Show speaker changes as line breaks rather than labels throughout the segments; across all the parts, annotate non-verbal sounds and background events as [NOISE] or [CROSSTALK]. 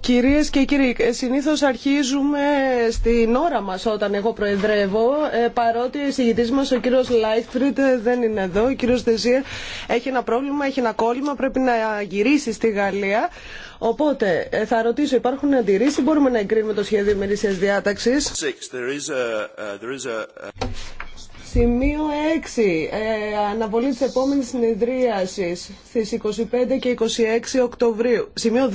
Κυρίες και κύριοι, ε, συνήθως αρχίζουμε στην ώρα μας όταν εγώ προεδρεύω, ε, παρότι ο εισηγητής μας ο κύριος Λάιφρυντ ε, δεν είναι εδώ, ο κύριος Δεζίερ έχει ένα πρόβλημα, έχει ένα κόλλημα, πρέπει να γυρίσει στη Γαλλία. Οπότε θα ρωτήσω, υπάρχουν αντιρρήσεις, μπορούμε να εγκρίνουμε το σχέδιο ημερήσιας διάταξης. Uh, uh, Σημείο 6. Ε, αναβολή τη επόμενη συνεδρίαση στι 25 και 26 Οκτωβρίου. Σημείο 16,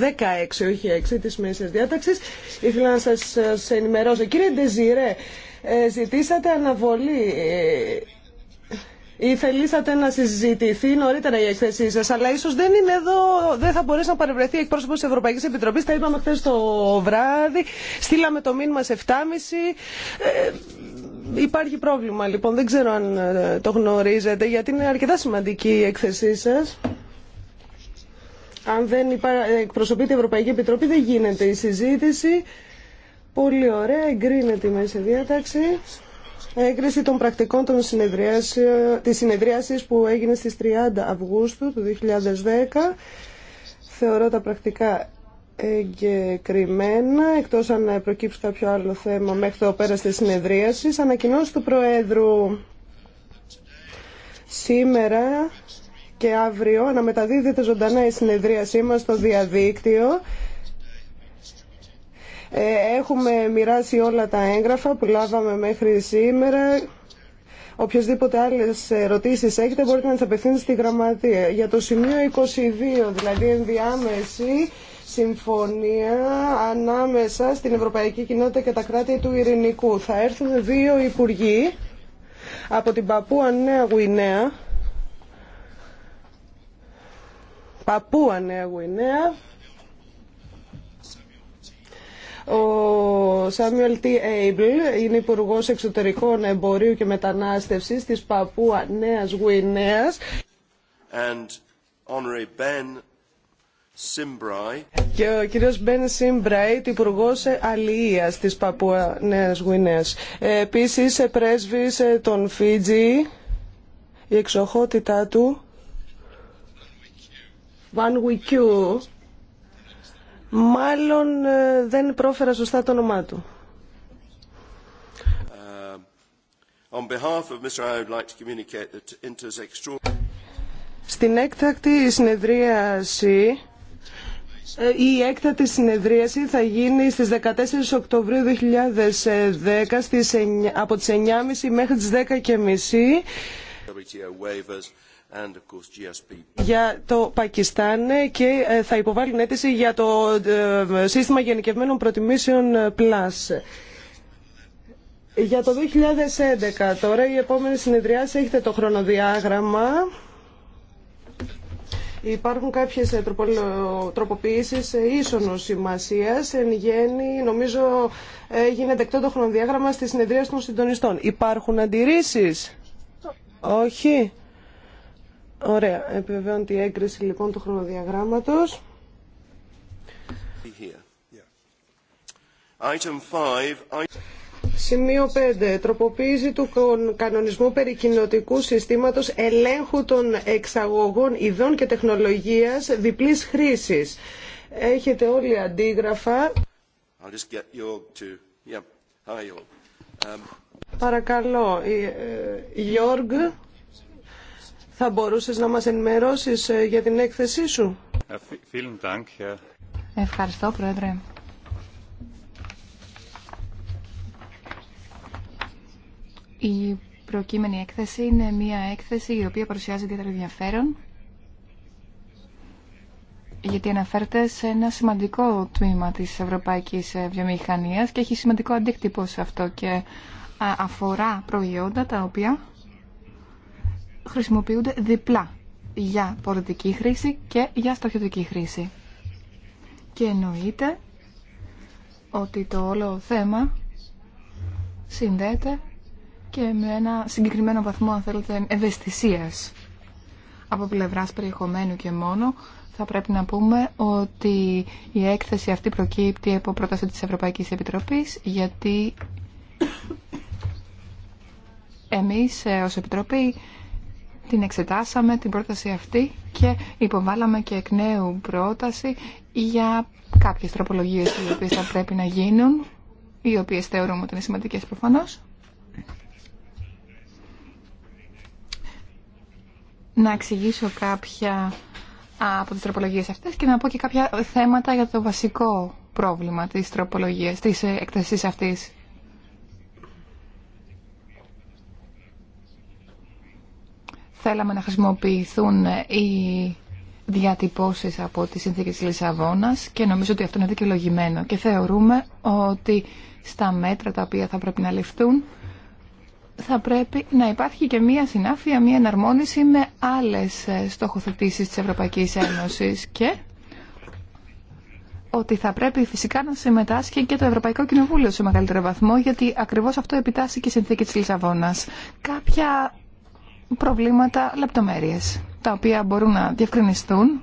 όχι 6 τη μέση διάταξη. Ήθελα να σα ενημερώσω. Κύριε Ντεζιρέ, ε, ζητήσατε αναβολή ε, ή θελήσατε να συζητηθεί νωρίτερα η έκθεσή σα, αλλά ίσω δεν είναι εδώ, δεν θα μπορέσει να παρευρεθεί εκπρόσωπο τη Ευρωπαϊκή Επιτροπή. Τα είπαμε χθε το βράδυ, στείλαμε το μήνυμα σε 7.30. Υπάρχει πρόβλημα λοιπόν, δεν ξέρω αν ε, το γνωρίζετε, γιατί είναι αρκετά σημαντική η έκθεσή σας. Αν δεν υπά... εκπροσωπείται η Ευρωπαϊκή Επιτροπή δεν γίνεται η συζήτηση. Πολύ ωραία, εγκρίνεται η μέση διάταξη. Έγκριση των πρακτικών των της συνεδρίασης που έγινε στις 30 Αυγούστου του 2010. Θεωρώ τα πρακτικά εγκεκριμένα, εκτός αν προκύψει κάποιο άλλο θέμα μέχρι το πέρας της συνεδρίασης, ανακοινώσει του Προέδρου σήμερα και αύριο αναμεταδίδεται ζωντανά η συνεδρίασή μας στο διαδίκτυο. Ε, έχουμε μοιράσει όλα τα έγγραφα που λάβαμε μέχρι σήμερα. Οποιασδήποτε άλλες ερωτήσεις έχετε μπορείτε να τις απευθύνετε στη γραμματεία. Για το σημείο 22, δηλαδή ενδιάμεση συμφωνία ανάμεσα στην Ευρωπαϊκή Κοινότητα και τα κράτη του Ειρηνικού. Θα έρθουν δύο υπουργοί από την Παππούα Νέα Γουινέα. Παππού Νέα Γουινέα. Ο Σάμιουελ Τ. Έιμπλ είναι υπουργό εξωτερικών εμπορίου και μετανάστευση τη Παππούα Νέα Γουινέα και ο κύριος Μπεν Σιμπράιτ, υπουργό Αλληλεία της Παππούα Νέα Γουινέα. Ε, επίσης, ε, πρέσβή ε, των Φίτζι, η εξοχότητά του, Βαν Βουικιού. μάλλον δεν πρόφερα σωστά το όνομά του. Στην έκτακτη συνεδρίαση ε, η έκτατη συνεδρίαση θα γίνει στις 14 Οκτωβρίου 2010 από τις 9.30 μέχρι τις 10.30 για το Πακιστάν και ε, θα υποβάλουν αίτηση για το ε, σύστημα γενικευμένων προτιμήσεων Plus. Για το 2011 τώρα, η επόμενη συνεδριάση έχετε το χρονοδιάγραμμα. Υπάρχουν κάποιες ε, τροποποιήσεις ε, ίσονος σημασία Εν γέννη, νομίζω, γίνεται εκτό το χρονοδιάγραμμα στη συνεδρία των συντονιστών. Υπάρχουν αντιρρήσει. Όχι. Ωραία. Επιβεβαίνω τη έγκριση λοιπόν του χρονοδιαγράμματος. Σημείο 5. Τροποποίηση του κανονισμού περί κοινοτικού συστήματος ελέγχου των εξαγωγών ειδών και τεχνολογίας διπλής χρήσης. Έχετε όλοι αντίγραφα.
Um,
Παρακαλώ, ε, Γιώργ, θα μπορούσες να μας ενημερώσεις ε, για την έκθεσή σου. Ε, Ευχαριστώ, Πρόεδρε.
Η προκείμενη έκθεση είναι μια έκθεση η οποία παρουσιάζει ιδιαίτερο ενδιαφέρον γιατί αναφέρεται σε ένα σημαντικό τμήμα της ευρωπαϊκής ε, βιομηχανίας και έχει σημαντικό αντίκτυπο σε αυτό και αφορά προϊόντα τα οποία χρησιμοποιούνται διπλά για πολιτική χρήση και για στοχιωτική χρήση. Και εννοείται ότι το όλο θέμα συνδέεται και με ένα συγκεκριμένο βαθμό, αν θέλετε, ευαισθησίας. Από πλευράς περιεχομένου και μόνο, θα πρέπει να πούμε ότι η έκθεση αυτή προκύπτει από πρόταση της Ευρωπαϊκής Επιτροπής, γιατί εμείς ε, ως Επιτροπή την εξετάσαμε την πρόταση αυτή και υποβάλαμε και εκ νέου πρόταση για κάποιες τροπολογίες οι οποίες θα πρέπει να γίνουν, οι οποίες θεωρούμε ότι είναι σημαντικές προφανώς. να εξηγήσω κάποια από τις τροπολογίες αυτές και να πω και κάποια θέματα για το βασικό πρόβλημα της τροπολογίας, της ε, εκτασής αυτής. Θέλαμε να χρησιμοποιηθούν ε, οι διατυπώσεις από τις συνθήκες της Λισαβόνας και νομίζω ότι αυτό είναι δικαιολογημένο και θεωρούμε ότι στα μέτρα τα οποία θα πρέπει να ληφθούν θα πρέπει να υπάρχει και μία συνάφεια, μία εναρμόνιση με άλλες ε, στοχοθετήσεις της Ευρωπαϊκής Ένωσης και ότι θα πρέπει φυσικά να συμμετάσχει και το Ευρωπαϊκό Κοινοβούλιο σε μεγαλύτερο βαθμό, γιατί ακριβώς αυτό επιτάσσει και η συνθήκη της Λισαβόνας. Κάποια προβλήματα, λεπτομέρειες, τα οποία μπορούν να διευκρινιστούν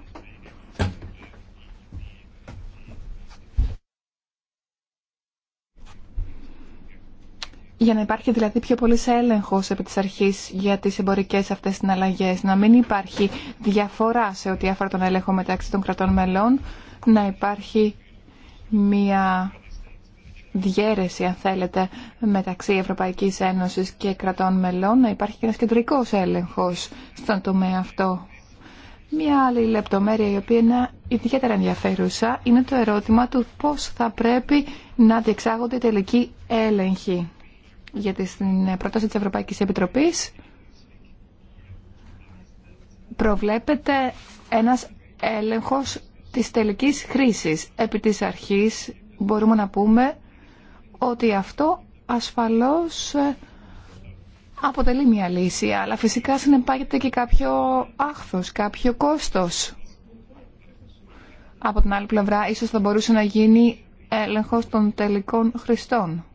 Για να υπάρχει δηλαδή πιο πολύ έλεγχο επί τη αρχή για τι εμπορικέ αυτέ συναλλαγέ, να μην υπάρχει διαφορά σε ό,τι αφορά τον έλεγχο μεταξύ των κρατών μελών, να υπάρχει μια διέρεση, αν θέλετε, μεταξύ Ευρωπαϊκή Ένωση και κρατών μελών, να υπάρχει και ένα κεντρικό έλεγχο στον τομέα αυτό. Μια άλλη λεπτομέρεια η οποία είναι ιδιαίτερα ενδιαφέρουσα είναι το ερώτημα του πώς θα πρέπει να διεξάγονται οι τελικοί έλεγχοι γιατί στην πρόταση της Ευρωπαϊκής Επιτροπής προβλέπεται ένας έλεγχος της τελικής χρήσης. Επί της αρχής μπορούμε να πούμε ότι αυτό ασφαλώς ε, αποτελεί μια λύση, αλλά φυσικά συνεπάγεται και κάποιο άχθος, κάποιο κόστος. Από την άλλη πλευρά, ίσως θα μπορούσε να γίνει έλεγχος των τελικών χρηστών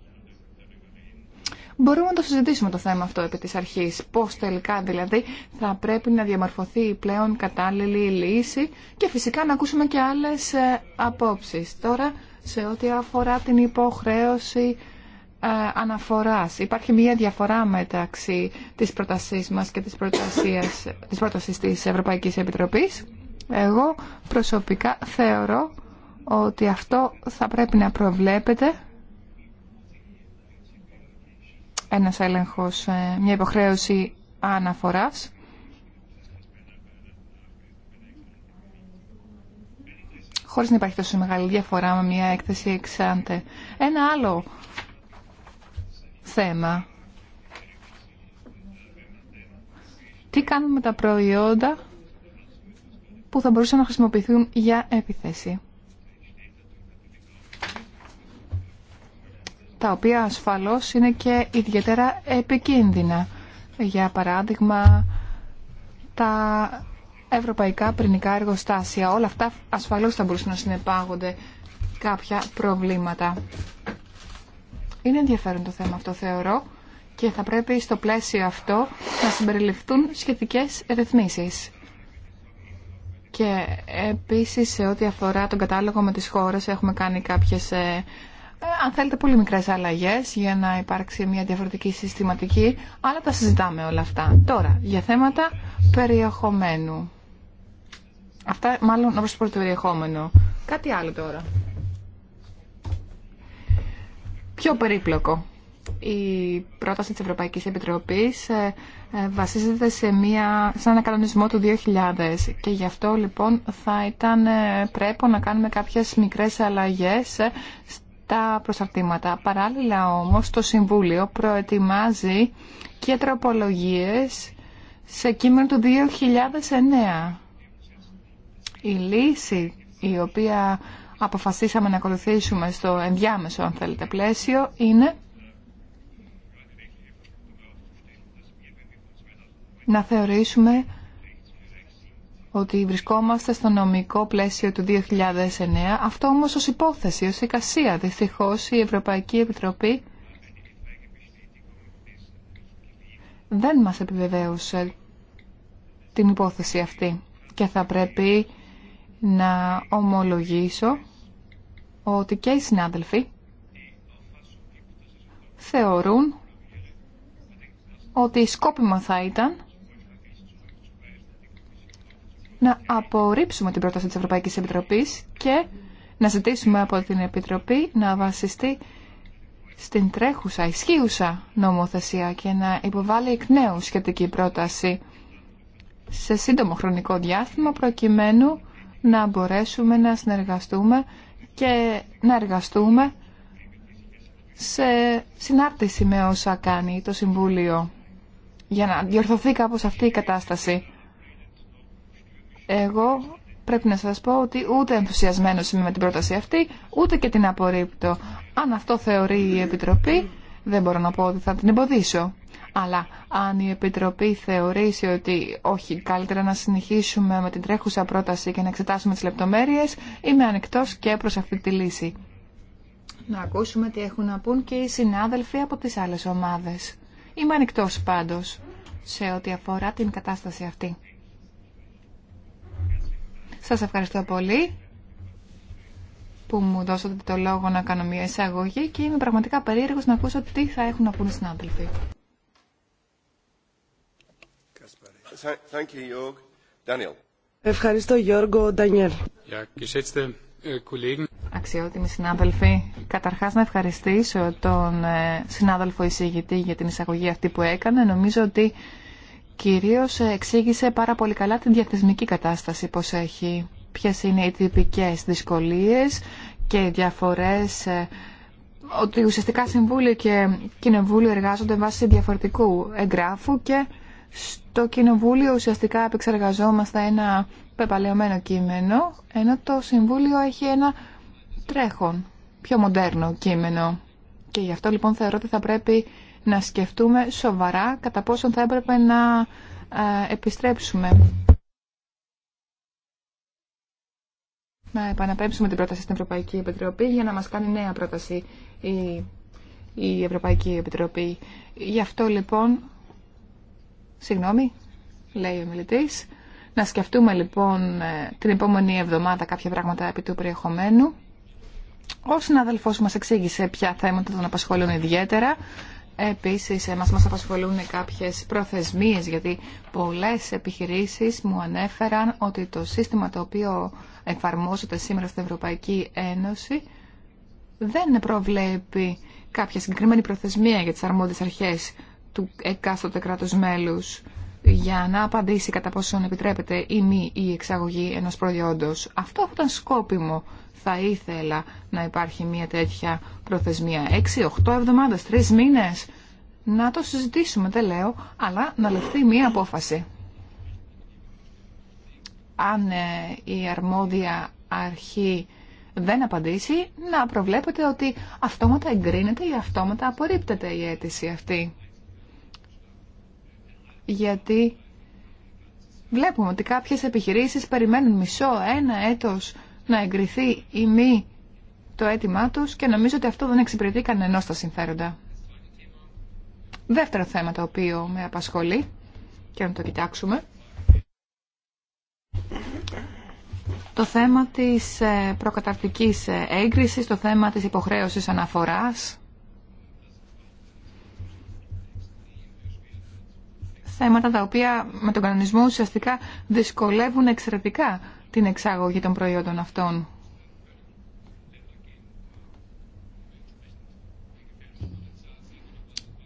μπορούμε να το συζητήσουμε το θέμα αυτό επί της αρχής. Πώς τελικά δηλαδή θα πρέπει να διαμορφωθεί η πλέον κατάλληλη λύση και φυσικά να ακούσουμε και άλλες ε, απόψεις. Τώρα σε ό,τι αφορά την υποχρέωση ε, αναφοράς. Υπάρχει μια διαφορά μεταξύ της πρότασής μας και της, προτασίας, της πρότασης της Ευρωπαϊκής Επιτροπής. Εγώ προσωπικά θεωρώ ότι αυτό θα πρέπει να προβλέπεται ένας έλεγχος, ε, μια υποχρέωση αναφοράς. χωρίς να υπάρχει τόσο μεγάλη διαφορά με μια έκθεση εξάντε. Ένα άλλο θέμα. Τι κάνουμε με τα προϊόντα που θα μπορούσαν να χρησιμοποιηθούν για επιθέση. τα οποία ασφαλώς είναι και ιδιαίτερα επικίνδυνα. Για παράδειγμα, τα ευρωπαϊκά πρινικά εργοστάσια. Όλα αυτά ασφαλώς θα μπορούσαν να συνεπάγονται κάποια προβλήματα. Είναι ενδιαφέρον το θέμα αυτό θεωρώ και θα πρέπει στο πλαίσιο αυτό να συμπεριληφθούν σχετικές ρυθμίσεις. Και επίσης σε ό,τι αφορά τον κατάλογο με τις χώρες έχουμε κάνει κάποιες ε, ε, αν θέλετε, πολύ μικρές αλλαγές για να υπάρξει μια διαφορετική συστηματική, αλλά τα συζητάμε όλα αυτά. Τώρα, για θέματα περιεχομένου. Αυτά μάλλον όπως το περιεχόμενο. Κάτι άλλο τώρα. Πιο περίπλοκο. Η πρόταση της Ευρωπαϊκής Επιτροπής ε, ε, βασίζεται σε, μια, σε ένα κανονισμό του 2000 και γι' αυτό λοιπόν θα ήταν πρέπει να κάνουμε κάποιες μικρές αλλαγές τα προσαρτήματα. Παράλληλα όμως το Συμβούλιο προετοιμάζει και τροπολογίες σε κείμενο του 2009. Η λύση η οποία αποφασίσαμε να ακολουθήσουμε στο ενδιάμεσο αν θέλετε πλαίσιο είναι να θεωρήσουμε ότι βρισκόμαστε στο νομικό πλαίσιο του 2009, αυτό όμως ως υπόθεση, ως εικασία. Δυστυχώς η Ευρωπαϊκή Επιτροπή δεν μας επιβεβαίωσε την υπόθεση αυτή και θα πρέπει να ομολογήσω ότι και οι συνάδελφοι θεωρούν ότι σκόπιμα θα ήταν να απορρίψουμε την πρόταση της Ευρωπαϊκής Επιτροπής και να ζητήσουμε από την Επιτροπή να βασιστεί στην τρέχουσα, ισχύουσα νομοθεσία και να υποβάλει εκ νέου σχετική πρόταση σε σύντομο χρονικό διάστημα προκειμένου να μπορέσουμε να συνεργαστούμε και να εργαστούμε σε συνάρτηση με όσα κάνει το Συμβούλιο για να διορθωθεί κάπως αυτή η κατάσταση. Εγώ πρέπει να σας πω ότι ούτε ενθουσιασμένος είμαι με την πρόταση αυτή, ούτε και την απορρίπτω. Αν αυτό θεωρεί η Επιτροπή, δεν μπορώ να πω ότι θα την εμποδίσω. Αλλά αν η Επιτροπή θεωρήσει ότι όχι, καλύτερα να συνεχίσουμε με την τρέχουσα πρόταση και να εξετάσουμε τις λεπτομέρειες, είμαι ανοιχτός και προς αυτή τη λύση. Να ακούσουμε τι έχουν να πούν και οι συνάδελφοι από τις άλλες ομάδες. Είμαι ανοιχτός πάντως σε ό,τι αφορά την κατάσταση αυτή. Σας ευχαριστώ πολύ που μου δώσατε το λόγο να κάνω μια εισαγωγή και είμαι πραγματικά περίεργος να ακούσω τι θα έχουν να πούν οι συνάδελφοι. Ευχαριστώ Γιώργο Ντανιέλ.
Äh,
Αξιότιμοι συνάδελφοι, καταρχάς να ευχαριστήσω τον ε, συνάδελφο εισηγητή για την εισαγωγή αυτή που έκανε. Νομίζω ότι κυρίως εξήγησε πάρα πολύ καλά την διαθεσμική κατάσταση πως έχει, ποιες είναι οι τυπικές δυσκολίες και οι διαφορές ε, ότι ουσιαστικά Συμβούλιο και Κοινοβούλιο εργάζονται βάσει διαφορετικού εγγράφου και στο Κοινοβούλιο ουσιαστικά επεξεργαζόμαστε ένα πεπαλαιωμένο κείμενο ενώ το Συμβούλιο έχει ένα τρέχον, πιο μοντέρνο κείμενο. Και γι' αυτό λοιπόν θεωρώ ότι θα πρέπει να σκεφτούμε σοβαρά κατά πόσον θα έπρεπε να ε, επιστρέψουμε. Να επαναπέμψουμε την πρόταση στην Ευρωπαϊκή Επιτροπή για να μας κάνει νέα πρόταση η, η Ευρωπαϊκή Επιτροπή. Γι' αυτό λοιπόν, συγγνώμη, λέει ο μιλητής, να σκεφτούμε λοιπόν ε, την επόμενη εβδομάδα κάποια πράγματα επί του περιεχομένου. Ο συναδελφός μας εξήγησε ποια θέματα τον απασχολούν ιδιαίτερα. Επίσης, μας, μας απασχολούν κάποιες προθεσμίες, γιατί πολλές επιχειρήσεις μου ανέφεραν ότι το σύστημα το οποίο εφαρμόζεται σήμερα στην Ευρωπαϊκή Ένωση δεν προβλέπει κάποια συγκεκριμένη προθεσμία για τις αρμόδιες αρχές του εκάστοτε κράτους μέλους για να απαντήσει κατά πόσον επιτρέπεται ή μη η εξαγωγή ενός προϊόντος. Αυτό θα ήταν σκόπιμο. Θα ήθελα να υπάρχει μια τέτοια προθεσμία. 6-8 εβδομάδες, 3 μήνες. Να το συζητήσουμε, δεν λέω, αλλά να λεφθεί μια απόφαση. Αν ε, η αρμόδια αρχή δεν απαντήσει, να προβλέπετε ότι αυτόματα εγκρίνεται ή αυτόματα απορρίπτεται η αίτηση αυτή γιατί βλέπουμε ότι κάποιες επιχειρήσεις περιμένουν μισό, ένα έτος να εγκριθεί ή μη το αίτημά τους και νομίζω ότι αυτό δεν εξυπηρετεί κανένα στα συμφέροντα. Δεύτερο θέμα το οποίο με απασχολεί και να το κοιτάξουμε. Το θέμα της ε, προκαταρτικής ε, έγκρισης, το θέμα της υποχρέωσης αναφοράς θέματα τα οποία με τον κανονισμό ουσιαστικά δυσκολεύουν εξαιρετικά την εξάγωγη των προϊόντων αυτών.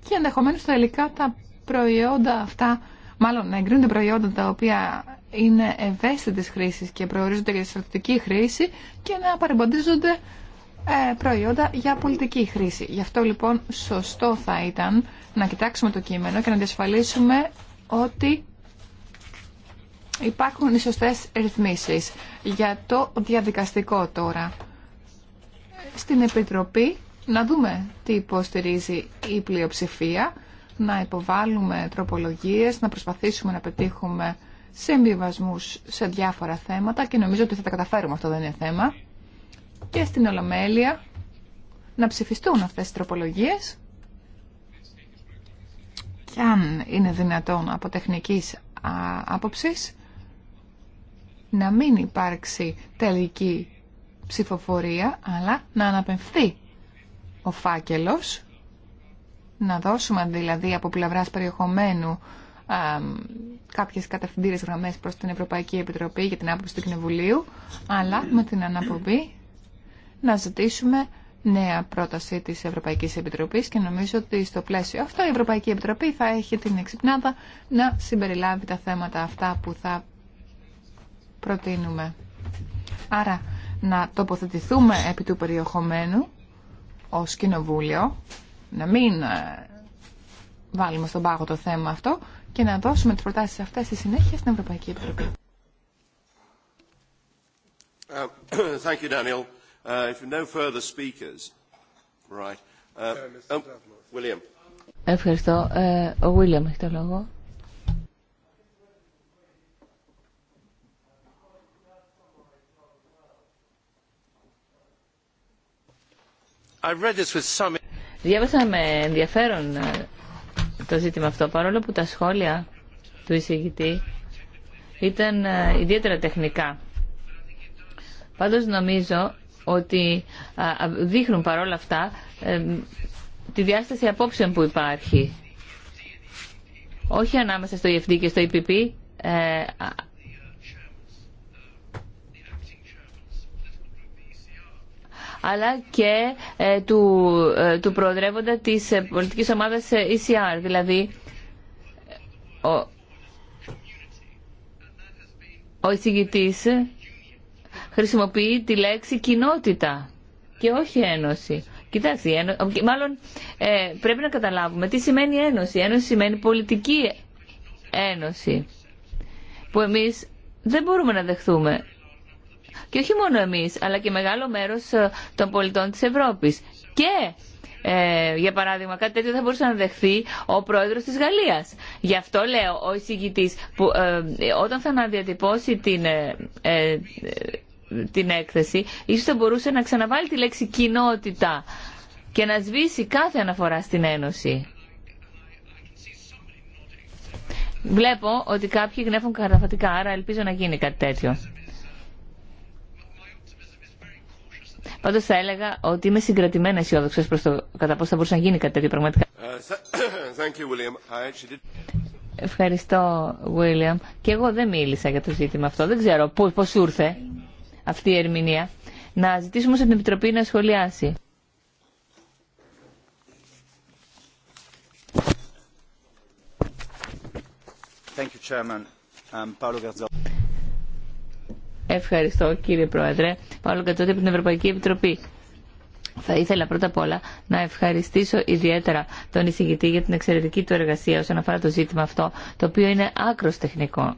Και ενδεχομένως τελικά τα προϊόντα αυτά, μάλλον να εγκρίνονται προϊόντα τα οποία είναι ευαίσθητες χρήσης και προορίζονται για στρατιωτική χρήση και να παρεμποντίζονται ε, προϊόντα για πολιτική χρήση. Γι' αυτό λοιπόν σωστό θα ήταν να κοιτάξουμε το κείμενο και να διασφαλίσουμε ότι υπάρχουν οι σωστές ρυθμίσεις. Για το διαδικαστικό τώρα. Στην Επιτροπή να δούμε τι υποστηρίζει η πλειοψηφία, να υποβάλουμε τροπολογίες, να προσπαθήσουμε να πετύχουμε συμβιβασμούς σε διάφορα θέματα και νομίζω ότι θα τα καταφέρουμε αυτό δεν είναι θέμα και στην Ολομέλεια να ψηφιστούν αυτές οι τροπολογίες και αν είναι δυνατόν από τεχνικής άποψης να μην υπάρξει τελική ψηφοφορία αλλά να αναπαιμφθεί ο φάκελος να δώσουμε δηλαδή από πλευράς περιεχομένου α, κάποιες κατευθυντήρες γραμμές προς την Ευρωπαϊκή Επιτροπή για την άποψη του Κοινοβουλίου αλλά με την αναπομπή να ζητήσουμε νέα πρόταση της Ευρωπαϊκής Επιτροπής και νομίζω ότι στο πλαίσιο αυτό η Ευρωπαϊκή Επιτροπή θα έχει την εξυπνάδα να συμπεριλάβει τα θέματα αυτά που θα προτείνουμε. Άρα να τοποθετηθούμε επί του περιεχομένου ως κοινοβούλιο, να μην ε, βάλουμε στον πάγο το θέμα αυτό και να δώσουμε τις προτάσεις αυτές στη συνέχεια στην Ευρωπαϊκή Επιτροπή.
Uh, [CLEARS THROAT] thank you, Daniel.
Ευχαριστώ. ο Βίλιαμ έχει το λόγο. Διάβασα με ενδιαφέρον ε, το ζήτημα αυτό, παρόλο που τα σχόλια του εισηγητή ήταν ε, ιδιαίτερα τεχνικά. Πάντως νομίζω ότι δείχνουν παρόλα αυτά τη διάσταση απόψεων που υπάρχει. Όχι ανάμεσα στο EFD και στο EPP, ε, αλλά και ε, του, ε, του προοδρεύοντα της πολιτικής ομάδας ECR, δηλαδή ο, ο εισηγητής χρησιμοποιεί τη λέξη κοινότητα και όχι ένωση. Κοιτάξτε, μάλλον ε, πρέπει να καταλάβουμε τι σημαίνει ένωση. Ένωση σημαίνει πολιτική ένωση που εμείς δεν μπορούμε να δεχθούμε. Και όχι μόνο εμείς, αλλά και μεγάλο μέρος ε, των πολιτών της Ευρώπης. Και, ε, για παράδειγμα, κάτι τέτοιο θα μπορούσε να δεχθεί ο πρόεδρος της Γαλλίας. Γι' αυτό λέω ο εισηγητής, που όταν θα αναδιατυπώσει την... Ε, την έκθεση, ίσως θα μπορούσε να ξαναβάλει τη λέξη κοινότητα και να σβήσει κάθε αναφορά στην Ένωση. Βλέπω ότι κάποιοι γνέφουν καταφατικά, άρα ελπίζω να γίνει κάτι τέτοιο. Πάντω θα έλεγα ότι είμαι συγκρατημένα αισιόδοξο προ το κατά πώ θα μπορούσε να γίνει κάτι τέτοιο πραγματικά. Ε, [COUGHS] Ευχαριστώ, Βίλιαμ. Και εγώ δεν μίλησα για το ζήτημα αυτό. Δεν ξέρω πώ ήρθε αυτή η ερμηνεία. Να ζητήσουμε στην Επιτροπή να σχολιάσει. Ευχαριστώ κύριε Πρόεδρε. Παύλο Κατζότη, από την Ευρωπαϊκή Επιτροπή. Θα ήθελα πρώτα απ' όλα να ευχαριστήσω ιδιαίτερα τον εισηγητή για την εξαιρετική του εργασία όσον αφορά το ζήτημα αυτό, το οποίο είναι άκρος τεχνικό.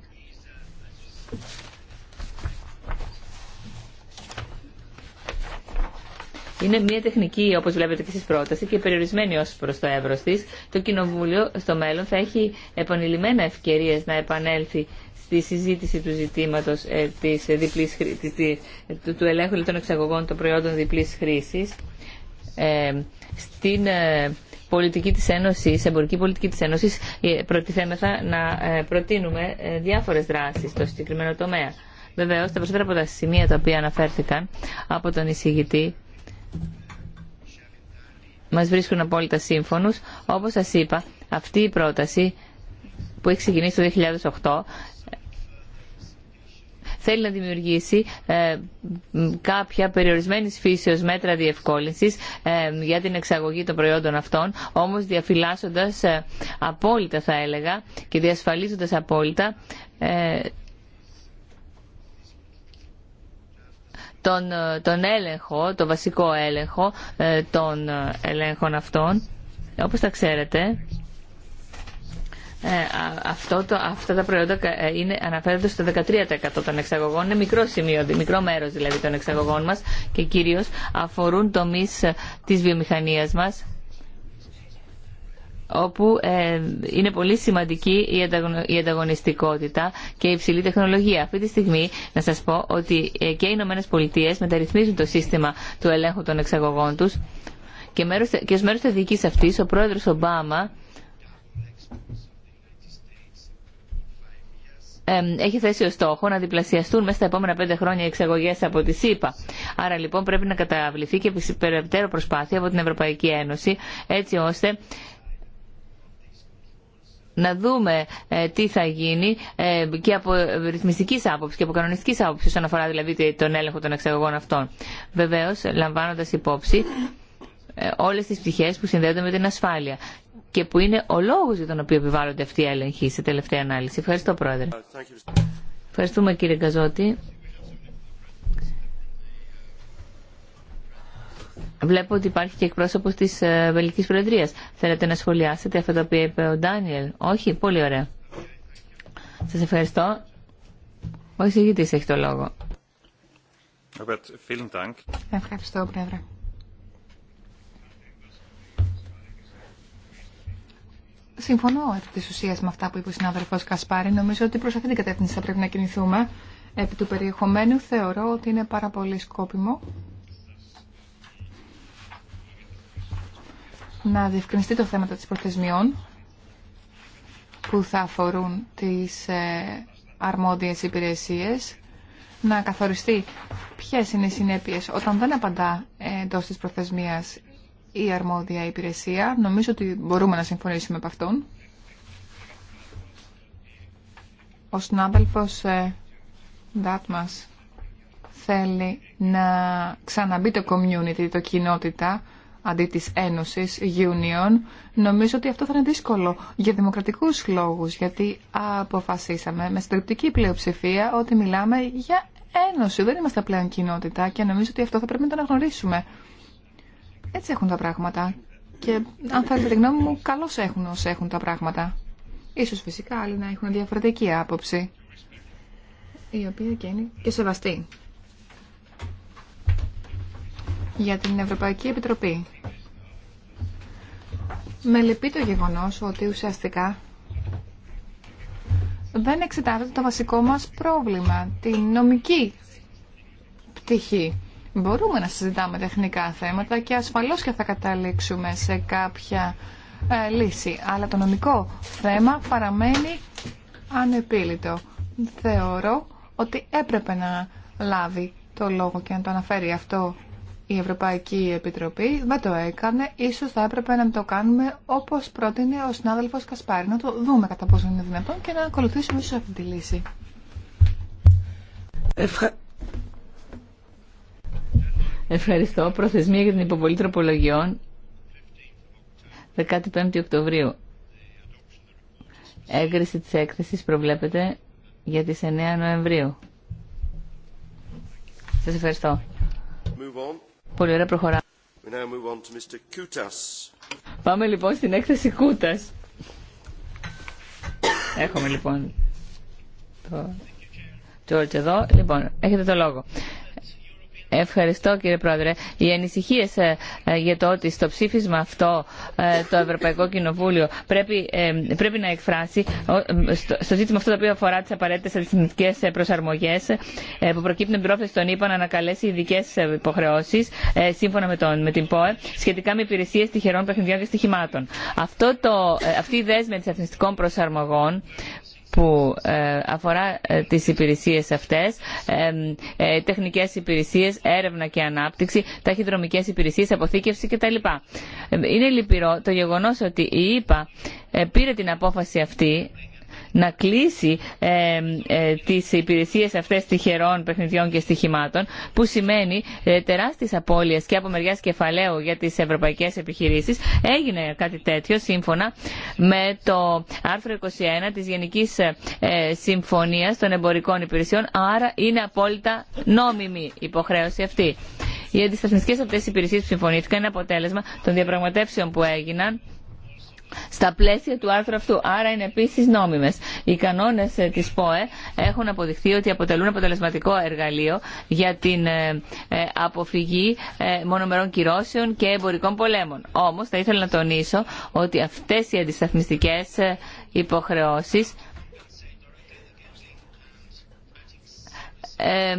Είναι μια τεχνική, όπω βλέπετε και στι πρόταση, και περιορισμένη ω προ το εύρο τη. Το Κοινοβούλιο στο μέλλον θα έχει επανειλημμένα ευκαιρίε να επανέλθει στη συζήτηση του ζητήματο ε, ε του, του ελέγχου των εξαγωγών των προϊόντων διπλή χρήση ε, στην ε, πολιτική της Ένωσης, εμπορική πολιτική της Ένωσης ε, προτιθέμεθα να ε, προτείνουμε διάφορες δράσεις στο συγκεκριμένο τομέα. Βεβαίως, τα περισσότερα από τα σημεία τα οποία αναφέρθηκαν από τον εισηγητή μας βρίσκουν απόλυτα σύμφωνους. Όπως σας είπα, αυτή η πρόταση που έχει ξεκινήσει το 2008 θέλει να δημιουργήσει ε, κάποια περιορισμένη φύσεως μέτρα διευκόλυνσης ε, για την εξαγωγή των προϊόντων αυτών, όμως διαφυλάσσοντας ε, απόλυτα θα έλεγα και διασφαλίζοντας απόλυτα τον, ε, τον έλεγχο, το βασικό έλεγχο ε, των ε, ελέγχων αυτών. Όπως τα ξέρετε, αυτό το, αυτά τα προϊόντα είναι, αναφέρονται στο 13% των εξαγωγών. Είναι μικρό σημείο, μικρό μέρος δηλαδή των εξαγωγών μας και κυρίως αφορούν τομείς της βιομηχανίας μας όπου ε, είναι πολύ σημαντική η ανταγωνιστικότητα και η υψηλή τεχνολογία. Αυτή τη στιγμή να σας πω ότι ε, και οι Ηνωμένε Πολιτείε μεταρρυθμίζουν το σύστημα του ελέγχου των εξαγωγών τους και, μέρος, και ως μέρος της δικής αυτής ο πρόεδρος Ομπάμα έχει θέσει ως στόχο να διπλασιαστούν μέσα στα επόμενα πέντε χρόνια οι εξαγωγές από τη ΣΥΠΑ. Άρα λοιπόν πρέπει να καταβληθεί και περαιτέρω προσπάθεια από την Ευρωπαϊκή Ένωση έτσι ώστε να δούμε ε, τι θα γίνει ε, και από ρυθμιστική άποψη και από κανονιστική άποψη όσον αφορά δηλαδή τον έλεγχο των εξαγωγών αυτών. Βεβαίω, λαμβάνοντα υπόψη ε, όλε τι πτυχέ που συνδέονται με την ασφάλεια και που είναι ο λόγο για τον οποίο επιβάλλονται αυτοί οι έλεγχοι σε τελευταία ανάλυση. Ευχαριστώ, Πρόεδρε. Ευχαριστούμε, κύριε Γκαζότη. Βλέπω ότι υπάρχει και εκπρόσωπο της ε, βελική Προεδρία. Θέλετε να σχολιάσετε αυτό το οποίο είπε ο Ντάνιελ. Όχι, πολύ ωραία. Σα ευχαριστώ. Ο εισηγητή έχει το λόγο.
Ευχαριστώ, Πρόεδρε. Συμφωνώ επί τη ουσία με αυτά που είπε ο συνάδελφο Κασπάρη. Νομίζω ότι προς αυτή την κατεύθυνση θα πρέπει να κινηθούμε. Επί του περιεχομένου θεωρώ ότι είναι πάρα πολύ σκόπιμο να διευκρινιστεί το θέμα της προθεσμιών που θα αφορούν τις ε, αρμόδιες υπηρεσίες, να καθοριστεί ποιες είναι οι συνέπειες όταν δεν απαντά εντό της προθεσμίας η αρμόδια υπηρεσία. Νομίζω ότι μπορούμε να συμφωνήσουμε από αυτόν. Ο συνάδελφος Ντάτμας ε, θέλει να ξαναμπεί το community, το κοινότητα, αντί της Ένωσης Union, νομίζω ότι αυτό θα είναι δύσκολο για δημοκρατικούς λόγους, γιατί αποφασίσαμε με συντριπτική πλειοψηφία ότι μιλάμε για Ένωση, δεν είμαστε πλέον κοινότητα και νομίζω ότι αυτό θα πρέπει να το αναγνωρίσουμε. Έτσι έχουν τα πράγματα και αν θέλετε τη γνώμη μου, καλώς έχουν όσοι έχουν τα πράγματα. Ίσως φυσικά άλλοι να έχουν διαφορετική άποψη, η οποία και είναι και σεβαστή για την Ευρωπαϊκή Επιτροπή. Με λυπεί το γεγονός ότι ουσιαστικά δεν εξετάζεται το βασικό μας πρόβλημα, τη νομική πτυχή. Μπορούμε να συζητάμε τεχνικά θέματα και ασφαλώς και θα καταλήξουμε σε κάποια ε, λύση. Αλλά το νομικό θέμα παραμένει ανεπίλητο. Θεωρώ ότι έπρεπε να λάβει το λόγο και να το αναφέρει αυτό η Ευρωπαϊκή Επιτροπή δεν το έκανε. Ίσως θα έπρεπε να το κάνουμε όπως πρότεινε ο συνάδελφος Κασπάρη. Να το δούμε κατά πόσο είναι δυνατόν και να ακολουθήσουμε ίσως αυτή τη λύση.
Ευχαριστώ. Προθεσμία για την υποβολή τροπολογιών 15 Οκτωβρίου. Έγκριση της έκθεσης προβλέπεται για τις 9 Νοεμβρίου. Σας ευχαριστώ. Πολύ ωραία, προχωρά. Πάμε λοιπόν στην έκθεση Κούτας. Έχουμε λοιπόν το George εδώ. Λοιπόν, έχετε το λόγο. Ευχαριστώ κύριε Πρόεδρε. Οι ανησυχίε ε, ε, για το ότι στο ψήφισμα αυτό ε, το Ευρωπαϊκό Κοινοβούλιο πρέπει, πρέπει να εκφράσει στο ζήτημα αυτό το οποίο αφορά τι απαραίτητε αριθμητικέ προσαρμογέ που προκύπτουν την πρόθεση των ΗΠΑ να ανακαλέσει ειδικέ υποχρεώσει σύμφωνα με, τον, με την ΠΟΕ σχετικά με υπηρεσίε τυχερών παιχνιδιών και στοιχημάτων. Αυτό το, αυτή η δέσμευση αριθμητικών προσαρμογών που ε, αφορά ε, τις υπηρεσίες αυτές, ε, τεχνικές υπηρεσίες, έρευνα και ανάπτυξη, ταχυδρομικές υπηρεσίες, αποθήκευση κτλ. Είναι λυπηρό το γεγονός ότι η ΕΠΑ ΕΕ, πήρε την απόφαση αυτή να κλείσει ε, ε, τις υπηρεσίες αυτές τυχερών παιχνιδιών και στοιχημάτων που σημαίνει ε, τεράστιες απώλειες και από μεριάς κεφαλαίου για τις ευρωπαϊκές επιχειρήσεις. Έγινε κάτι τέτοιο σύμφωνα με το άρθρο 21 της Γενικής ε, ε, Συμφωνίας των Εμπορικών Υπηρεσιών άρα είναι απόλυτα νόμιμη υποχρέωση αυτή. Οι αντισταθμιστικές αυτές υπηρεσίες που συμφωνήθηκαν είναι αποτέλεσμα των διαπραγματεύσεων που έγιναν στα πλαίσια του άρθρου αυτού. Άρα είναι επίση νόμιμε. Οι κανόνε ε, τη ΠΟΕ έχουν αποδειχθεί ότι αποτελούν αποτελεσματικό εργαλείο για την ε, ε, αποφυγή μονομερών κυρώσεων και εμπορικών πολέμων. Όμω θα ήθελα να τονίσω ότι αυτέ οι αντισταθμιστικέ υποχρεώσει ε,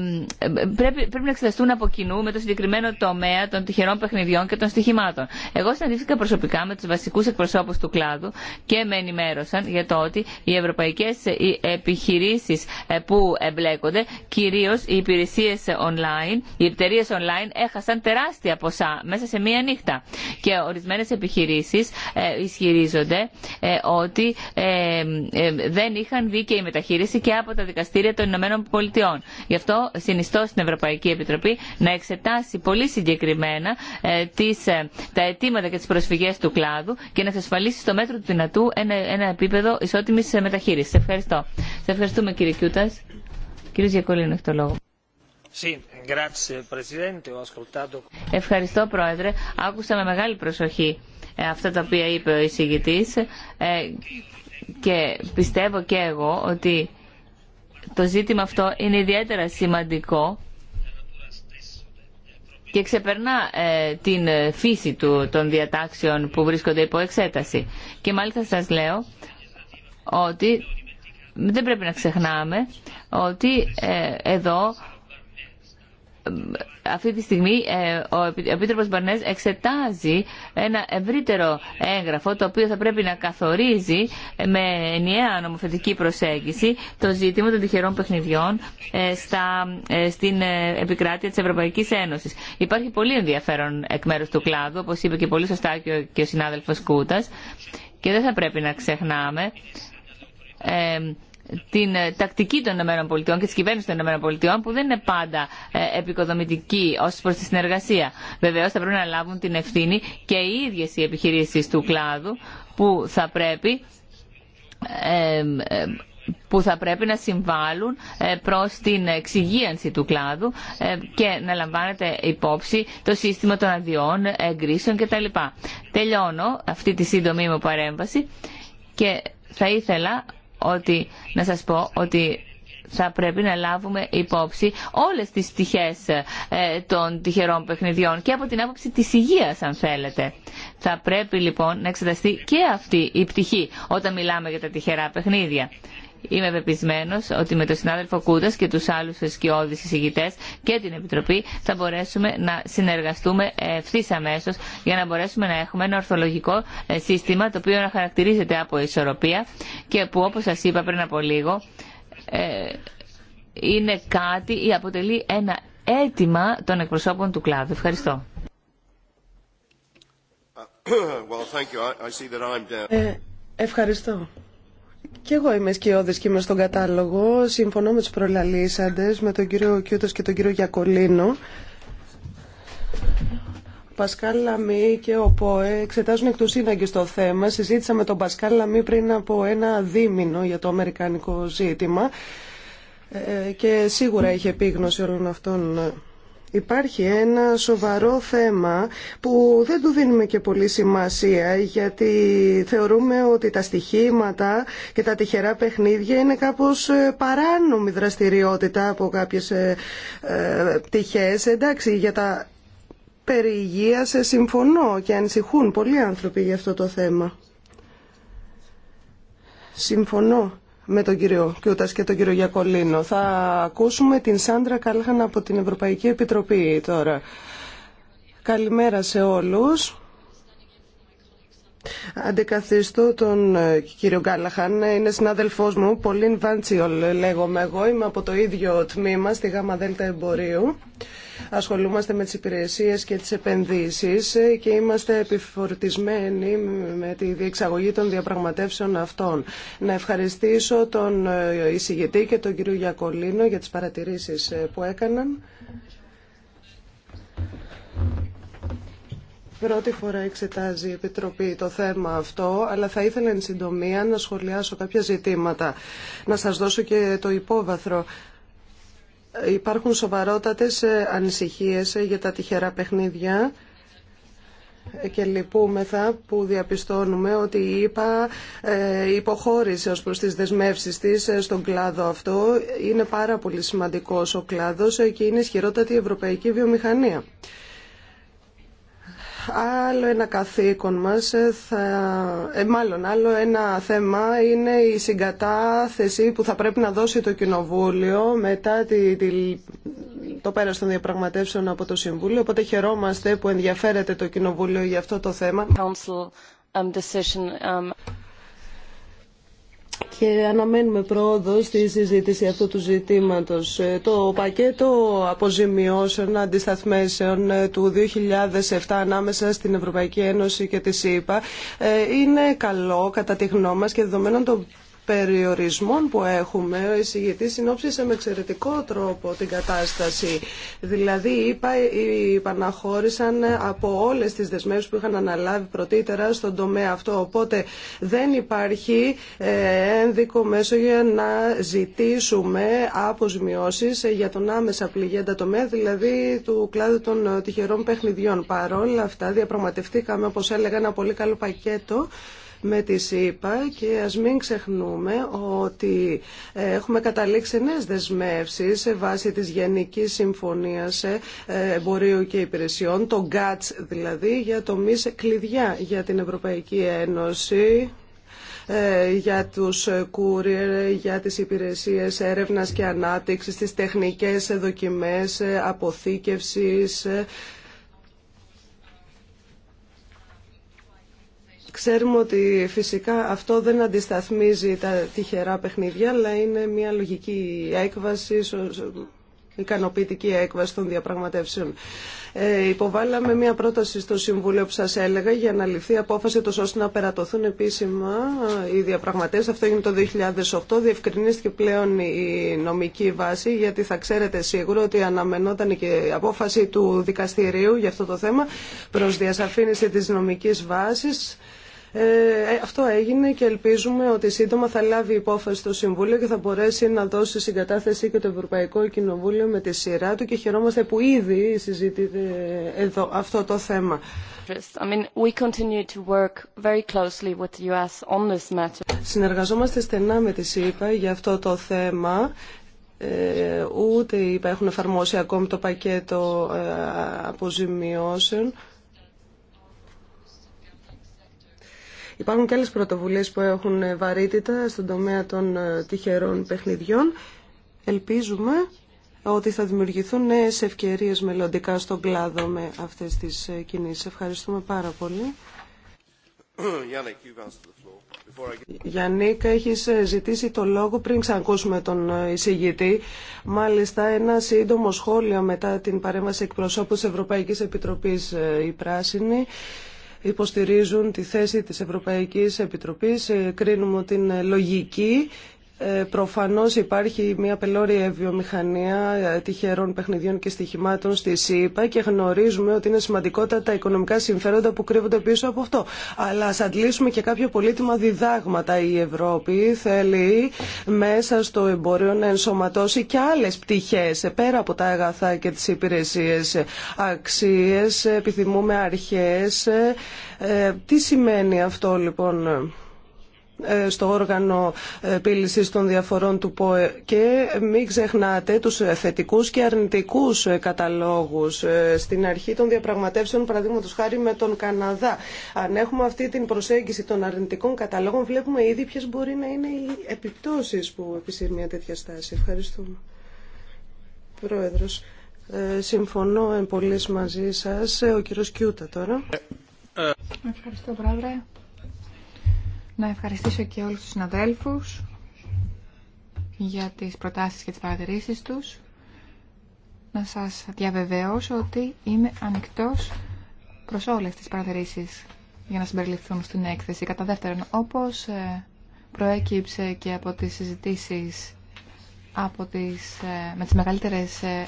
πρέπει, πρέπει να εξεταστούν από κοινού με το συγκεκριμένο τομέα των τυχερών παιχνιδιών και των στοιχημάτων. Εγώ συναντήθηκα προσωπικά με του βασικού εκπροσώπου του κλάδου και με ενημέρωσαν για το ότι οι ευρωπαϊκέ επιχειρήσει ε, που εμπλέκονται, κυρίω οι υπηρεσίε online, οι εταιρείε online έχασαν τεράστια ποσά μέσα σε μία νύχτα. Και ορισμένε επιχειρήσει ε, ισχυρίζονται ε, ότι δεν είχαν δίκαιη μεταχείριση και από τα δικαστήρια των Ηνωμένων Πολιτειών. Γι' αυτό συνιστώ στην Ευρωπαϊκή Επιτροπή να εξετάσει πολύ συγκεκριμένα ε, τις, ε, τα αιτήματα και τι προσφυγέ του κλάδου και να εξασφαλίσει στο μέτρο του δυνατού ένα, ένα επίπεδο ισότιμη ε, μεταχείριση. Σε ευχαριστώ. Σε ευχαριστούμε κύριε Κιούτα. Κύριε Γιακολίνο, έχει το λόγο. Ευχαριστώ, Πρόεδρε. Άκουσα με μεγάλη προσοχή αυτά τα οποία είπε ο εισηγητής και πιστεύω και εγώ ότι το ζήτημα αυτό είναι ιδιαίτερα σημαντικό και ξεπερνά ε, την φύση του των διατάξεων που βρίσκονται υπό εξέταση. Και μάλιστα σας λέω ότι δεν πρέπει να ξεχνάμε ότι ε, εδώ αυτή τη στιγμή ε, ο Επίτροπο Μπαρνές εξετάζει ένα ευρύτερο έγγραφο το οποίο θα πρέπει να καθορίζει με ενιαία νομοθετική προσέγγιση το ζήτημα των τυχερών παιχνιδιών ε, στα, ε, στην επικράτεια της Ευρωπαϊκής Ένωσης. Υπάρχει πολύ ενδιαφέρον εκ μέρου του κλάδου, όπως είπε και πολύ σωστά και ο, και ο και δεν θα πρέπει να ξεχνάμε την ε, τακτική των ΗΠΑ και τη κυβέρνηση των ΗΠΑ που δεν είναι πάντα ε, επικοδομητική ω προ τη συνεργασία. Βεβαίω θα πρέπει να λάβουν την ευθύνη και οι ίδιε οι επιχειρήσει του κλάδου που θα πρέπει ε, που θα πρέπει να συμβάλλουν προς την εξυγίανση του κλάδου και να λαμβάνεται υπόψη το σύστημα των αδειών, εγκρίσεων κτλ. Τελειώνω αυτή τη σύντομη μου παρέμβαση και θα ήθελα ότι, να σας πω ότι θα πρέπει να λάβουμε υπόψη όλες τις πτυχές ε, των τυχερών παιχνιδιών και από την άποψη της υγείας αν θέλετε. Θα πρέπει λοιπόν να εξεταστεί και αυτή η πτυχή όταν μιλάμε για τα τυχερά παιχνίδια. Είμαι πεπισμένο ότι με τον συνάδελφο Κούτα και του άλλου σκιώδει συζητητέ και την Επιτροπή θα μπορέσουμε να συνεργαστούμε ευθύ αμέσω για να μπορέσουμε να έχουμε ένα ορθολογικό ε, σύστημα το οποίο να χαρακτηρίζεται από ισορροπία και που όπω σα είπα πριν από λίγο ε, είναι κάτι ή αποτελεί ένα αίτημα των εκπροσώπων του κλάδου. Ευχαριστώ.
ευχαριστώ. Και εγώ είμαι σκιώδη και είμαι στον κατάλογο. Συμφωνώ με του προλαλήσαντε, με τον κύριο Κιούτο και τον κύριο Γιακολίνο. Πασκάλ Λαμή και ο ΠΟΕ εξετάζουν εκ του σύναγκη το θέμα. Συζήτησα με τον Πασκάλ Λαμή πριν από ένα δίμηνο για το αμερικανικό ζήτημα ε, και σίγουρα είχε επίγνωση όλων αυτών ε, Υπάρχει ένα σοβαρό θέμα που δεν του δίνουμε και πολύ σημασία γιατί θεωρούμε ότι τα στοιχήματα και τα τυχερά παιχνίδια είναι κάπως ε, παράνομη δραστηριότητα από κάποιες ε, ε, πτυχές. Εντάξει, για τα περί υγείας συμφωνώ και ανησυχούν πολλοί άνθρωποι για αυτό το θέμα. Συμφωνώ με τον κύριο Κίουτα και τον κύριο Γιακολίνο. Θα ακούσουμε την Σάντρα Κάλχαν από την Ευρωπαϊκή Επιτροπή τώρα. Καλημέρα σε όλους. Αντικαθιστώ τον ε, κύριο Γκάλαχαν, είναι συνάδελφός μου, Πολύν Βάντσιολ λέγομαι εγώ, είμαι από το ίδιο τμήμα στη ΓΑΜΑ ΔΕΛΤΑ Εμπορίου. Ασχολούμαστε με τις υπηρεσίες και τις επενδύσεις και είμαστε επιφορτισμένοι με τη διεξαγωγή των διαπραγματεύσεων αυτών. Να ευχαριστήσω τον ε, εισηγητή και τον κύριο Γιακολίνο για τις παρατηρήσεις ε, που έκαναν. Πρώτη φορά εξετάζει η Επιτροπή το θέμα αυτό, αλλά θα ήθελα εν συντομία να σχολιάσω κάποια ζητήματα. Να σας δώσω και το υπόβαθρο. Υπάρχουν σοβαρότατες ανησυχίες για τα τυχερά παιχνίδια και λυπούμεθα που διαπιστώνουμε ότι η ΕΠΑ ε, υποχώρησε ως προς τις δεσμεύσεις της ε, στον κλάδο αυτό. Είναι πάρα πολύ σημαντικός ο κλάδος ε, και είναι ισχυρότατη η ευρωπαϊκή βιομηχανία. Άλλο ένα καθήκον μας, ε, θα, ε, μάλλον άλλο ένα θέμα είναι η συγκατάθεση που θα πρέπει να δώσει το Κοινοβούλιο μετά τη, το πέρας των διαπραγματεύσεων από το Συμβούλιο. Οπότε χαιρόμαστε που ενδιαφέρεται το Κοινοβούλιο για αυτό το θέμα. Council, um, decision, um, και αναμένουμε πρόοδο στη συζήτηση αυτού του ζητήματος. Ε, το πακέτο αποζημιώσεων αντισταθμίσεων ε, του 2007 ανάμεσα στην Ευρωπαϊκή Ένωση και τη ΣΥΠΑ ε, είναι καλό κατά τη γνώμη μας και δεδομένων των περιορισμών που έχουμε, ο εισηγητής συνόψισε με εξαιρετικό τρόπο την κατάσταση. Δηλαδή, είπα, υπαναχώρησαν από όλες τις δεσμεύσεις που είχαν αναλάβει πρωτήτερα στον τομέα αυτό. Οπότε δεν υπάρχει ε, ένδικο μέσο για να ζητήσουμε αποζημιώσεις για τον άμεσα πληγέντα τομέα, δηλαδή του κλάδου των ε, τυχερών παιχνιδιών. Παρόλα αυτά, διαπραγματευτήκαμε, όπως έλεγα, ένα πολύ καλό πακέτο με τη ΣΥΠΑ και ας μην ξεχνούμε ότι ε, έχουμε καταλήξει νέες δεσμεύσεις σε βάση της Γενικής Συμφωνίας ε, Εμπορίου και Υπηρεσιών, το GATS δηλαδή, για τομείς κλειδιά για την Ευρωπαϊκή Ένωση ε, για τους courier, για τις υπηρεσίες έρευνας και ανάπτυξης, τις τεχνικές δοκιμές αποθήκευσης, Ξέρουμε ότι φυσικά αυτό δεν αντισταθμίζει τα τυχερά παιχνίδια, αλλά είναι μια λογική έκβαση, ικανοποιητική έκβαση των διαπραγματεύσεων. Ε, υποβάλαμε μια πρόταση στο Συμβούλιο που σας έλεγα για να ληφθεί απόφαση τόσο ώστε να περατωθούν επίσημα ε, οι διαπραγματεύσεις. Αυτό έγινε το 2008. Διευκρινίστηκε πλέον η νομική βάση γιατί θα ξέρετε σίγουρα ότι αναμενόταν και η απόφαση του δικαστηρίου για αυτό το θέμα προς διασαφήνιση της νομικής βάσης. Ε, αυτό έγινε και ελπίζουμε ότι σύντομα θα λάβει υπόφαση το Συμβούλιο και θα μπορέσει να δώσει συγκατάθεση και το Ευρωπαϊκό Κοινοβούλιο με τη σειρά του και χαιρόμαστε που ήδη συζητείται εδώ αυτό το θέμα. Συνεργαζόμαστε στενά με τη ΣΥΠΑ για αυτό το θέμα ε, ούτε είπα, έχουν εφαρμόσει ακόμη το πακέτο ε, αποζημιώσεων Υπάρχουν και άλλες πρωτοβουλίες που έχουν βαρύτητα στον τομέα των ε, τυχερών παιχνιδιών. Ελπίζουμε ότι θα δημιουργηθούν νέες ευκαιρίες μελλοντικά στον κλάδο με αυτές τις ε, κινήσεις. Ευχαριστούμε πάρα πολύ. Γιάννη, [CLEARS THROAT] έχει ε, ζητήσει το λόγο πριν ξανακούσουμε τον εισηγητή. Μάλιστα, ένα σύντομο σχόλιο μετά την παρέμβαση εκπροσώπου της Ευρωπαϊκής Επιτροπής η Πράσινη υποστηρίζουν τη θέση της Ευρωπαϊκής Επιτροπής. Ε, κρίνουμε την είναι λογική ε, προφανώς υπάρχει μια πελώρια βιομηχανία ε, τυχερών παιχνιδιών και στοιχημάτων στη ΣΥΠΑ και γνωρίζουμε ότι είναι σημαντικότατα τα οικονομικά συμφέροντα που κρύβονται πίσω από αυτό. Αλλά ας αντλήσουμε και κάποια πολύτιμα διδάγματα. Η Ευρώπη θέλει μέσα στο εμπόριο να ενσωματώσει και άλλες πτυχές ε, πέρα από τα αγαθά και τις υπηρεσίες αξίες, επιθυμούμε αρχές. τι σημαίνει αυτό λοιπόν ε, στο όργανο ε, επίλυσης των διαφορών του ΠΟΕ και μην ξεχνάτε τους θετικούς και αρνητικούς ε, καταλόγους στην αρχή των διαπραγματεύσεων παραδείγματος χάρη με τον Καναδά. Αν έχουμε αυτή την προσέγγιση των αρνητικών καταλόγων βλέπουμε ήδη ποιες μπορεί να είναι οι επιπτώσεις που επισύρει μια τέτοια στάση. Ευχαριστούμε. Πρόεδρος, συμφωνώ εν μαζί σας. Ο κύριος Κιούτα τώρα.
Ευχαριστώ,
Πρόεδρε. Να ευχαριστήσω και όλους τους συναδέλφους για τις προτάσεις και τις παρατηρήσεις τους. Να σας διαβεβαιώσω ότι είμαι ανοιχτός προς όλες τις παρατηρήσεις για να συμπεριληφθούν στην έκθεση. Κατά δεύτερον, όπως ε, προέκυψε και από τις συζητήσεις από τις, ε, με τις μεγαλύτερες ε,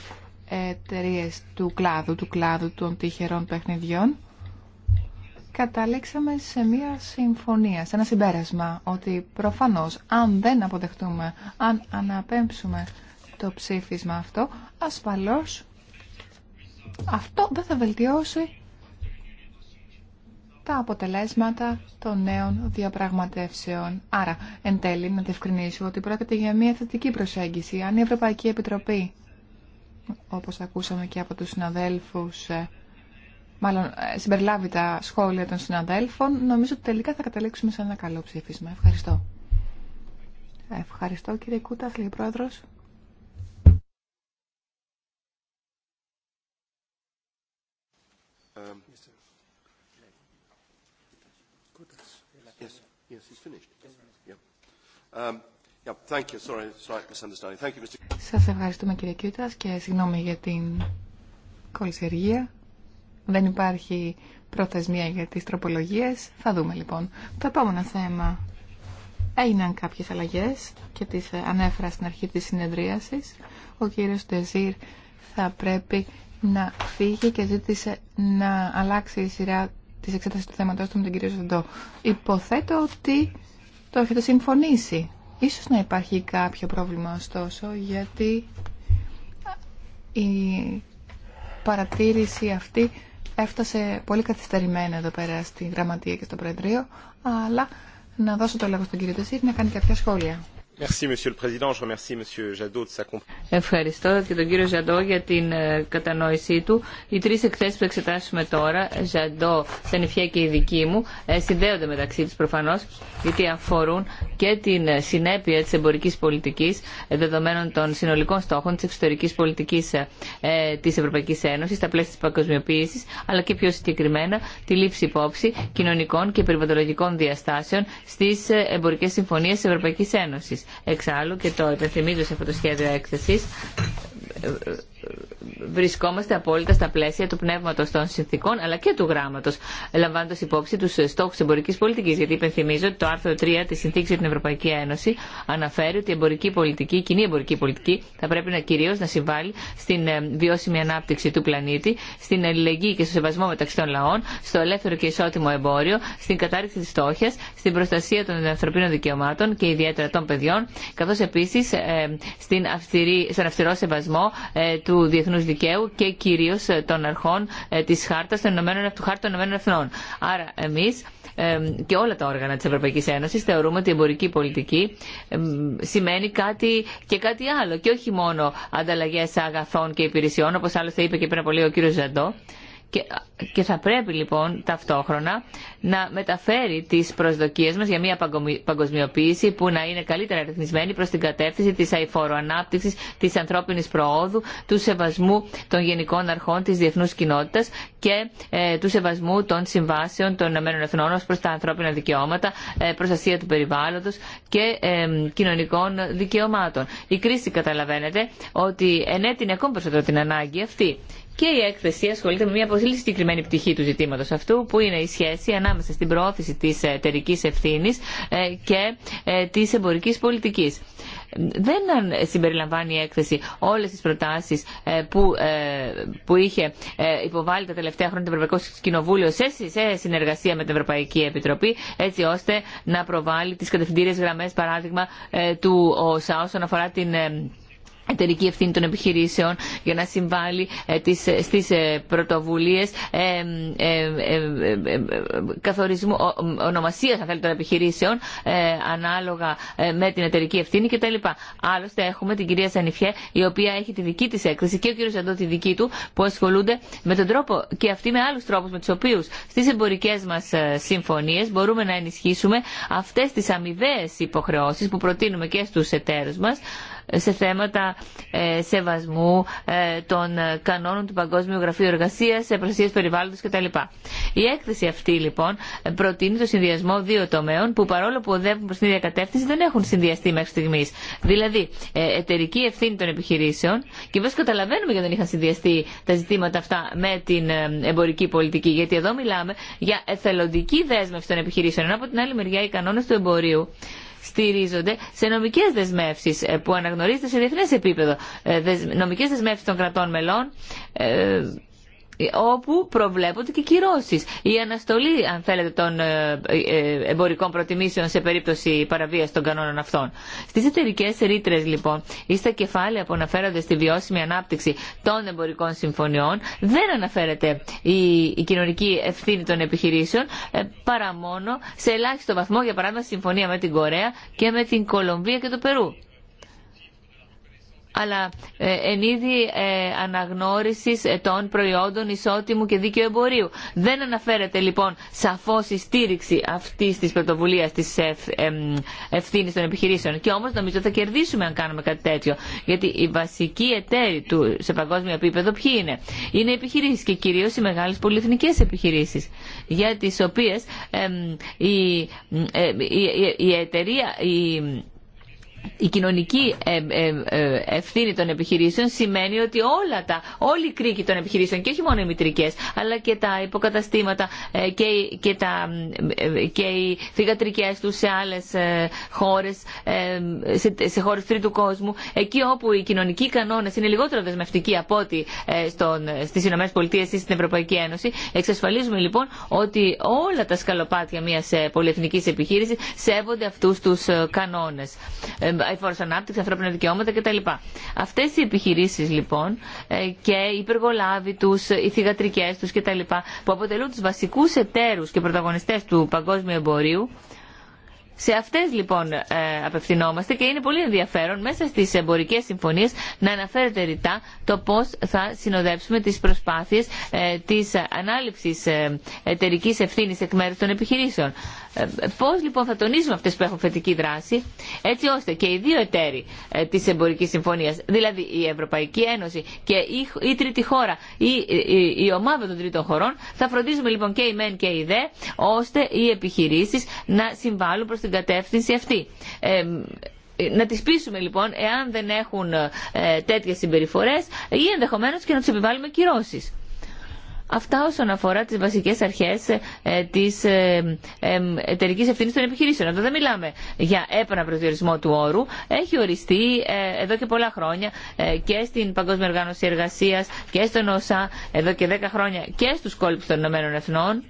εταιρείε του κλάδου, του κλάδου των τυχερών παιχνιδιών, καταλήξαμε σε μία συμφωνία, σε ένα συμπέρασμα, ότι προφανώς αν δεν αποδεχτούμε, αν αναπέμψουμε το ψήφισμα αυτό, ασφαλώς αυτό δεν θα βελτιώσει τα αποτελέσματα των νέων διαπραγματεύσεων. Άρα, εν τέλει, να διευκρινίσω ότι πρόκειται για μια θετική προσέγγιση. Αν η Ευρωπαϊκή Επιτροπή, όπως ακούσαμε και από τους συναδέλφους, ε, μάλλον ε, συμπεριλάβει τα σχόλια των συναδέλφων, νομίζω ότι τελικά θα καταλήξουμε σε ένα καλό ψήφισμα. Ευχαριστώ. Ευχαριστώ κύριε Κούτα, κύριε πρόεδρος. Ε, um, Σας ευχαριστούμε κύριε Κούτας και συγγνώμη για την κολλησιεργία. Δεν υπάρχει προθεσμία για τις τροπολογίες. Θα δούμε λοιπόν. Το επόμενο θέμα έγιναν κάποιες αλλαγές και τις ανέφερα στην αρχή της συνεδρίασης. Ο κύριος Ντεζίρ θα πρέπει να φύγει και ζήτησε να αλλάξει η σειρά της εξέτασης του θέματος του με τον κύριο Σοντό. Υποθέτω ότι το έχετε συμφωνήσει. Ίσως να υπάρχει κάποιο πρόβλημα ωστόσο γιατί η παρατήρηση αυτή Έφτασε πολύ καθυστερημένα εδώ πέρα στη Γραμματεία και στο Προεδρείο, αλλά να δώσω το λόγο στον κύριο Τεσίρ να κάνει κάποια σχόλια. Ευχαριστώ και τον κύριο
Ζαντό για την ε, κατανόησή του. Οι τρει εκθέσει που εξετάσουμε τώρα, Ζαντό, Στενιφιά και η δική μου, ε, συνδέονται μεταξύ του προφανώ, γιατί αφορούν και την ε, συνέπεια τη εμπορική πολιτική δεδομένων των συνολικών στόχων τη εξωτερική πολιτική τη Ευρωπαϊκή Ένωση στα πλαίσια τη παγκοσμιοποίηση, αλλά και πιο συγκεκριμένα τη λήψη υπόψη κοινωνικών και περιβαλλοντικών διαστάσεων στι εμπορικέ συμφωνίε τη Ευρωπαϊκή Ένωση. Εξάλλου και το υπενθυμίζω σε αυτό το σχέδιο έκθεσης βρισκόμαστε απόλυτα στα πλαίσια του πνεύματο των συνθήκων αλλά και του γράμματο, λαμβάνοντα υπόψη του στόχου εμπορική πολιτική. Γιατί υπενθυμίζω ότι το άρθρο 3 τη συνθήκη για την Ευρωπαϊκή Ένωση αναφέρει ότι η εμπορική πολιτική, η κοινή εμπορική πολιτική, θα πρέπει να κυρίω να συμβάλλει στην ε, βιώσιμη ανάπτυξη του πλανήτη, στην αλληλεγγύη και στο σεβασμό μεταξύ των λαών, στο ελεύθερο και ισότιμο εμπόριο, στην κατάρριξη τη φτώχεια, στην προστασία των ανθρωπίνων δικαιωμάτων και ιδιαίτερα των παιδιών, καθώ επίση ε, στον αυστηρό σεβασμό ε, του διεθνούς δικαίου και κυρίως ε, των αρχών ε, της Χάρτας των Ηνωμένων, του Χάρτα των Ηνωμένων Εθνών. Άρα εμείς και όλα τα όργανα της Ευρωπαϊκής Ένωσης θεωρούμε ότι η εμπορική πολιτική σημαίνει κάτι και κάτι άλλο και όχι μόνο ανταλλαγές αγαθών και υπηρεσιών όπως άλλωστε είπε και πριν από λίγο ο κύριος Ζαντό και, και θα πρέπει λοιπόν ταυτόχρονα να μεταφέρει τι προσδοκίε μα για μια παγκοσμιοποίηση που να είναι καλύτερα ρυθμισμένη προ την κατεύθυνση τη αηφόρου ανάπτυξη, τη ανθρώπινη προόδου, του σεβασμού των γενικών αρχών τη διεθνού κοινότητα και ε, του σεβασμού των συμβάσεων των ΗΠΑ ω προ τα ανθρώπινα δικαιώματα, ε, προστασία του περιβάλλοντο και ε, κοινωνικών δικαιωμάτων. Η κρίση καταλαβαίνετε ότι ενέτεινε ακόμη περισσότερο την ανάγκη αυτή και η έκθεση ασχολείται με μια πολύ συγκεκριμένη πτυχή του ζητήματο αυτού, που είναι η σχέση ανάμεσα στην προώθηση τη εταιρική ευθύνη ε, και ε, τη εμπορική πολιτική. Δεν συμπεριλαμβάνει η έκθεση όλε τι προτάσει ε, που, που είχε υποβάλει τα τελευταία χρόνια το Ευρωπαϊκό Κοινοβούλιο σε, συνεργασία με την Ευρωπαϊκή Επιτροπή, έτσι ώστε να προβάλλει τι κατευθυντήριε γραμμέ, παράδειγμα, του ΩΣΑ όσον αφορά την εταιρική ευθύνη των επιχειρήσεων για να συμβάλλει στις πρωτοβουλίες καθορισμού ονομασίας των επιχειρήσεων ε, ανάλογα ε, με την εταιρική ευθύνη κτλ. Άλλωστε έχουμε την κυρία Σανιφιέ η οποία έχει τη δική της έκθεση και ο κύριος Αντώ τη δική του που ασχολούνται με τον τρόπο και αυτοί με άλλους τρόπους με τους οποίους στις εμπορικές μας ε, συμφωνίες μπορούμε να ενισχύσουμε αυτές τις αμοιβαίες υποχρεώσεις που προτείνουμε και στους εταίρους μας σε θέματα ε, σεβασμού ε, των κανόνων του Παγκόσμιου Γραφείου Εργασία, προστασία περιβάλλοντο κτλ. Η έκθεση αυτή λοιπόν προτείνει το συνδυασμό δύο τομέων που παρόλο που οδεύουν προ την ίδια κατεύθυνση δεν έχουν συνδυαστεί μέχρι στιγμή. Δηλαδή ε, εταιρική ευθύνη των επιχειρήσεων και βέβαια καταλαβαίνουμε γιατί δεν είχαν συνδυαστεί τα ζητήματα αυτά με την εμπορική πολιτική. Γιατί εδώ μιλάμε για εθελοντική δέσμευση των επιχειρήσεων. Ενώ από την άλλη μεριά οι κανόνε του εμπορίου στηρίζονται σε νομικέ δεσμεύσει ε, που αναγνωρίζεται σε διεθνέ επίπεδο. Ε, νομικέ δεσμεύσει των κρατών μελών ε, όπου προβλέπονται και κυρώσει. Η αναστολή, αν θέλετε, των ε, ε, εμπορικών προτιμήσεων σε περίπτωση παραβία των κανόνων αυτών. Στι εταιρικέ ρήτρε, λοιπόν, ή στα κεφάλαια που αναφέρονται στη βιώσιμη ανάπτυξη των εμπορικών συμφωνιών, δεν αναφέρεται η, η κοινωνική ευθύνη των επιχειρήσεων, ε, παρά μόνο σε ελάχιστο βαθμό, για παράδειγμα, συμφωνία με την Κορέα και με την Κολομβία και το Περού αλλά ε, εν είδη ε, αναγνώρισης ε, των προϊόντων ισότιμου και δίκαιου εμπορίου. Δεν αναφέρεται λοιπόν σαφώς η στήριξη αυτής της πρωτοβουλίας της ευθύνη των επιχειρήσεων και όμως νομίζω θα κερδίσουμε αν κάνουμε κάτι τέτοιο γιατί η βασική εταίρη του σε παγκόσμιο επίπεδο ποιοι είναι. Είναι οι επιχειρήσεις και κυρίως οι μεγάλε πολυεθνικές επιχειρήσει. για τις οποίες η, η, εταιρεία... Η, η κοινωνική ε, ε, ε, ευθύνη των επιχειρήσεων σημαίνει ότι όλα τα, όλοι οι κρίκη των επιχειρήσεων και όχι μόνο οι μητρικέ, αλλά και τα υποκαταστήματα και, και, τα, και οι θηγατρικέ του σε άλλε χώρε, σε, σε χώρε τρίτου κόσμου, εκεί όπου οι κοινωνικοί κανόνε είναι λιγότερο δεσμευτικοί από ό,τι στι ΗΠΑ ή στην Ευρωπαϊκή Ένωση, εξασφαλίζουμε λοιπόν ότι όλα τα σκαλοπάτια μια πολυεθνική επιχείρηση σέβονται αυτού του κανόνε. Ε, ε, φορέ ανάπτυξη, ανθρώπινα δικαιώματα κτλ. Αυτέ οι επιχειρήσει λοιπόν ε, και οι υπεργολάβοι του, οι θηγατρικέ του κτλ. που αποτελούν του βασικού εταίρου και πρωταγωνιστέ του παγκόσμιου εμπορίου, σε αυτέ λοιπόν απευθυνόμαστε και είναι πολύ ενδιαφέρον μέσα στι εμπορικέ συμφωνίε να αναφέρεται ρητά το πώ θα συνοδεύσουμε τι προσπάθειε τη ανάληψη εταιρική ευθύνη εκ μέρου των επιχειρήσεων. Ε, πώς λοιπόν θα τονίζουμε αυτές που έχουν θετική δράση, έτσι ώστε και οι δύο εταίροι ε, της εμπορικής συμφωνίας, δηλαδή η Ευρωπαϊκή Ένωση και η τρίτη χώρα ή η ομάδα των τρίτων χωρών, θα φροντίζουμε λοιπόν και οι ΜΕΝ και η ΔΕ, ώστε οι επιχειρήσεις να συμβάλλουν προς την κατεύθυνση αυτή. Ε, να τις πείσουμε λοιπόν, εάν δεν έχουν τέτοιες συμπεριφορές, ή ενδεχομένως και να τους επιβάλλουμε κυρώσεις. Αυτά όσον αφορά τι βασικέ αρχέ ε, τη ε, ε, εταιρική ευθύνη των επιχειρήσεων. Εδώ δεν μιλάμε για έπανα προσδιορισμό του όρου. Έχει οριστεί εδώ και πολλά χρόνια και στην Παγκόσμια Οργάνωση Εργασία και στον ΟΣΑ εδώ και δέκα χρόνια και στου κόλπου των Ηνωμένων Εθνών.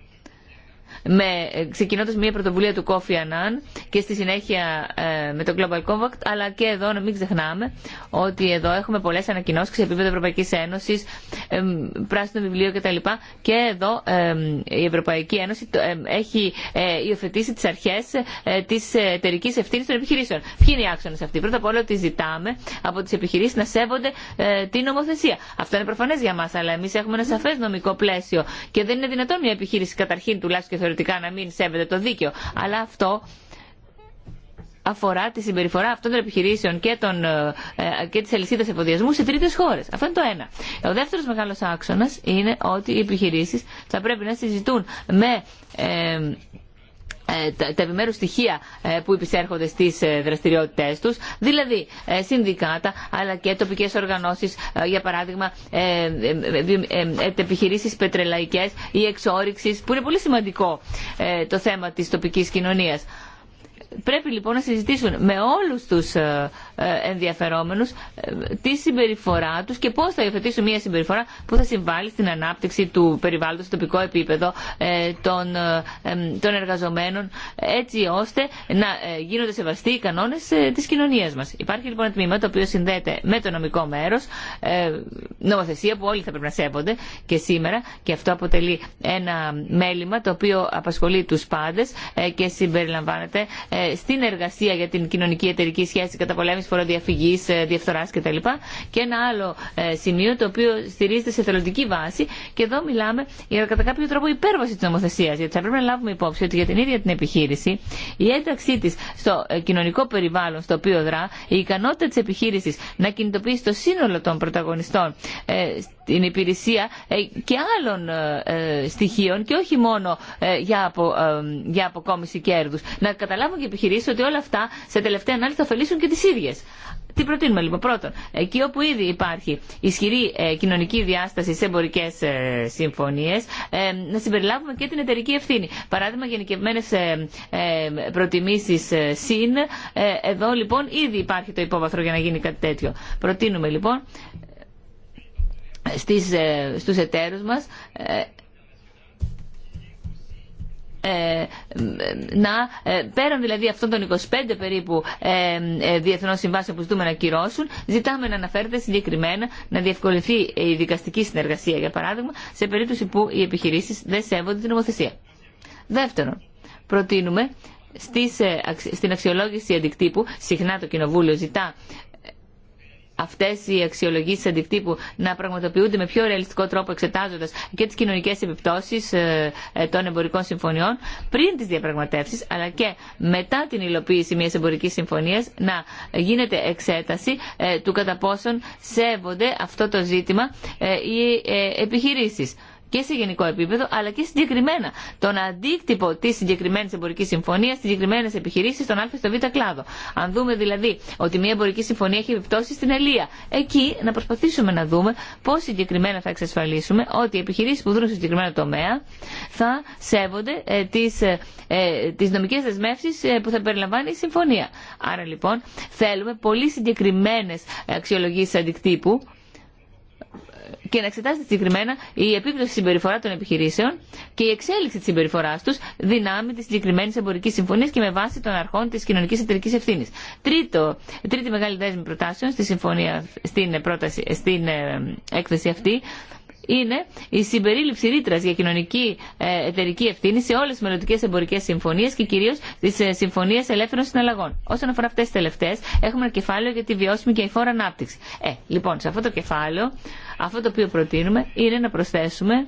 Ε, ξεκινώντας μια πρωτοβουλία του Κόφι Ανάν και στη συνέχεια ε, με το Global Compact, αλλά και εδώ να μην ξεχνάμε ότι εδώ έχουμε πολλές ανακοινώσεις σε επίπεδο Ευρωπαϊκής Ένωσης, πράσινο βιβλίο κτλ. Και εδώ η Ευρωπαϊκή Ένωση έχει ε, υιοθετήσει τις αρχές της εταιρική ευθύνης των επιχειρήσεων. Ποιοι είναι οι άξονες αυτοί. Πρώτα απ' όλα ότι ζητάμε από τις επιχειρήσεις να σέβονται την νομοθεσία. Αυτό είναι προφανές για μας, αλλά εμείς έχουμε ένα σαφές νομικό πλαίσιο και δεν είναι δυνατόν μια επιχείρηση καταρχήν τουλάχιστον θεωρητικά να μην σέβεται το δίκαιο. Αλλά αυτό αφορά τη συμπεριφορά αυτών των επιχειρήσεων και, των, ε, ε, και της αλυσίδας εφοδιασμού σε τρίτες χώρες. Αυτό είναι το ένα. Ο δεύτερος μεγάλος άξονας είναι ότι οι επιχειρήσεις θα πρέπει να συζητούν με... Ε, ε, τα, τα στοιχεία ε, που υπησέρχονται στι ε, δραστηριότητε του, δηλαδή συνδικάτα αλλά και τοπικές οργανώσεις, για παράδειγμα επιχειρήσει πετρελαϊκέ ή εξόριξης, που είναι πολύ σημαντικό το θέμα της τοπικής κοινωνίας. Πρέπει λοιπόν να συζητήσουν με όλους τους ε, ενδιαφερόμενους ε, τη συμπεριφορά τους και πώς θα υιοθετήσουν μια συμπεριφορά που θα συμβάλλει στην ανάπτυξη του περιβάλλοντος στο τοπικό επίπεδο ε, των, εργαζομένων έτσι ώστε να γίνονται σεβαστοί οι κανόνες της κοινωνίας μας. Υπάρχει λοιπόν ένα τμήμα το οποίο συνδέεται με το νομικό μέρος, νομοθεσία που όλοι θα πρέπει να σέβονται και σήμερα και αυτό αποτελεί ένα μέλημα το οποίο απασχολεί τους πάντες και συμπεριλαμβάνεται στην εργασία για την κοινωνική εταιρική σχέση κατά πολέμηση διαφυγή, ε, διαφθορά κτλ. Και ένα άλλο ε, σημείο το οποίο στηρίζεται σε θελοντική βάση και εδώ μιλάμε για κατά κάποιο τρόπο υπέρβαση τη νομοθεσία. γιατί θα πρέπει να λάβουμε υπόψη ότι για την ίδια την επιχείρηση η ένταξή τη στο ε, κοινωνικό περιβάλλον στο οποίο δρά, η ικανότητα τη επιχείρηση να κινητοποιήσει το σύνολο των πρωταγωνιστών την υπηρεσία ε, και άλλων ε, ε, στοιχείων και όχι μόνο για, απο, για αποκόμιση κέρδους. Να καταλάβουν και οι επιχειρήσεις ότι όλα αυτά σε τελευταία ανάλυση θα ωφελήσουν και τις ίδιες. Τι προτείνουμε λοιπόν. Πρώτον, εκεί όπου ήδη υπάρχει ισχυρή κοινωνική διάσταση σε εμπορικέ συμφωνίε, να συμπεριλάβουμε και την εταιρική ευθύνη. Παράδειγμα, γενικευμένε προτιμήσει συν. Εδώ λοιπόν ήδη υπάρχει το υπόβαθρο για να γίνει κάτι τέτοιο. Προτείνουμε λοιπόν στις, ε, στους εταίρους μας ε, ε, να πέραν δηλαδή αυτών των 25 περίπου διεθνών συμβάσεων που ζητούμε να κυρώσουν, ζητάμε να αναφέρεται συγκεκριμένα να διευκολυνθεί η δικαστική συνεργασία, για παράδειγμα, σε περίπτωση που οι επιχειρήσει δεν σέβονται την νομοθεσία. Δεύτερον, προτείνουμε στην αξιολόγηση αντικτύπου, συχνά το Κοινοβούλιο ζητά αυτές οι αξιολογήσεις αντικτύπου να πραγματοποιούνται με πιο ρεαλιστικό τρόπο εξετάζοντας και τις κοινωνικές επιπτώσεις ε, ε, των εμπορικών συμφωνιών πριν τις διαπραγματεύσεις αλλά και μετά την υλοποίηση μιας εμπορικής συμφωνίας να γίνεται εξέταση ε, του κατά πόσον σέβονται αυτό το ζήτημα οι επιχειρήσεις και σε γενικό επίπεδο, αλλά και συγκεκριμένα τον αντίκτυπο τη συγκεκριμένη εμπορική συμφωνία στι συγκεκριμένε επιχειρήσει στον Α στο Β κλάδο. Αν δούμε δηλαδή ότι μια εμπορική συμφωνία έχει επιπτώσει στην Ελία, εκεί να προσπαθήσουμε να δούμε πώ συγκεκριμένα θα εξασφαλίσουμε ότι οι επιχειρήσει που δρούν σε συγκεκριμένο τομέα θα σέβονται ε, τι ε, ε, τις νομικέ δεσμεύσει ε, που θα περιλαμβάνει η συμφωνία. Άρα λοιπόν θέλουμε πολύ συγκεκριμένε αξιολογήσει αντικτύπου και να εξετάζεται συγκεκριμένα η επίπτωση συμπεριφορά των επιχειρήσεων και η εξέλιξη τη συμπεριφορά του δυνάμει τη συγκεκριμένη εμπορική συμφωνία και με βάση των αρχών τη κοινωνική εταιρική ευθύνη. Τρίτη μεγάλη δέσμη προτάσεων στη συμφωνία, στην, πρόταση, στην ε, έκθεση αυτή είναι η συμπερίληψη ρήτρα για κοινωνική ε, εταιρική ευθύνη σε όλε τι μελλοντικέ εμπορικέ συμφωνίε και κυρίω τι ε, συμφωνίε ελεύθερων συναλλαγών. Όσον αφορά αυτέ τι τελευταίε, έχουμε ένα κεφάλαιο για τη βιώσιμη και η φόρο ανάπτυξη. Ε, λοιπόν, σε αυτό το κεφάλαιο, αυτό το οποίο προτείνουμε είναι να προσθέσουμε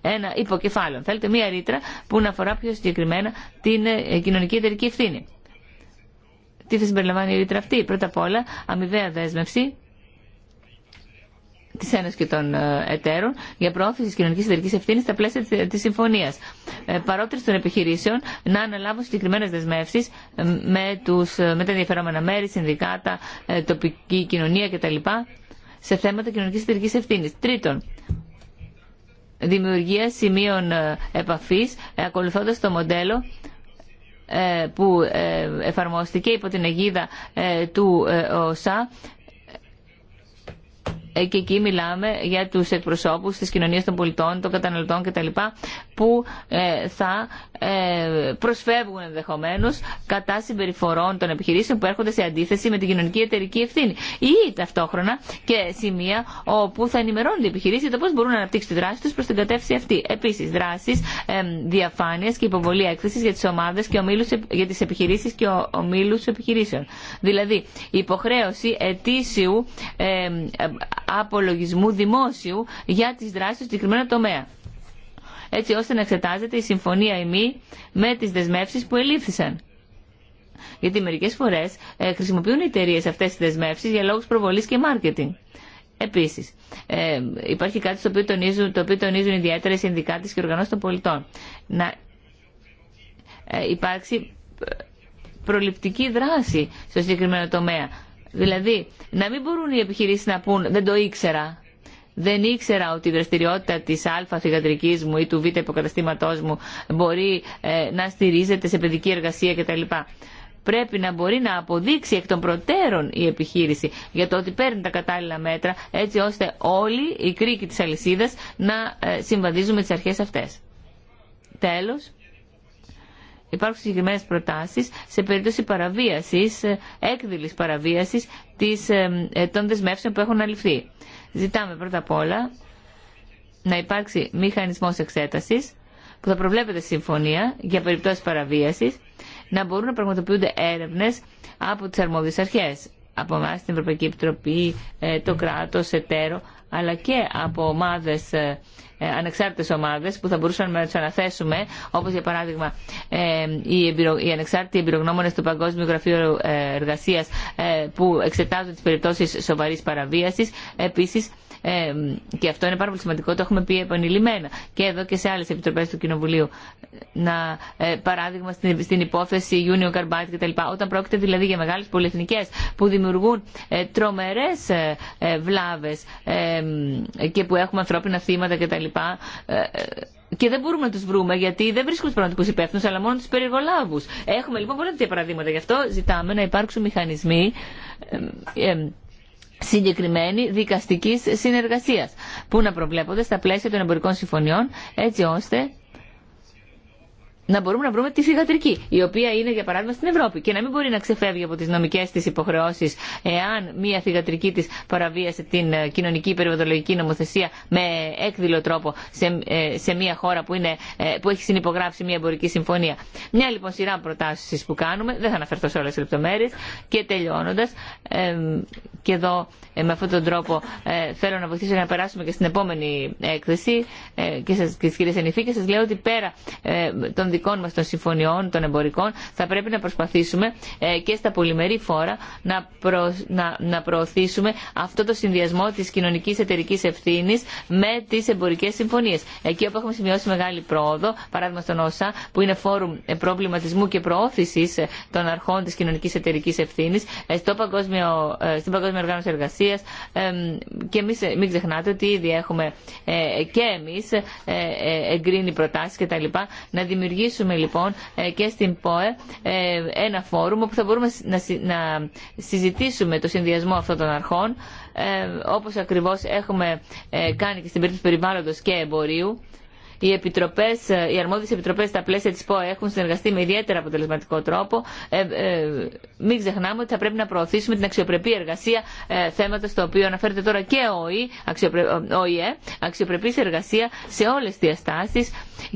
ένα υποκεφάλαιο. Θέλετε μία ρήτρα που να αφορά πιο συγκεκριμένα την ε, κοινωνική εταιρική ευθύνη. Τι θα συμπεριλαμβάνει η ρήτρα αυτή. Πρώτα απ' όλα αμοιβαία δέσμευση τη Ένωση και των ε, εταίρων για προώθηση τη κοινωνική εταιρική ευθύνη στα πλαίσια τη ε, συμφωνία. Ε, Παρότριση των επιχειρήσεων να αναλάβουν συγκεκριμένε δεσμεύσει με, με τα ενδιαφερόμενα μέρη, συνδικάτα, τοπική κοινωνία κτλ. σε θέματα κοινωνική εταιρική ευθύνη. Τρίτον, δημιουργία σημείων επαφής ακολουθώντα το μοντέλο που εφαρμόστηκε υπό την αιγίδα του ΟΣΑ ε, και εκεί μιλάμε για τους εκπροσώπους της κοινωνίας των πολιτών, των καταναλωτών κτλ που ε, θα ε, προσφεύγουν ενδεχομένω κατά συμπεριφορών των επιχειρήσεων που έρχονται σε αντίθεση με την κοινωνική εταιρική ευθύνη. Ή ταυτόχρονα και σημεία όπου θα ενημερώνουν οι επιχειρήσει για το πώ μπορούν να αναπτύξουν τη δράση του προ την κατεύθυνση αυτή. Επίση, δράσει διαφάνεια και υποβολή έκθεση για τι ομάδε και ομίλους, για τι επιχειρήσει και ομίλου επιχειρήσεων. Δηλαδή, υποχρέωση ετήσιου απολογισμού δημόσιου για τι δράσει του συγκεκριμένου τομέα έτσι ώστε να εξετάζεται η συμφωνία ημί με τις δεσμεύσεις που ελήφθησαν. Γιατί μερικές φορές ε, χρησιμοποιούν οι εταιρείε αυτές τις δεσμεύσεις για λόγους προβολής και μάρκετινγκ. Επίση, ε, υπάρχει κάτι στο οποίο τονίζουν, το οποίο τονίζουν ιδιαίτερα οι συνδικάτε και οργανώσει των πολιτών. Να ε, υπάρξει ε, προληπτική δράση στο συγκεκριμένο τομέα. Δηλαδή, να μην μπορούν οι επιχειρήσει να πούν δεν το ήξερα. Δεν ήξερα ότι η δραστηριότητα τη α θηγατρικής μου ή του β υποκαταστήματό μου μπορεί ε, να στηρίζεται σε παιδική εργασία κτλ πρέπει να μπορεί να αποδείξει εκ των προτέρων η επιχείρηση για το ότι παίρνει τα κατάλληλα μέτρα έτσι ώστε όλοι οι κρίκοι τη αλυσίδα να ε, συμβαδίζουν με τι αρχέ αυτέ. Τέλο, υπάρχουν συγκεκριμένε προτάσει σε περίπτωση παραβίαση, ε, έκδηλη παραβίαση των δεσμεύσεων που έχουν αληφθεί. Ζητάμε πρώτα απ' όλα να υπάρξει μηχανισμός εξέτασης που θα προβλέπεται συμφωνία για περιπτώσεις παραβίασης, να μπορούν να πραγματοποιούνται έρευνες από τις αρμόδιες αρχές, από εμά την Ευρωπαϊκή Επιτροπή, ε, το κράτος, εταίρο, αλλά και από ομάδες, ε, ε, ανεξάρτητες ομάδες που θα μπορούσαμε να του αναθέσουμε, όπως για παράδειγμα ε, οι ανεξάρτητοι εμπειρογνώμονε του Παγκόσμιου Γραφείου Εργασίας που εξετάζουν τις περιπτώσεις σοβαρής παραβίασης. Επίσης, ε, και αυτό είναι πάρα πολύ σημαντικό, το έχουμε πει επανειλημμένα και εδώ και σε άλλε επιτροπέ του Κοινοβουλίου. Να, ε, παράδειγμα, στην, στην υπόθεση Union Carbide κτλ. Όταν πρόκειται δηλαδή για μεγάλε πολυεθνικέ που δημιουργούν ε, τρομερέ ε, ε βλάβε και που έχουμε ανθρώπινα θύματα κτλ. Ε, ε, και δεν μπορούμε να του βρούμε γιατί δεν βρίσκουν του πραγματικού υπεύθυνου αλλά μόνο του περιεργολάβου. Έχουμε λοιπόν πολλά τέτοια παραδείγματα. Γι' αυτό ζητάμε να υπάρξουν μηχανισμοί συγκεκριμένη δικαστικής συνεργασίας που να προβλέπονται στα πλαίσια των εμπορικών συμφωνιών έτσι ώστε να μπορούμε να βρούμε τη θηγατρική, η οποία είναι για παράδειγμα στην Ευρώπη και να μην μπορεί να ξεφεύγει από τι νομικέ τη υποχρεώσει εάν μία θηγατρική τη παραβίασε την ε, κοινωνική περιοδολογικη νομοθεσία με έκδηλο τρόπο σε, Μια λοιπόν σειρά προτάσει που κάνουμε, δεν θα αναφερθώ σε όλε τι λεπτομέρειε και τελειώνοντα, ε, και εδώ ε, με αυτόν τον τρόπο ε, θέλω να βοηθήσω να περάσουμε και στην επόμενη έκθεση ε, και, και στις λέω ότι πέρα των δικών μας των συμφωνιών, των εμπορικών, θα πρέπει να προσπαθήσουμε ε, και στα πολυμερή φόρα να, προ, να, να προωθήσουμε αυτό το συνδυασμό της κοινωνικής εταιρικής ευθύνης με τις εμπορικές συμφωνίες. Εκεί όπου έχουμε σημειώσει μεγάλη πρόοδο, παράδειγμα στον ΩΣΑ, που είναι φόρουμ ε, προβληματισμού και προώθησης ε, των αρχών της κοινωνικής εταιρικής ευθύνης, στο παγκόσμιο, στην Παγκόσμια Οργάνωση Εργασίας και εμείς, μην ξεχνάτε ότι ήδη έχουμε και εμείς εγκρίνει προτάσεις κτλ. να δημιουργήσουμε δημιουργήσουμε λοιπόν ε, και στην ΠΟΕ ε, ένα φόρουμ όπου θα μπορούμε να συζητήσουμε το συνδυασμό αυτών των αρχών ε, όπως ακριβώς έχουμε κάνει και στην περίπτωση περιβάλλοντος και εμπορίου οι, επιτροπές, ε, οι αρμόδιες επιτροπές στα πλαίσια της ΠΟΕ έχουν συνεργαστεί με ιδιαίτερα αποτελεσματικό τρόπο. Ε, ε, μην ξεχνάμε ότι θα πρέπει να προωθήσουμε την αξιοπρεπή εργασία ε, θέματα στο οποίο αναφέρεται τώρα και ο ΙΕ, αξιοπρε... αξιοπρεπής εργασία σε όλες τις διαστάσεις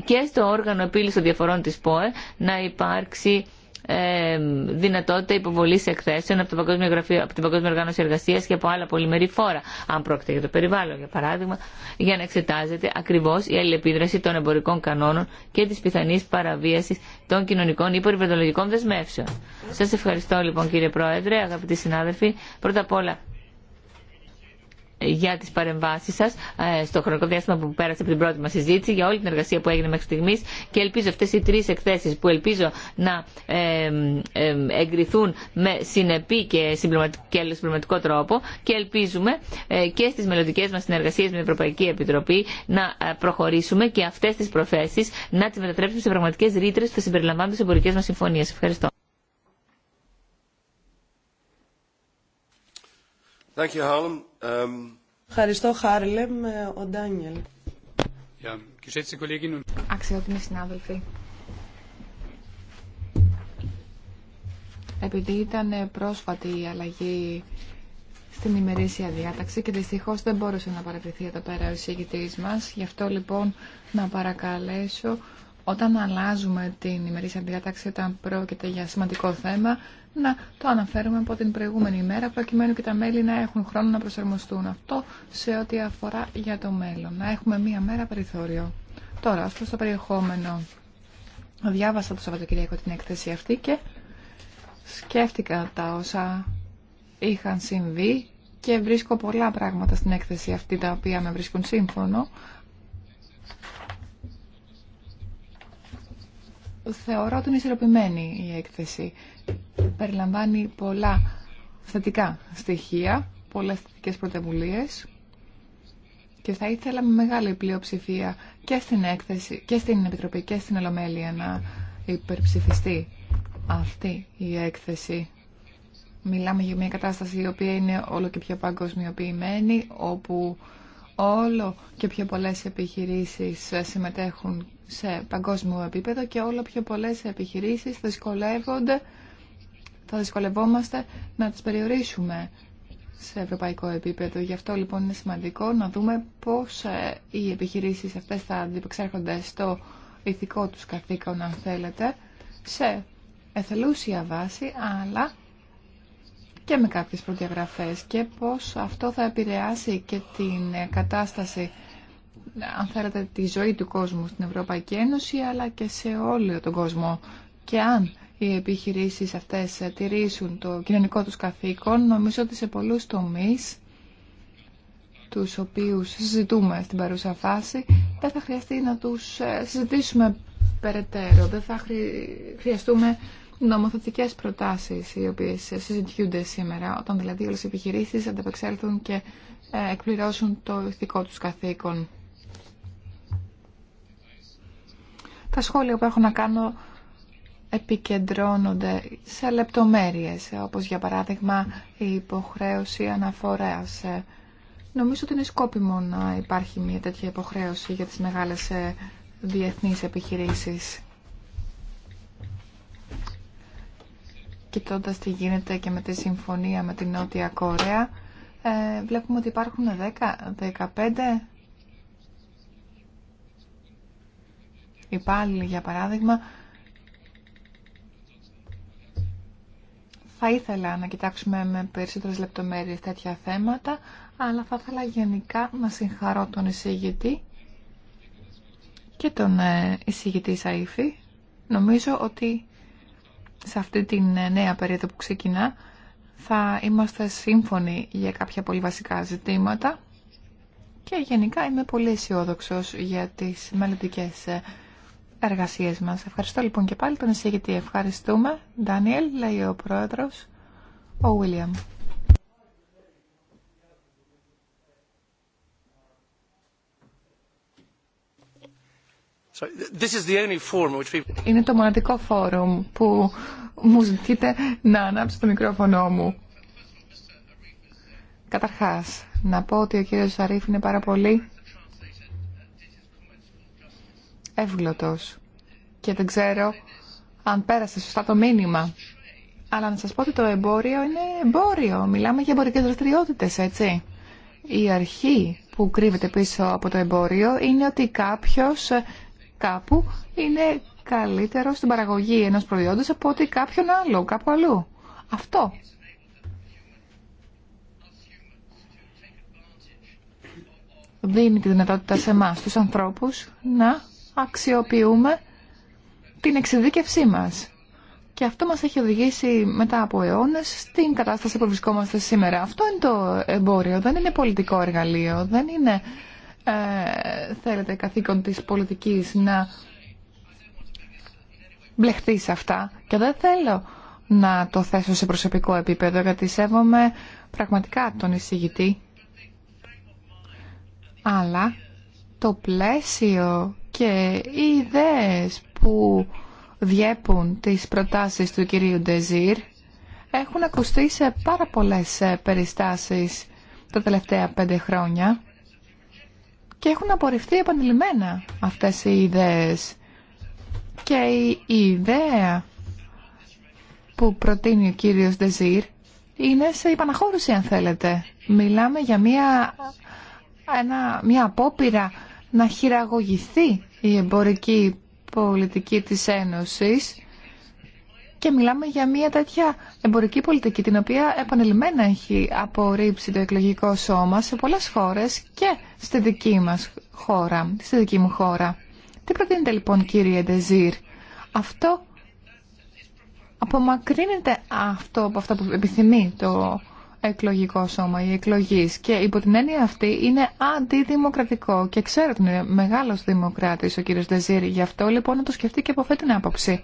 και στο όργανο επίλυσης των διαφορών της ΠΟΕ να υπάρξει ε, δυνατότητα υποβολή εκθέσεων από, το Παγκόσμιο Γραφείο, από την Παγκόσμια Οργάνωση Εργασία και από άλλα πολυμερή φόρα, αν πρόκειται για το περιβάλλον, για παράδειγμα, για να εξετάζεται ακριβώ η αλληλεπίδραση των εμπορικών κανόνων και τη πιθανή παραβίαση των κοινωνικών ή περιβαλλοντικών δεσμεύσεων. Σα ευχαριστώ λοιπόν κύριε Πρόεδρε, αγαπητοί συνάδελφοι. Πρώτα απ' όλα για τις παρεμβάσεις σας ε, στο χρονικό διάστημα που πέρασε από την πρώτη μας συζήτηση, για όλη την εργασία που έγινε μέχρι στιγμής και ελπίζω αυτές οι τρεις εκθέσεις που ελπίζω να ε, ε, εγκριθούν με συνεπή και συμπληρωματικό τρόπο και ελπίζουμε και στις μελλοντικέ μας συνεργασίες με την Ευρωπαϊκή Επιτροπή να προχωρήσουμε και αυτές τις προθέσεις να τις μετατρέψουμε σε πραγματικές ρήτρες που θα συμπεριλαμβάνουν τις εμπορικές μας συμφωνίες. Ευχαριστώ.
Um,
Ευχαριστώ, Χάρλεμ, ε, ο Ντάνιελ. Yeah. Αξιότιμοι συνάδελφοι.
Επειδή ήταν πρόσφατη η αλλαγή στην ημερήσια διάταξη και δυστυχώ δεν μπόρεσε να παρατηθεί εδώ πέρα ο εισηγητής μας. Γι' αυτό λοιπόν να παρακαλέσω όταν αλλάζουμε την ημερήσια διάταξη, όταν πρόκειται για σημαντικό θέμα, να το αναφέρουμε από την προηγούμενη ημέρα, προκειμένου και τα μέλη να έχουν χρόνο να προσαρμοστούν. Αυτό σε ό,τι αφορά για το μέλλον. Να έχουμε μία μέρα περιθώριο. Τώρα, ως προς το περιεχόμενο. Διάβασα το Σαββατοκυριακό την έκθεση αυτή και σκέφτηκα τα όσα είχαν συμβεί και βρίσκω πολλά πράγματα στην έκθεση αυτή τα οποία με βρίσκουν σύμφωνο θεωρώ ότι είναι ισορροπημένη η έκθεση. Περιλαμβάνει πολλά θετικά στοιχεία, πολλές θετικέ πρωτεβουλίες και θα ήθελα με μεγάλη πλειοψηφία και στην έκθεση και στην Επιτροπή και στην Ολομέλεια να υπερψηφιστεί αυτή η έκθεση. Μιλάμε για μια κατάσταση η οποία είναι όλο και πιο παγκοσμιοποιημένη, όπου όλο και πιο πολλές επιχειρήσεις συμμετέχουν σε παγκόσμιο επίπεδο και όλο πιο πολλές επιχειρήσεις θα δυσκολεύονται, θα δυσκολευόμαστε να τις περιορίσουμε σε ευρωπαϊκό επίπεδο. Γι' αυτό λοιπόν είναι σημαντικό να δούμε πώς ε, οι επιχειρήσεις αυτές θα αντιπεξέρχονται στο ηθικό τους καθήκον, αν θέλετε, σε εθελούσια βάση, αλλά και με κάποιες προδιαγραφές και πώς αυτό θα επηρεάσει και την κατάσταση αν θέλετε, τη ζωή του κόσμου στην Ευρωπαϊκή Ένωση, αλλά και σε όλο τον κόσμο. Και αν οι επιχειρήσεις αυτές τηρήσουν το κοινωνικό τους καθήκον, νομίζω ότι σε πολλούς τομείς, τους οποίους συζητούμε στην παρούσα φάση, δεν θα χρειαστεί να τους ε, συζητήσουμε περαιτέρω, δεν θα χρειαστούμε νομοθετικές προτάσεις οι οποίες συζητιούνται σήμερα, όταν δηλαδή όλες οι επιχειρήσεις ανταπεξέλθουν και ε, εκπληρώσουν το ηθικό τους καθήκον. Τα σχόλια που έχω να κάνω επικεντρώνονται σε λεπτομέρειες, όπως για παράδειγμα η υποχρέωση αναφοράς. Νομίζω ότι είναι σκόπιμο να υπάρχει μια τέτοια υποχρέωση για τις μεγάλες ε, διεθνείς επιχειρήσεις. Κοιτώντα τι γίνεται και με τη συμφωνία με την Νότια Κορέα, ε, βλέπουμε ότι υπάρχουν 10, 15 υπάλληλοι, για παράδειγμα, θα ήθελα να κοιτάξουμε με περισσότερες λεπτομέρειες τέτοια θέματα, αλλά θα ήθελα γενικά να συγχαρώ τον εισηγητή και τον ε, εισηγητή Σαΐφη. Νομίζω ότι σε αυτή την ε, νέα περίοδο που ξεκινά θα είμαστε σύμφωνοι για κάποια πολύ βασικά ζητήματα και γενικά είμαι πολύ αισιόδοξο για τις μελλοντικές ε, εργασίες μας. Ευχαριστώ λοιπόν και πάλι τον εισηγητή. Ευχαριστούμε. Ντάνιελ, λέει ο πρόεδρος, ο Βίλιαμ. Είναι το μοναδικό φόρουμ που μου ζητείτε να ανάψω το μικρόφωνο μου. Καταρχάς, να πω ότι ο κύριος Σαρίφ είναι πάρα πολύ εύγλωτος και δεν ξέρω αν πέρασε σωστά το μήνυμα. Αλλά να σας πω ότι το εμπόριο είναι εμπόριο. Μιλάμε για εμπορικέ δραστηριότητε, έτσι. Η αρχή που κρύβεται πίσω από το εμπόριο είναι ότι κάποιος ε, κάπου είναι καλύτερο στην παραγωγή ενός προϊόντος από ότι κάποιον άλλο, κάπου αλλού. Αυτό. Δίνει τη δυνατότητα σε εμά τους ανθρώπους να αξιοποιούμε την εξειδίκευσή μας. Και αυτό μας έχει οδηγήσει μετά από αιώνες στην κατάσταση που βρισκόμαστε σήμερα. Αυτό είναι το εμπόριο, δεν είναι πολιτικό εργαλείο, δεν είναι, ε, θέλετε, καθήκον της πολιτικής να μπλεχτεί σε αυτά. Και δεν θέλω να το θέσω σε προσωπικό επίπεδο, γιατί σέβομαι πραγματικά τον εισηγητή. Αλλά το πλαίσιο και οι ιδέες που διέπουν τις προτάσεις του κυρίου Ντεζίρ έχουν ακουστεί σε πάρα πολλές ε, περιστάσεις τα τελευταία πέντε χρόνια και έχουν απορριφθεί επανειλημμένα αυτές οι ιδέες. Και η ιδέα που προτείνει ο κύριος Ντεζίρ είναι σε υπαναχώρηση αν θέλετε. Μιλάμε για μια, ένα, μια απόπειρα να χειραγωγηθεί η εμπορική πολιτική της Ένωσης και μιλάμε για μια τέτοια εμπορική πολιτική την οποία επανελειμμένα έχει απορρίψει το εκλογικό σώμα σε πολλές χώρες και στη δική μας χώρα, στη δική μου χώρα. Τι προτείνετε λοιπόν κύριε Ντεζίρ. Αυτό απομακρύνεται αυτό από αυτό που επιθυμεί το εκλογικό σώμα, ή εκλογής και υπό την έννοια αυτή είναι αντιδημοκρατικό και ξέρω ότι είναι μεγάλος δημοκράτης ο κύριος Ντεζίρη γι' αυτό λοιπόν να το σκεφτεί και από αυτή την άποψη.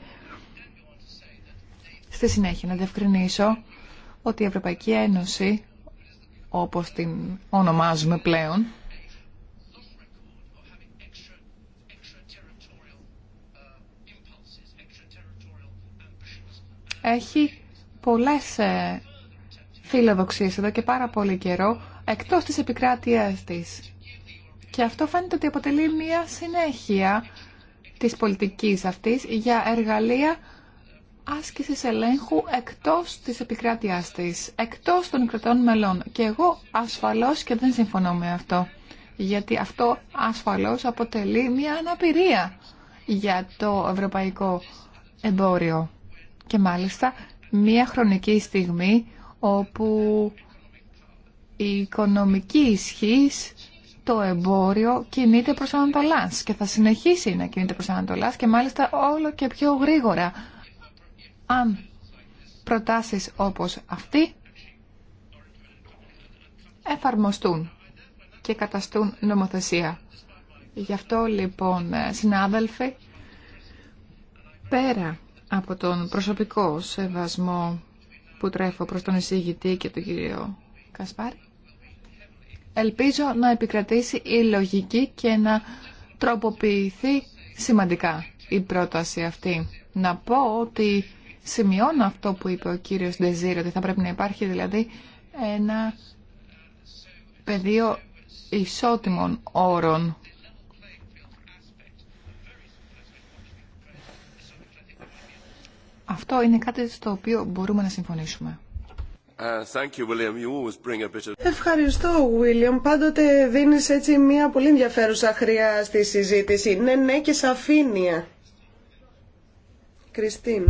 Στη συνέχεια να διευκρινίσω ότι η Ευρωπαϊκή Ένωση όπως την ονομάζουμε πλέον έχει πολλές ε, φιλοδοξίες εδώ και πάρα πολύ καιρό εκτός της επικράτειας της. Και αυτό φαίνεται ότι αποτελεί μία συνέχεια της πολιτικής αυτής για εργαλεία άσκησης ελέγχου εκτός της επικράτειάς της, εκτός των κρατών μελών. Και εγώ ασφαλώς και δεν συμφωνώ με αυτό, γιατί αυτό ασφαλώς αποτελεί μια αναπηρία για το ευρωπαϊκό εμπόριο. Και μάλιστα μια χρονική στιγμή όπου η οικονομική ισχύ, το εμπόριο κινείται προς Ανατολάς και θα συνεχίσει να κινείται προς Ανατολάς και μάλιστα όλο και πιο γρήγορα αν προτάσεις όπως αυτή εφαρμοστούν και καταστούν νομοθεσία. Γι' αυτό λοιπόν συνάδελφοι πέρα από τον προσωπικό σεβασμό που τρέφω προς τον εισηγητή και τον κύριο Κασπάρη. Ελπίζω να επικρατήσει η λογική και να τροποποιηθεί σημαντικά η πρόταση αυτή. Να πω ότι σημειώνω αυτό που είπε ο κύριος Ντεζίρ, ότι θα πρέπει να υπάρχει δηλαδή ένα πεδίο ισότιμων όρων
Αυτό είναι κάτι στο οποίο μπορούμε να συμφωνήσουμε.
Uh,
Ευχαριστώ, Βίλιαμ. Πάντοτε δίνεις έτσι μια πολύ ενδιαφέρουσα χρειά στη συζήτηση. Ναι, ναι και σαφήνεια. Κριστίν.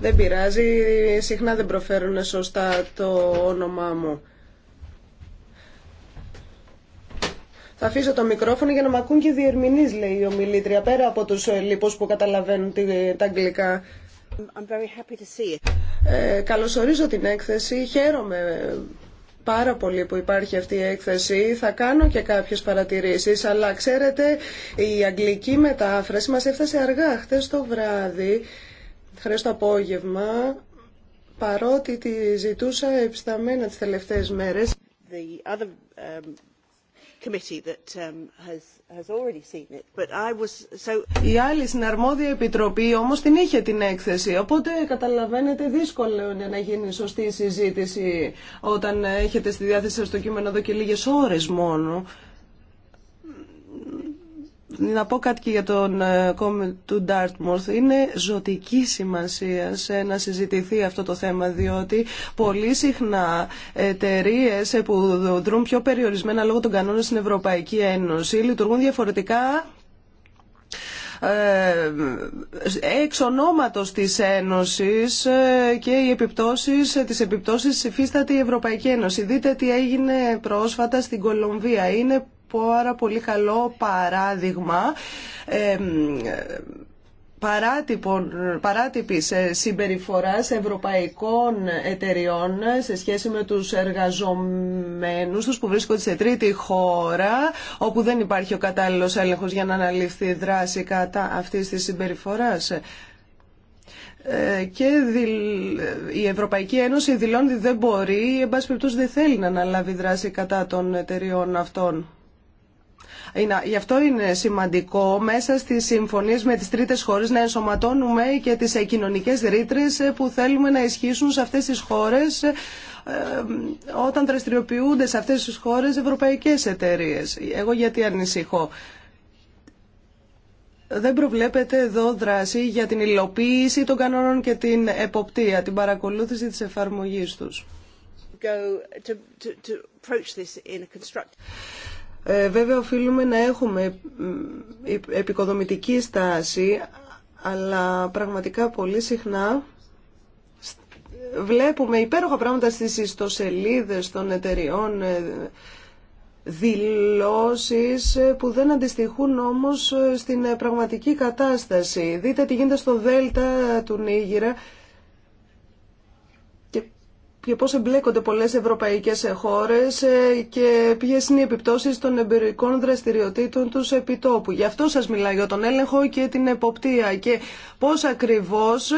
Δεν πειράζει, συχνά δεν προφέρουν σωστά το όνομά μου. Θα Αφήσω το μικρόφωνο για να μ' ακούν και διερμηνεί, λέει η ομιλήτρια, πέρα από του ε, λοιπού που καταλαβαίνουν τα αγγλικά. I'm very happy ε, καλωσορίζω την έκθεση, χαίρομαι ε, πάρα πολύ που υπάρχει αυτή η έκθεση. Θα κάνω και κάποιε παρατηρήσει, αλλά ξέρετε η αγγλική μετάφραση μα έφτασε αργά χθε το βράδυ, χθε το απόγευμα, παρότι τη ζητούσα επισταμένα τι τελευταίε μέρε. The other, um, η άλλη συναρμόδια επιτροπή όμως την είχε την έκθεση, οπότε καταλαβαίνετε δύσκολο είναι να γίνει σωστή συζήτηση όταν έχετε στη διάθεση σας το κείμενο εδώ και λίγες ώρες μόνο να πω κάτι και για τον ε, κόμμα του Dartmouth. Είναι ζωτική σημασία να συζητηθεί αυτό το θέμα, διότι πολύ συχνά εταιρείε ε, που δρούν πιο περιορισμένα λόγω των κανόνων στην Ευρωπαϊκή Ένωση λειτουργούν διαφορετικά ε, εξ ονόματος της Ένωσης και οι επιπτώσεις, τις επιπτώσεις υφίσταται η Ευρωπαϊκή Ένωση. Δείτε τι έγινε πρόσφατα στην Κολομβία. Είναι Άρα πολύ καλό παράδειγμα παράτυπης συμπεριφοράς ευρωπαϊκών εταιριών σε σχέση με τους εργαζομένους τους που βρίσκονται σε τρίτη χώρα όπου δεν υπάρχει ο κατάλληλος έλεγχος για να αναλυφθεί δράση κατά αυτής της συμπεριφοράς ε, και η Ευρωπαϊκή Ένωση δηλώνει ότι δεν μπορεί, εν πάση δεν θέλει να αναλάβει δράση κατά των εταιριών αυτών. Γι' αυτό είναι σημαντικό μέσα στι συμφωνίε με τι τρίτε χώρε να ενσωματώνουμε και τι ε, κοινωνικέ ρήτρε ε, που θέλουμε να ισχύσουν σε αυτέ τι χώρε ε, όταν δραστηριοποιούνται σε αυτές τις χώρες ευρωπαϊκές εταιρείες. Εγώ γιατί ανησυχώ. Δεν προβλέπεται εδώ δράση για την υλοποίηση των κανόνων και την εποπτεία, την παρακολούθηση της εφαρμογής τους. Ε, βέβαια οφείλουμε να έχουμε επικοδομητική στάση, αλλά πραγματικά πολύ συχνά βλέπουμε υπέροχα πράγματα στις ιστοσελίδες των εταιριών, ε, δηλώσεις ε, που δεν αντιστοιχούν όμως στην πραγματική κατάσταση. Δείτε τι γίνεται στο Δέλτα του Νίγηρα και πώς εμπλέκονται πολλές ευρωπαϊκές χώρες ε, και ποιες είναι οι επιπτώσεις των εμπειρικών δραστηριοτήτων τους επιτόπου. Γι' αυτό σας μιλάω για τον έλεγχο και την εποπτεία και πώς ακριβώς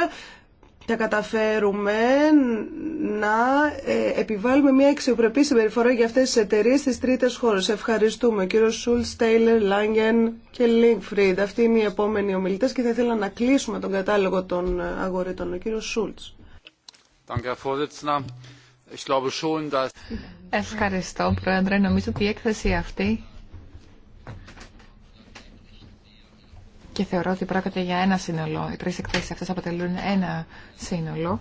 θα καταφέρουμε να ε, επιβάλλουμε μια αξιοπρεπή συμπεριφορά για αυτές τις εταιρείες στις τρίτες χώρες. Ευχαριστούμε κύριο Σούλτ, Τέιλερ, Λάγγεν και Λίγκφριντ. Αυτοί είναι οι επόμενοι ομιλητές και θα ήθελα να κλείσουμε τον κατάλογο των ε, αγορήτων. Ο κύριο Σούλτς. Ευχαριστώ, Πρόεδρε. Νομίζω ότι η
έκθεση αυτή και θεωρώ ότι πρόκειται για ένα σύνολο. Οι τρεις εκθέσεις αυτές αποτελούν ένα σύνολο.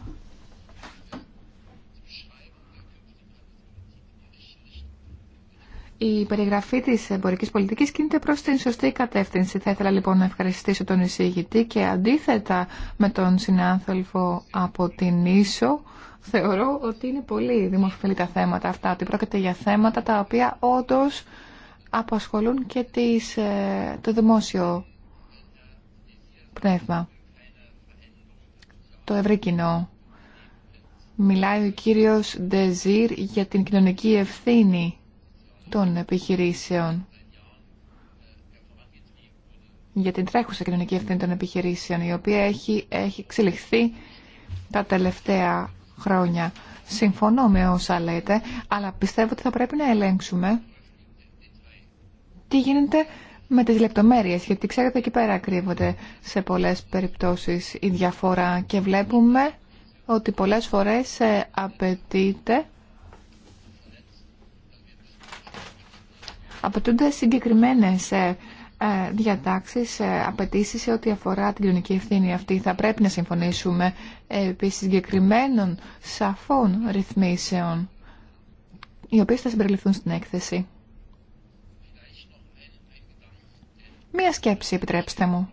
η περιγραφή της εμπορικής πολιτικής κινείται προς την σωστή κατεύθυνση. Θα ήθελα λοιπόν να ευχαριστήσω τον εισηγητή και αντίθετα με τον συνάνθρωπο από την Ίσο, θεωρώ ότι είναι πολύ δημοφιλή τα θέματα αυτά, ότι πρόκειται για θέματα τα οποία όντω απασχολούν και τις, ε, το δημόσιο πνεύμα, το ευρύ κοινό. Μιλάει ο κύριος Ντεζίρ για την κοινωνική ευθύνη των επιχειρήσεων για την τρέχουσα κοινωνική ευθύνη των επιχειρήσεων η οποία έχει, έχει εξελιχθεί τα τελευταία χρόνια. Συμφωνώ με όσα λέτε, αλλά πιστεύω ότι θα πρέπει να ελέγξουμε τι γίνεται με τις λεπτομέρειες, γιατί ξέρετε εκεί πέρα κρύβονται σε πολλές περιπτώσεις η διαφορά και βλέπουμε ότι πολλές φορές ε, απαιτείται Απαιτούνται συγκεκριμένε ε, ε, διατάξει, ε, απαιτήσει σε ό,τι αφορά την κοινωνική ευθύνη αυτή. Θα πρέπει να συμφωνήσουμε επί συγκεκριμένων σαφών ρυθμίσεων, οι οποίε θα συμπεριληφθούν στην έκθεση. Μία σκέψη επιτρέψτε μου.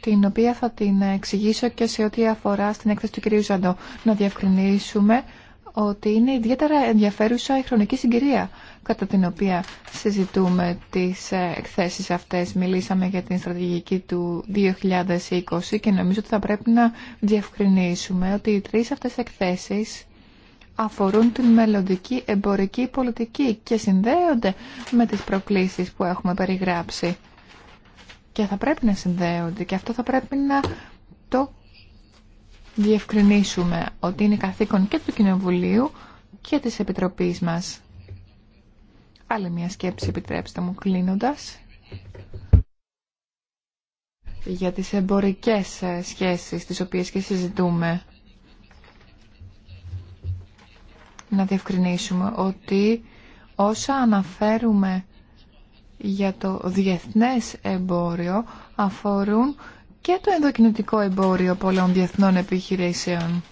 την οποία θα την εξηγήσω και σε ό,τι αφορά στην έκθεση του κυρίου Ζαντό. Να διευκρινίσουμε ότι είναι ιδιαίτερα ενδιαφέρουσα η χρονική συγκυρία κατά την οποία συζητούμε τις ε, εκθέσεις αυτές. Μιλήσαμε για την στρατηγική του 2020 και νομίζω ότι θα πρέπει να διευκρινίσουμε ότι οι τρεις αυτές εκθέσεις αφορούν την μελλοντική εμπορική πολιτική και συνδέονται με τις προκλήσεις που έχουμε περιγράψει και θα πρέπει να συνδέονται και αυτό θα πρέπει να το διευκρινίσουμε ότι είναι καθήκον και του Κοινοβουλίου και της Επιτροπής μας. Άλλη μια σκέψη επιτρέψτε μου κλείνοντας για τις εμπορικές ε, σχέσεις τις οποίες και συζητούμε. Να διευκρινίσουμε ότι όσα αναφέρουμε για το διεθνές εμπόριο αφορούν και το ενδοκινητικό εμπόριο πολλών διεθνών επιχειρήσεων.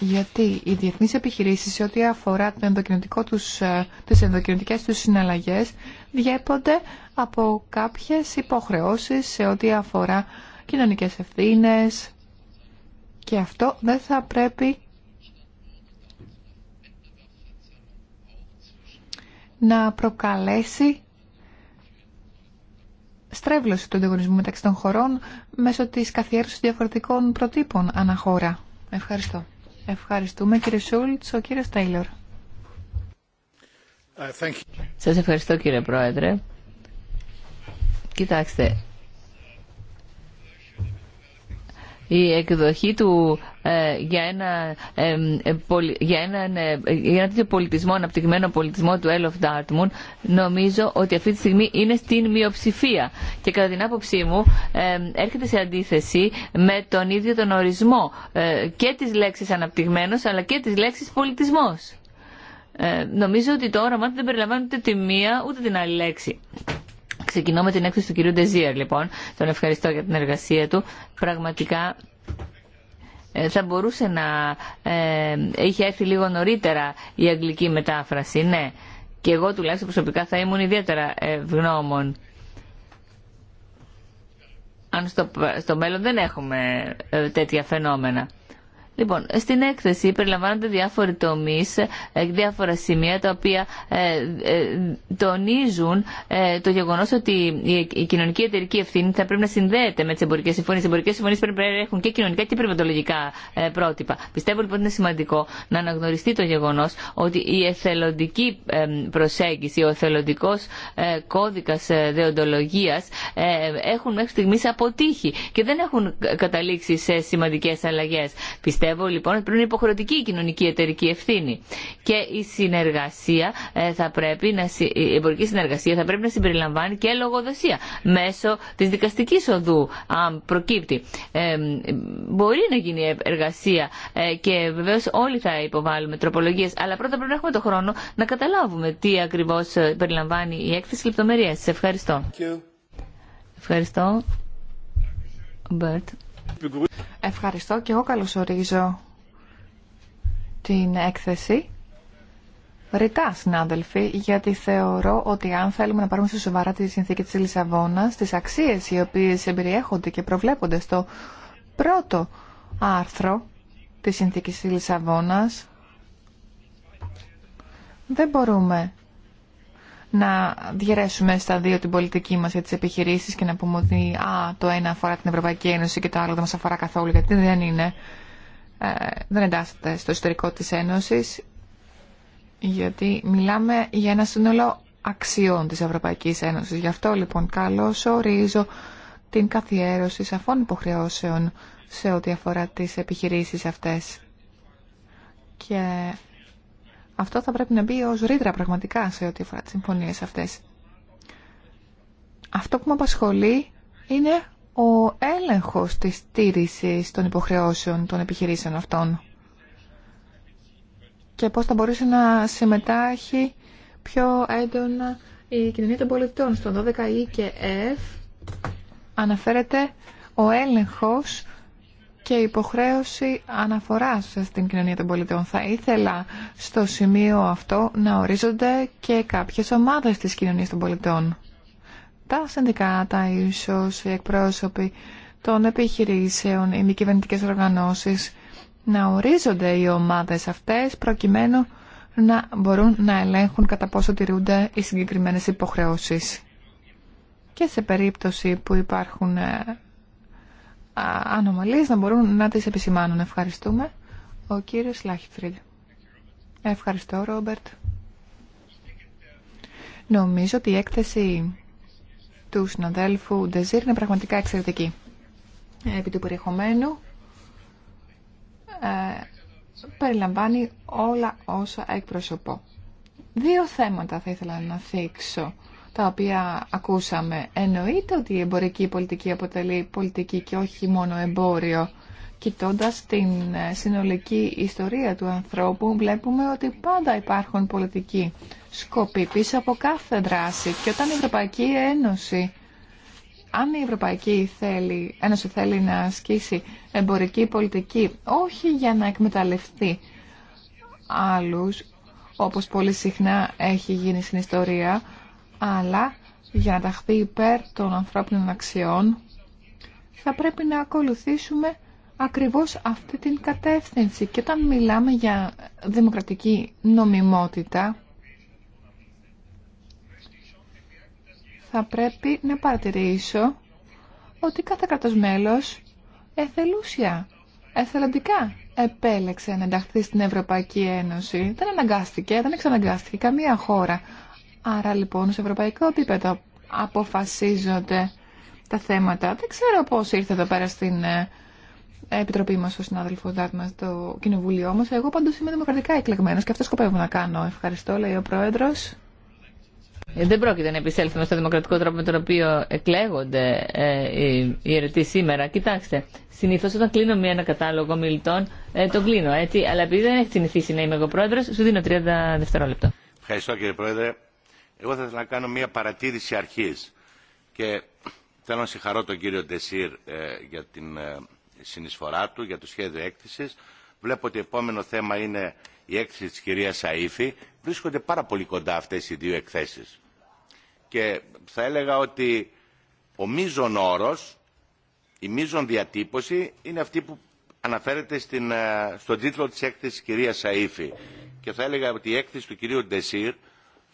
Γιατί οι διεθνείς επιχειρήσεις σε ό,τι αφορά το ενδοκινητικό τους, ε, τις ενδοκινητικές τους συναλλαγές διέπονται από κάποιες υποχρεώσεις σε ό,τι αφορά κοινωνικές ευθύνες και αυτό δεν θα πρέπει να προκαλέσει στρέβλωση του ανταγωνισμού μεταξύ των χωρών μέσω της καθιέρωσης διαφορετικών προτύπων αναχώρα. Ευχαριστώ. Ευχαριστούμε κύριε Σούλτς, ο κύριος Τέιλορ.
Ε,
Σας ευχαριστώ κύριε Πρόεδρε.
Κοιτάξτε,
η εκδοχή του ε, για, ένα, ε, για, έναν, ε, για ένα τέτοιο πολιτισμό, αναπτυγμένο πολιτισμό του Έλοφ of νομίζω ότι αυτή τη στιγμή είναι στην μειοψηφία. Και κατά την άποψή μου έρχεται σε αντίθεση με τον ίδιο τον ορισμό και της λέξης αναπτυγμένος αλλά και της λέξης πολιτισμός. νομίζω ότι το όραμά δεν περιλαμβάνει ούτε τη μία ούτε την άλλη λέξη. Ξεκινώ με την έκθεση του κυρίου Ντεζίερ, λοιπόν. Τον ευχαριστώ για την εργασία του. Πραγματικά ε, θα μπορούσε να ε, είχε έρθει λίγο νωρίτερα η αγγλική μετάφραση, ναι. Και εγώ τουλάχιστον προσωπικά θα ήμουν ιδιαίτερα ε, ευγνώμων. Αν στο, στο μέλλον δεν έχουμε ε, τέτοια φαινόμενα. Λοιπόν, στην έκθεση περιλαμβάνονται διάφοροι τομεί ε, διάφορα σημεία τα οποία ε, ε, τονίζουν το γεγονό ότι η κοινωνική εταιρική ευθύνη θα πρέπει να συνδέεται με τι εμπορικέ συμφωνίε. Οι εμπορικέ συμφωνίε πρέπει να έχουν και κοινωνικά και περιβαλλοντολογικά πρότυπα. Πιστεύω λοιπόν ότι είναι σημαντικό να αναγνωριστεί το γεγονό ότι η εθελοντική προσέγγιση, ο εθελοντικός κώδικας δεοντολογίας έχουν μέχρι στιγμή αποτύχει και δεν έχουν καταλήξει σε σημαντικέ αλλαγέ. Πιστεύω λοιπόν ότι πρέπει να είναι υποχρεωτική η κοινωνική εταιρική ευθύνη. Και η συνεργασία ε, θα πρέπει να, η εμπορική συνεργασία θα πρέπει να συμπεριλαμβάνει και λογοδοσία μέσω τη δικαστική οδού, αν προκύπτει. Ε, μπορεί να γίνει εργασία ε, και βεβαίω όλοι θα υποβάλουμε τροπολογίε, αλλά πρώτα πρέπει να έχουμε το χρόνο να καταλάβουμε τι ακριβώ περιλαμβάνει η έκθεση λεπτομερία. Ευχαριστώ. Ευχαριστώ.
Μπέρτ. Ευχαριστώ και εγώ καλωσορίζω την έκθεση. Ρητά, συνάδελφοι, γιατί θεωρώ ότι αν θέλουμε να πάρουμε σε σοβαρά τη συνθήκη της Λισαβόνας, τις αξίες οι οποίες εμπεριέχονται και προβλέπονται στο πρώτο άρθρο της συνθήκης της Λισαβόνας, δεν μπορούμε να διαιρέσουμε στα δύο την πολιτική μας για τις επιχειρήσεις και να πούμε ότι α, το ένα αφορά την Ευρωπαϊκή Ένωση και το άλλο δεν μας αφορά καθόλου γιατί δεν είναι ε, δεν εντάσσεται στο ιστορικό της Ένωσης γιατί μιλάμε για ένα σύνολο αξιών της Ευρωπαϊκής Ένωσης. Γι' αυτό λοιπόν καλώς ορίζω την καθιέρωση σαφών υποχρεώσεων σε ό,τι αφορά τις επιχειρήσεις αυτές. Και αυτό θα πρέπει να μπει ως ρήτρα πραγματικά σε ό,τι αφορά τις συμφωνίες αυτές. Αυτό που με απασχολεί είναι ο έλεγχος της στήρισης των υποχρεώσεων των επιχειρήσεων αυτών και πώς θα μπορούσε να συμμετάχει πιο έντονα η κοινωνία των πολιτών. Στο 12 ή και F αναφέρεται ο έλεγχος και υποχρέωση αναφοράς στην κοινωνία των πολιτών. Θα ήθελα στο σημείο αυτό να ορίζονται και κάποιες ομάδες της κοινωνίας των πολιτών. Τα συνδικάτα, ίσως οι εκπρόσωποι των επιχειρήσεων, οι μη κυβερνητικέ οργανώσεις, να ορίζονται οι ομάδες αυτές προκειμένου να μπορούν να ελέγχουν κατά πόσο τηρούνται οι συγκεκριμένες υποχρεώσεις. Και σε περίπτωση που υπάρχουν ε, ανομαλίες να μπορούν να τις επισημάνουν. Ευχαριστούμε. Ο κύριος Λάχιτφριντ. Ευχαριστώ, Ρόμπερτ. Νομίζω ότι η έκθεση του συναδέλφου Ντεζίρ είναι πραγματικά εξαιρετική. Επί του περιεχομένου ε, περιλαμβάνει όλα όσα εκπροσωπώ. Δύο θέματα θα ήθελα να θίξω τα οποία ακούσαμε. Εννοείται ότι η εμπορική πολιτική αποτελεί πολιτική και όχι μόνο εμπόριο. Κοιτώντας την ε, συνολική ιστορία του ανθρώπου βλέπουμε ότι πάντα υπάρχουν πολιτικοί σκοποί πίσω από κάθε δράση και όταν η Ευρωπαϊκή Ένωση αν η Ευρωπαϊκή θέλει, Ένωση θέλει να ασκήσει εμπορική πολιτική όχι για να εκμεταλλευτεί άλλους όπως πολύ συχνά έχει γίνει στην ιστορία αλλά για να ταχθεί υπέρ των ανθρώπινων αξιών θα πρέπει να ακολουθήσουμε ακριβώς αυτή την κατεύθυνση. Και όταν μιλάμε για δημοκρατική νομιμότητα, θα πρέπει να παρατηρήσω ότι κάθε κρατος μέλος εθελούσια, εθελοντικά επέλεξε να ενταχθεί στην Ευρωπαϊκή Ένωση. Δεν αναγκάστηκε, δεν εξαναγκάστηκε καμία χώρα Άρα λοιπόν σε ευρωπαϊκό επίπεδο αποφασίζονται τα θέματα. Δεν ξέρω πώς ήρθε εδώ πέρα στην ε, επιτροπή μας ο συνάδελφο Δάτμα στο κοινοβούλιο μας. Εγώ πάντως είμαι δημοκρατικά εκλεγμένος και αυτό σκοπεύω να κάνω. Ευχαριστώ, λέει ο Πρόεδρος.
Ε, δεν πρόκειται να επισέλθουμε στο δημοκρατικό τρόπο με τον οποίο εκλέγονται ε, οι ερωτήσει σήμερα. Κοιτάξτε, συνήθω όταν κλείνω ένα κατάλογο μιλητών, τον κλείνω έτσι. Αλλά επειδή δεν έχει συνηθίσει να είμαι εγώ πρόεδρο, σου δίνω 30 δευτερόλεπτα.
Ευχαριστώ κύριε Πρόεδρε. Εγώ θα ήθελα να κάνω μια παρατήρηση αρχής και θέλω να συγχαρώ τον κύριο Ντεσίρ ε, για την ε, συνεισφορά του, για το σχέδιο έκθεσης. Βλέπω ότι επόμενο θέμα είναι η έκθεση της κυρίας Σαΐφη. Βρίσκονται πάρα πολύ κοντά αυτές οι δύο εκθέσεις. Και θα έλεγα ότι ο μείζον όρος, η μείζον διατύπωση είναι αυτή που αναφέρεται στην, ε, στον τίτλο της έκθεσης κυρίας Σαΐφη. Και θα έλεγα ότι η έκθεση του κυρίου Ντεσίρ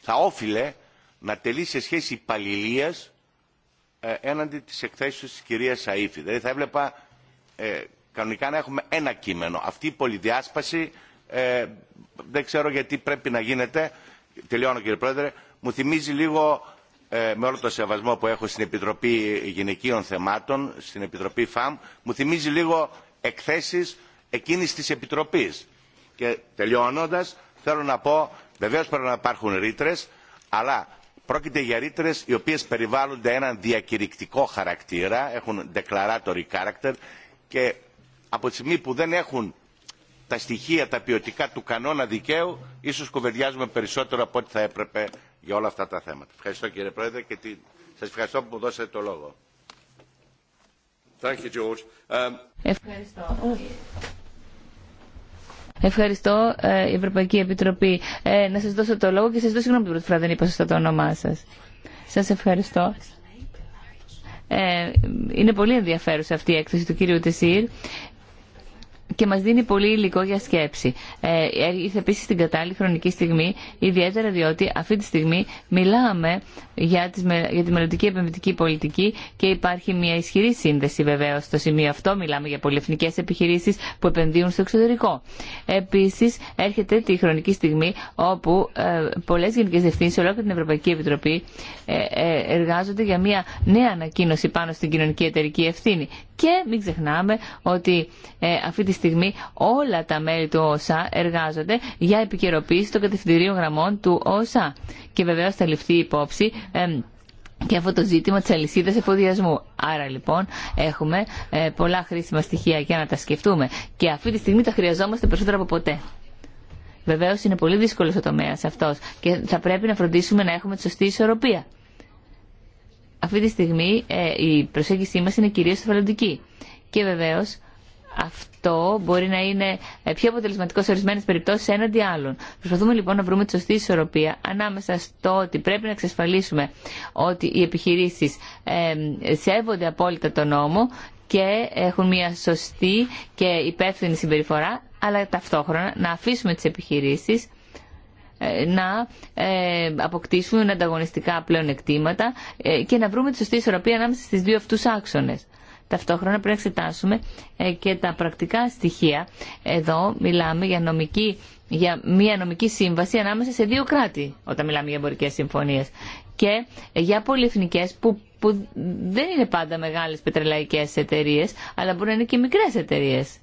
θα όφιλε να τελεί σε σχέση υπαλληλία ε, έναντι της εκθέσεως της κυρίας Σαΐφη. Δηλαδή θα έβλεπα ε, κανονικά να έχουμε ένα κείμενο. Αυτή η πολυδιάσπαση ε, δεν ξέρω γιατί πρέπει να γίνεται. Τελειώνω κύριε Πρόεδρε. Μου θυμίζει λίγο με όλο το σεβασμό που έχω στην Επιτροπή Γυναικείων Θεμάτων, στην Επιτροπή ΦΑΜ, μου θυμίζει λίγο εκθέσεις εκείνης της Επιτροπής. Και τελειώνοντας, θέλω να πω Βεβαίω πρέπει να υπάρχουν ρήτρε, αλλά πρόκειται για ρήτρε οι οποίε περιβάλλονται έναν διακηρυκτικό χαρακτήρα, έχουν declaratory character και από τη στιγμή που δεν έχουν τα στοιχεία, τα ποιοτικά του κανόνα δικαίου, ίσω κουβεντιάζουμε περισσότερο από ό,τι θα έπρεπε για όλα αυτά τα θέματα. Ευχαριστώ κύριε Πρόεδρε και τη... σα ευχαριστώ που μου δώσατε το λόγο. Um,
ευχαριστώ. Ευχαριστώ, ε, η Ευρωπαϊκή Επιτροπή. Ε, να σας δώσω το λόγο και σας δώσω συγγνώμη την πρώτη φορά δεν είπα σωστά το όνομά σας. Σα ευχαριστώ. Ε, είναι πολύ ενδιαφέρουσα αυτή η έκθεση του κύριου Τεσίρ και μας δίνει πολύ υλικό για σκέψη. Ε, ήρθε επίσης στην κατάλληλη χρονική στιγμή, ιδιαίτερα διότι αυτή τη στιγμή μιλάμε για, τις, για τη μελλοντική επενδυτική πολιτική και υπάρχει μια ισχυρή σύνδεση βεβαίως στο σημείο αυτό. Μιλάμε για πολυεθνικές επιχειρήσεις που επενδύουν στο εξωτερικό. Επίσης έρχεται τη χρονική στιγμή όπου ε, πολλές γενικές διευθύνσεις σε ολόκληρη την Ευρωπαϊκή Επιτροπή ε, ε, εργάζονται για μια νέα ανακοίνωση πάνω στην κοινωνική εταιρική ευθύνη και μην ξεχνάμε ότι ε, αυτή τη στιγμή όλα τα μέλη του ΩΣΑ εργάζονται για επικαιροποίηση των κατευθυντηρίων γραμμών του ΩΣΑ. Και βεβαίως θα ληφθεί υπόψη. και αυτό το ζήτημα της αλυσίδας εφοδιασμού. Άρα λοιπόν έχουμε ε, πολλά χρήσιμα στοιχεία για να τα σκεφτούμε και αυτή τη στιγμή τα χρειαζόμαστε περισσότερο από ποτέ. Βεβαίω είναι πολύ δύσκολο ο τομέα αυτό και θα πρέπει να φροντίσουμε να έχουμε τη σωστή ισορροπία αυτή τη στιγμή ε, η προσέγγιση μας είναι κυρίως εθελοντική. Και βεβαίως αυτό μπορεί να είναι ε, πιο αποτελεσματικό σε ορισμένε περιπτώσει έναντι άλλων. Προσπαθούμε λοιπόν να βρούμε τη σωστή ισορροπία ανάμεσα στο ότι πρέπει να εξασφαλίσουμε ότι οι επιχειρήσει σέβονται απόλυτα τον νόμο και έχουν μια σωστή και υπεύθυνη συμπεριφορά, αλλά ταυτόχρονα να αφήσουμε τις επιχειρήσεις να ε, αποκτήσουν ανταγωνιστικά πλεονεκτήματα ε, και να βρούμε τη σωστή ισορροπία ανάμεσα στις δύο αυτούς άξονες. Ταυτόχρονα πρέπει να εξετάσουμε ε, και τα πρακτικά στοιχεία. Εδώ μιλάμε για, νομική, για μια νομική σύμβαση ανάμεσα σε δύο κράτη όταν μιλάμε για εμπορικές συμφωνίες και για πολυεθνικές που, που δεν είναι πάντα μεγάλες πετρελαϊκές εταιρείες αλλά μπορεί να είναι και μικρές εταιρείες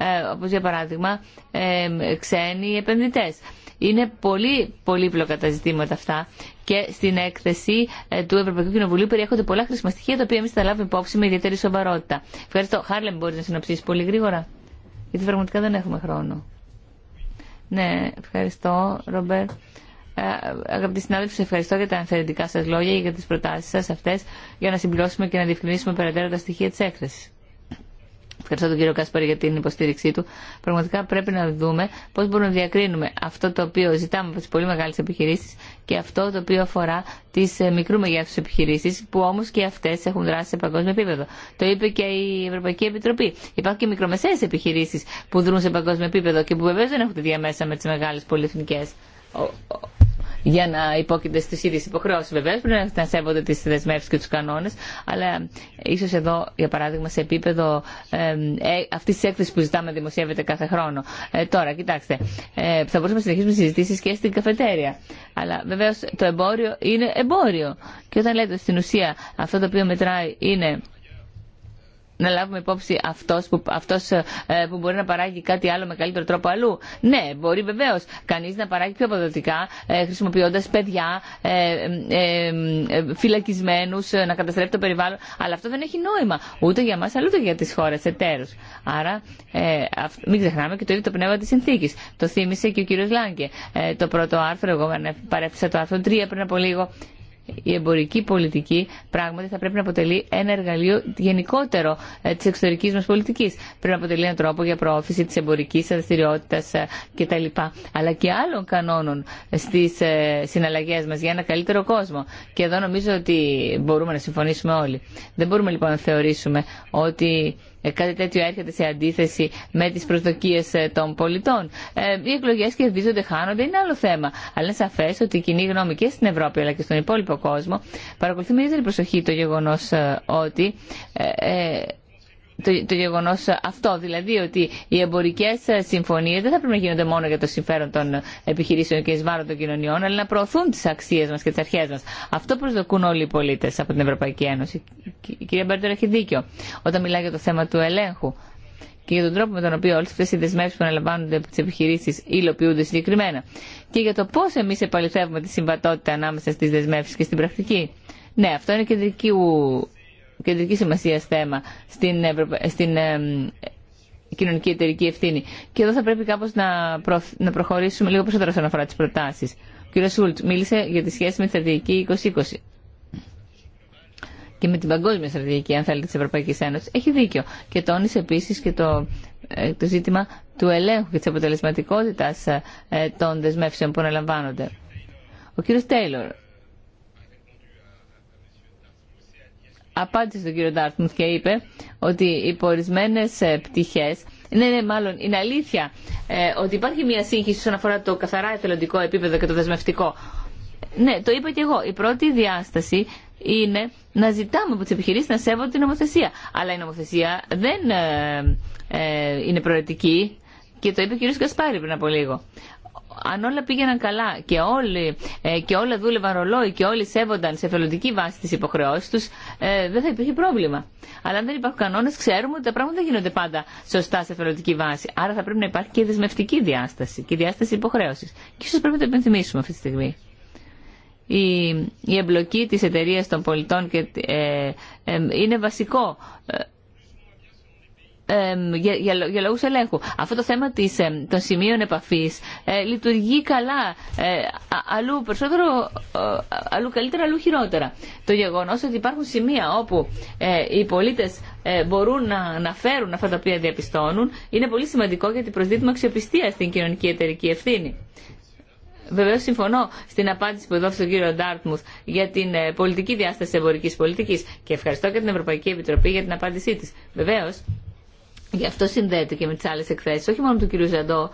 ε, όπως για παράδειγμα ε, ξένοι επενδυτές. Είναι πολύ πολύπλοκα τα ζητήματα αυτά και στην έκθεση ε, του Ευρωπαϊκού Κοινοβουλίου περιέχονται πολλά χρήσιμα στοιχεία τα οποία εμεί θα λάβουμε υπόψη με ιδιαίτερη σοβαρότητα. Ευχαριστώ. Χάρλεμ, μπορεί να συνοψίσει πολύ γρήγορα. Γιατί πραγματικά δεν έχουμε χρόνο. Ναι, ευχαριστώ, Ρομπέρ. Αγαπητοί συνάδελφοι, σα ευχαριστώ για τα ενθαρρυντικά σα λόγια και για τι προτάσει σα αυτέ για να συμπληρώσουμε και να διευκρινίσουμε περαιτέρω τα στοιχεία τη έκθεση. Ευχαριστώ τον κύριο Κάσπαρη για την υποστήριξή του. Πραγματικά πρέπει να δούμε πώ μπορούμε να διακρίνουμε αυτό το οποίο ζητάμε από τι πολύ μεγάλε επιχειρήσει και αυτό το οποίο αφορά τι ε, μικρού μεγέθου επιχειρήσει, που όμω και αυτέ έχουν δράσει σε παγκόσμιο επίπεδο. Το είπε και η Ευρωπαϊκή Επιτροπή. Υπάρχουν και μικρομεσαίε επιχειρήσει που δρούν σε παγκόσμιο επίπεδο και που βεβαίω δεν έχουν τη διαμέσα με τι μεγάλε πολυεθνικέ για να υπόκεινται στι ίδιε υποχρεώσει. Βεβαίω πρέπει να σέβονται τι δεσμεύσει και του κανόνε, αλλά ίσω εδώ, για παράδειγμα, σε επίπεδο ε, αυτή τη έκθεση που ζητάμε δημοσιεύεται κάθε χρόνο. Ε, τώρα, κοιτάξτε, ε, θα μπορούσαμε να συνεχίσουμε συζητήσει και στην καφετέρια. Αλλά βεβαίω το εμπόριο είναι εμπόριο. Και όταν λέτε στην ουσία αυτό το οποίο μετράει είναι να λάβουμε υπόψη αυτός που, αυτός ε, που μπορεί να παράγει κάτι άλλο με καλύτερο τρόπο αλλού. Ναι, μπορεί βεβαίω κανείς να παράγει πιο αποδοτικά ε, χρησιμοποιώντας παιδιά, ε, φυλακισμένους, να καταστρέφει το περιβάλλον. Αλλά αυτό δεν έχει νόημα ούτε για μας αλλά ούτε για τις χώρες εταίρους. Άρα μην ξεχνάμε και το ίδιο το πνεύμα της συνθήκης. Το θύμισε και ο κύριος Λάγκε. Το πρώτο άρθρο, εγώ παρέφησα το άρθρο 3 πριν από λίγο η εμπορική πολιτική πράγματι θα πρέπει να αποτελεί ένα εργαλείο γενικότερο ε, τη εξωτερική μα πολιτική. Πρέπει να αποτελεί έναν τρόπο για προώθηση τη εμπορική δραστηριότητα ε, κτλ. Αλλά και άλλων κανόνων ε, στι συναλλαγέ μα για ένα καλύτερο κόσμο. Και εδώ νομίζω ότι μπορούμε να συμφωνήσουμε όλοι. Δεν μπορούμε λοιπόν να θεωρήσουμε ότι ε, κάτι τέτοιο έρχεται σε αντίθεση με τις προσδοκίε ε, των πολιτών. Ε, οι εκλογέ κερδίζονται, χάνονται, είναι άλλο θέμα. Αλλά είναι σαφέ, ότι η κοινή γνώμη και στην Ευρώπη αλλά και στον υπόλοιπο κόσμο παρακολουθεί με ιδιαίτερη προσοχή το γεγονός ότι το, το γεγονό αυτό. Δηλαδή ότι οι εμπορικέ συμφωνίε δεν θα πρέπει να γίνονται μόνο για το συμφέρον των επιχειρήσεων και ει βάρο των κοινωνιών, αλλά να προωθούν τι αξίε μα και τι αρχέ μα. Αυτό προσδοκούν όλοι οι πολίτε από την Ευρωπαϊκή Ένωση. Η κυρία Μπέρντερ έχει δίκιο όταν μιλάει για το θέμα του ελέγχου και για τον τρόπο με τον οποίο όλε αυτέ οι δεσμεύσει που αναλαμβάνονται από τι επιχειρήσει υλοποιούνται συγκεκριμένα. Και για το πώ εμεί επαληθεύουμε τη συμβατότητα ανάμεσα στι δεσμεύσει και στην πρακτική. Ναι, αυτό είναι κεντρικού κεντρική σημασία θέμα στην, στην κοινωνική εταιρική ευθύνη. Και εδώ θα πρέπει κάπω να, να προχωρήσουμε λίγο περισσότερο όσον αφορά τι προτάσει. Ο κ. Σούλτ μίλησε για τη σχέση με τη στρατηγική 2020 και με την παγκόσμια στρατηγική, αν θέλετε, τη Ευρωπαϊκή Ένωση. Έχει δίκιο. Και τόνισε επίση και το, ε, το ζήτημα του ελέγχου και τη αποτελεσματικότητα ε, των δεσμεύσεων που αναλαμβάνονται. Ο κύριος Τέιλορ απάντησε τον κύριο Ντάρτμουθ και είπε ότι οι πορισμένε ε, πτυχέ. Ναι, ναι, μάλλον είναι αλήθεια ε, ότι υπάρχει μια σύγχυση όσον αφορά το καθαρά εθελοντικό επίπεδο και το δεσμευτικό. Ναι, το είπα και εγώ. Η πρώτη διάσταση είναι να ζητάμε από τι επιχειρήσει να σέβονται την νομοθεσία. Αλλά η νομοθεσία δεν ε, είναι προαιρετική και το είπε ο κ. Κασπάρη πριν από λίγο αν όλα πήγαιναν καλά και, όλοι, ε, και όλα δούλευαν ρολόι και όλοι σέβονταν σε εθελοντική βάση τι υποχρεώσει του, ε, δεν θα υπήρχε πρόβλημα. Αλλά αν δεν υπάρχουν κανόνες, ξέρουμε ότι τα πράγματα δεν γίνονται πάντα σωστά σε εθελοντική βάση. Άρα θα πρέπει να υπάρχει και δεσμευτική διάσταση και διάσταση υποχρέωση. Και ίσω πρέπει να το υπενθυμίσουμε αυτή τη στιγμή. Η, η εμπλοκή της εταιρείας των πολιτών και, ε, ε είναι βασικό για, για, για λόγους ελέγχου. Αυτό το θέμα της, των σημείων επαφής ε, λειτουργεί καλά ε, αλλού, περισσότερο, αλλού καλύτερα, αλλού χειρότερα. Το γεγονός ότι υπάρχουν σημεία όπου ε, οι πολίτες μπορούν να, να φέρουν αυτά τα οποία διαπιστώνουν είναι πολύ σημαντικό γιατί προσδίδουμε αξιοπιστία στην κοινωνική εταιρική ευθύνη. Βεβαίω συμφωνώ στην απάντηση που έδωσε ο κύριο Ντάρτμουθ για την πολιτική διάσταση εμπορική πολιτική και ευχαριστώ και την Ευρωπαϊκή Επιτροπή για την απάντησή τη. Βεβαίω, Γι' αυτό συνδέεται και με τι άλλε εκθέσει, όχι μόνο του κ. Ζαντό,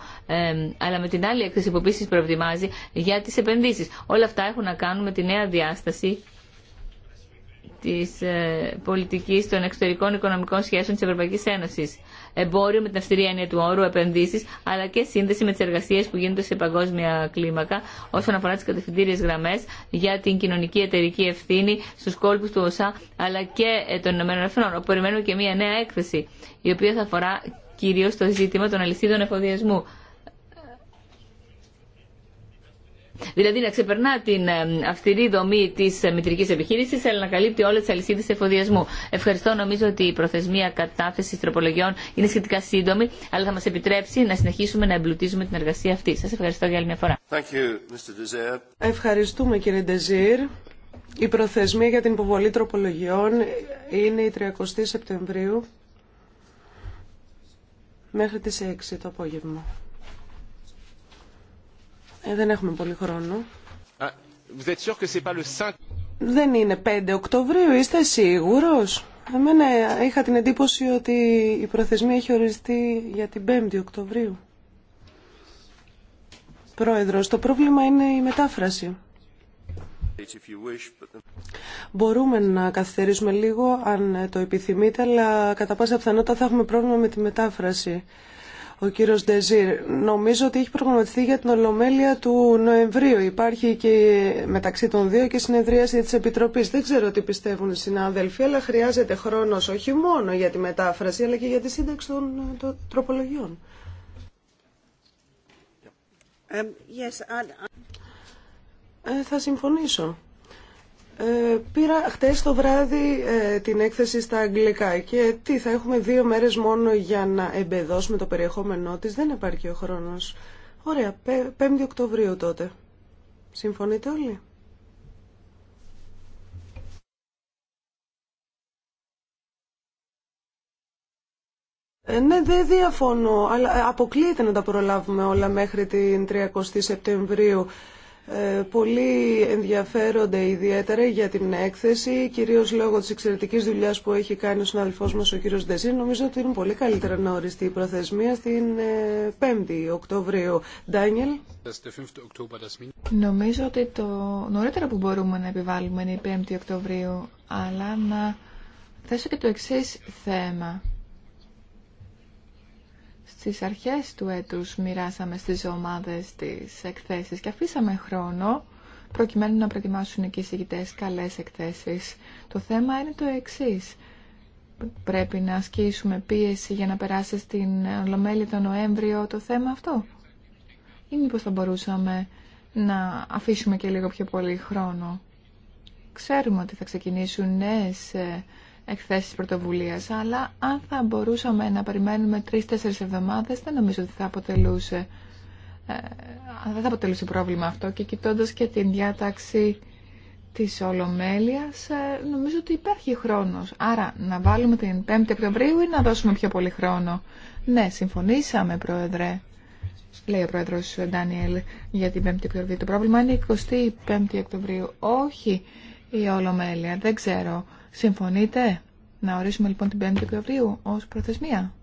αλλά με την άλλη έκθεση που επίση προετοιμάζει για τι επενδύσει. Όλα αυτά έχουν να κάνουν με τη νέα διάσταση της ε, πολιτικής των εξωτερικών οικονομικών σχέσεων της Ευρωπαϊκής Ένωσης. Εμπόριο με την αυστηρή έννοια του όρου, επενδύσεις, αλλά και σύνδεση με τις εργασίες που γίνονται σε παγκόσμια κλίμακα όσον αφορά τις κατευθυντήριες γραμμές για την κοινωνική εταιρική ευθύνη στους κόλπους του ΟΣΑ αλλά και ε, των Ηνωμένων Εθνών, όπου περιμένουμε και μια νέα έκθεση η οποία θα αφορά κυρίως το ζήτημα των αλυσίδων εφοδιασμού Δηλαδή να ξεπερνά την ε, αυστηρή δομή τη ε, μητρική επιχείρηση, αλλά να καλύπτει όλε τι αλυσίδε εφοδιασμού. Ευχαριστώ. Νομίζω ότι η προθεσμία κατάθεση τροπολογιών είναι σχετικά σύντομη, αλλά θα μα επιτρέψει να
συνεχίσουμε να εμπλουτίζουμε την εργασία αυτή. Σα ευχαριστώ για άλλη μια φορά.
you,
Ευχαριστούμε, κύριε Ντεζίρ. Η προθεσμία για την υποβολή τροπολογιών είναι η 30 Σεπτεμβρίου μέχρι τις 6 το απόγευμα. Ε, δεν έχουμε πολύ χρόνο. Δεν είναι 5 Οκτωβρίου, είστε σίγουρος. Εμένα είχα την εντύπωση ότι η προθεσμία έχει οριστεί για την 5η Οκτωβρίου. Πρόεδρος, το πρόβλημα είναι η μετάφραση. Μπορούμε να καθυστερήσουμε λίγο αν το επιθυμείτε, αλλά κατά πάσα πιθανότητα θα έχουμε πρόβλημα με τη μετάφραση ο κύριος Ντεζίρ. Νομίζω ότι έχει προγραμματιστεί για την Ολομέλεια του Νοεμβρίου. Υπάρχει και μεταξύ των δύο και συνεδρίαση της Επιτροπής. Δεν ξέρω τι πιστεύουν οι συνάδελφοι, αλλά χρειάζεται χρόνος όχι μόνο για τη μετάφραση, αλλά και για τη σύνταξη των, τροπολογιών. Ε, ε, θα συμφωνήσω. Ε, πήρα χτες το βράδυ ε, την έκθεση στα αγγλικά και τι θα έχουμε δύο μέρες μόνο για να εμπεδώσουμε το περιεχόμενό της. Δεν υπάρχει ο χρόνος. Ωραία, 5η Οκτωβρίου τότε. Συμφωνείτε όλοι. Ε, ναι, δεν διαφωνώ, αλλά αποκλείεται να τα προλάβουμε όλα μέχρι την 30 Σεπτεμβρίου. Ε, Πολλοί ενδιαφέρονται ιδιαίτερα για την έκθεση, κυρίως λόγω της εξαιρετικής δουλειάς που έχει κάνει ο συναδελφός μας ο κύριος Ντεσίν Νομίζω ότι είναι πολύ καλύτερα να οριστεί η προθεσμία στην 5η ε, Οκτωβρίου. Ντάνιελ.
Νομίζω ότι το νωρίτερο που μπορούμε να επιβάλλουμε είναι η 5η οτι το νωρίτερα αλλά να θέσω και το εξή θέμα στις αρχές του έτους μοιράσαμε στις ομάδες τις εκθέσεις και αφήσαμε χρόνο προκειμένου να προετοιμάσουν και οι συγκητές καλές εκθέσεις. Το θέμα είναι το εξής. Πρέπει να ασκήσουμε πίεση για να περάσει στην Ολομέλη το Νοέμβριο το θέμα αυτό. Ή μήπως θα μπορούσαμε να αφήσουμε και λίγο πιο πολύ χρόνο. Ξέρουμε ότι θα ξεκινήσουν νέες ε, εκθέσει πρωτοβουλία, αλλά αν θα μπορούσαμε να περιμενουμε τρει τρει-τέσσερι εβδομάδε, δεν νομίζω ότι θα αποτελούσε, ε, δεν θα αποτελούσε πρόβλημα αυτό. Και κοιτώντας και την διάταξη της Ολομέλειας, ε, νομίζω ότι υπάρχει χρόνος. Άρα, να βάλουμε την 5η Οκτωβρίου ή να δώσουμε πιο πολύ χρόνο. Ναι, συμφωνήσαμε, Πρόεδρε λέει ο πρόεδρο Ντάνιελ για την 5η Οκτωβρίου. Το πρόβλημα είναι η 25η Οκτωβρίου, όχι η Ολομέλεια. Δεν ξέρω Συμφωνείτε να ορίσουμε λοιπόν την 5η Οκτωβρίου ως προθεσμία.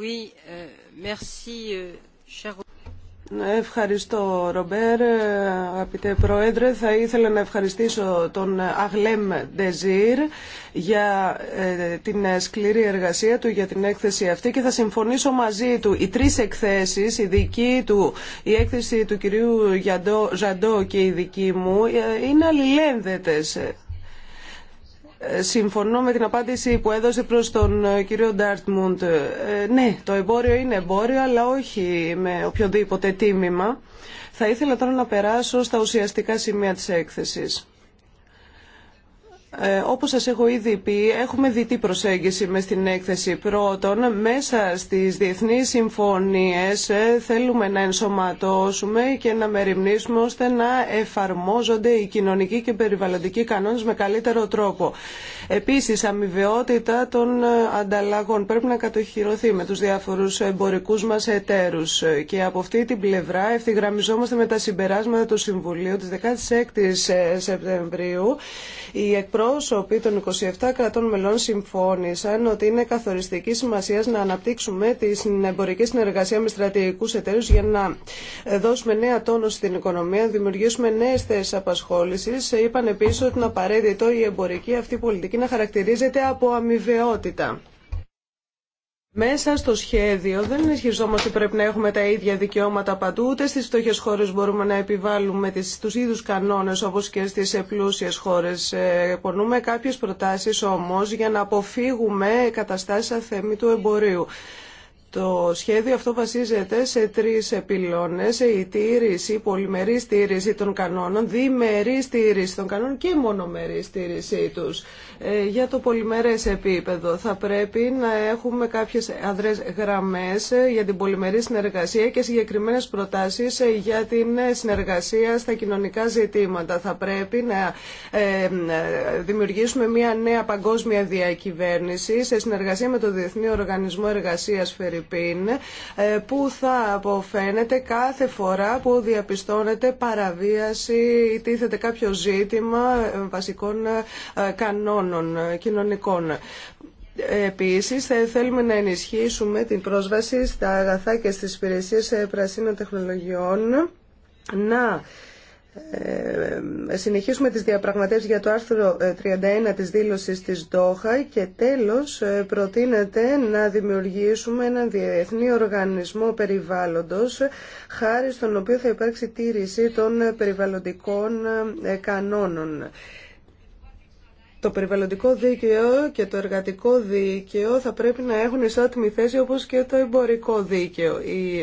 Oui, euh, merci,
euh, cher... Ευχαριστώ Ρομπέρ, αγαπητέ Πρόεδρε. Θα ήθελα να ευχαριστήσω τον Αγλέμ Ντεζίρ για ε, την σκληρή εργασία του για την έκθεση αυτή και θα συμφωνήσω μαζί του. Οι τρεις εκθέσεις, η δική του, η έκθεση του κυρίου Ζαντό και η δική μου ε, είναι αλληλένδετες. Συμφωνώ με την απάντηση που έδωσε προς τον ε, κύριο Ντάρτμουντ. Ε, ναι, το εμπόριο είναι εμπόριο, αλλά όχι με οποιοδήποτε τίμημα. Θα ήθελα τώρα να περάσω στα ουσιαστικά σημεία της έκθεσης. Ε, όπως σας έχω ήδη πει, έχουμε διτή προσέγγιση με στην έκθεση. Πρώτον, μέσα στις διεθνείς συμφωνίες ε, θέλουμε να ενσωματώσουμε και να μεριμνήσουμε ώστε να εφαρμόζονται οι κοινωνικοί και περιβαλλοντικοί κανόνες με καλύτερο τρόπο. Επίσης, αμοιβαιότητα των ε, ανταλλαγών πρέπει να κατοχυρωθεί με τους διάφορους εμπορικούς μας εταίρους. Και από αυτή την πλευρά ευθυγραμμιζόμαστε με τα συμπεράσματα του Συμβουλίου της 16 ε, Σεπτεμβρίου εκπρόσωποι των 27 κρατών μελών συμφώνησαν ότι είναι καθοριστική σημασία να αναπτύξουμε την εμπορική συνεργασία με στρατηγικού εταίρου για να δώσουμε νέα τόνο στην οικονομία, να δημιουργήσουμε νέε θέσει απασχόληση. Είπαν επίση ότι είναι απαραίτητο η εμπορική αυτή πολιτική να χαρακτηρίζεται από αμοιβαιότητα. Μέσα στο σχέδιο δεν ισχυριζόμαστε ότι πρέπει να έχουμε τα ίδια δικαιώματα παντού, ούτε στι φτωχέ χώρε μπορούμε να επιβάλλουμε του ίδιου κανόνε όπω και στι πλούσιε χώρε. Ε, πονούμε κάποιε προτάσει όμω για να αποφύγουμε καταστάσει αθέμητου εμπορίου. Το σχέδιο αυτό βασίζεται σε τρεις επιλώνες, η τήρηση, η πολυμερή στήριση των κανόνων, διμερή στήριση των κανόνων και μονομερή στήριση τους. Ε, για το πολυμερές επίπεδο. Θα πρέπει να έχουμε κάποιες αδρές γραμμές ε, για την πολυμερή συνεργασία και συγκεκριμένες προτάσεις ε, για την συνεργασία στα κοινωνικά ζητήματα. Θα πρέπει να δημιουργήσουμε μια νέα παγκόσμια διακυβέρνηση σε συνεργασία με το Διεθνή Οργανισμό Εργασίας Φερρυπίν που θα αποφαίνεται κάθε φορά που διαπιστώνεται παραβίαση ή τίθεται κάποιο ζήτημα βασικών κανόνων χρόνων κοινωνικών. Επίσης, θέλουμε να ενισχύσουμε την πρόσβαση στα αγαθά και στις υπηρεσίες ε, πρασίνων τεχνολογιών να ε, συνεχίσουμε τις διαπραγματεύσεις για το άρθρο 31 ε, της δήλωσης της Δόχα και τέλος προτείνεται να δημιουργήσουμε έναν διεθνή οργανισμό περιβάλλοντος χάρη στον οποίο θα υπάρξει τήρηση των περιβαλλοντικών κανόνων. Το περιβαλλοντικό δίκαιο και το εργατικό δίκαιο θα πρέπει να έχουν ισότιμη θέση όπως και το εμπορικό δίκαιο.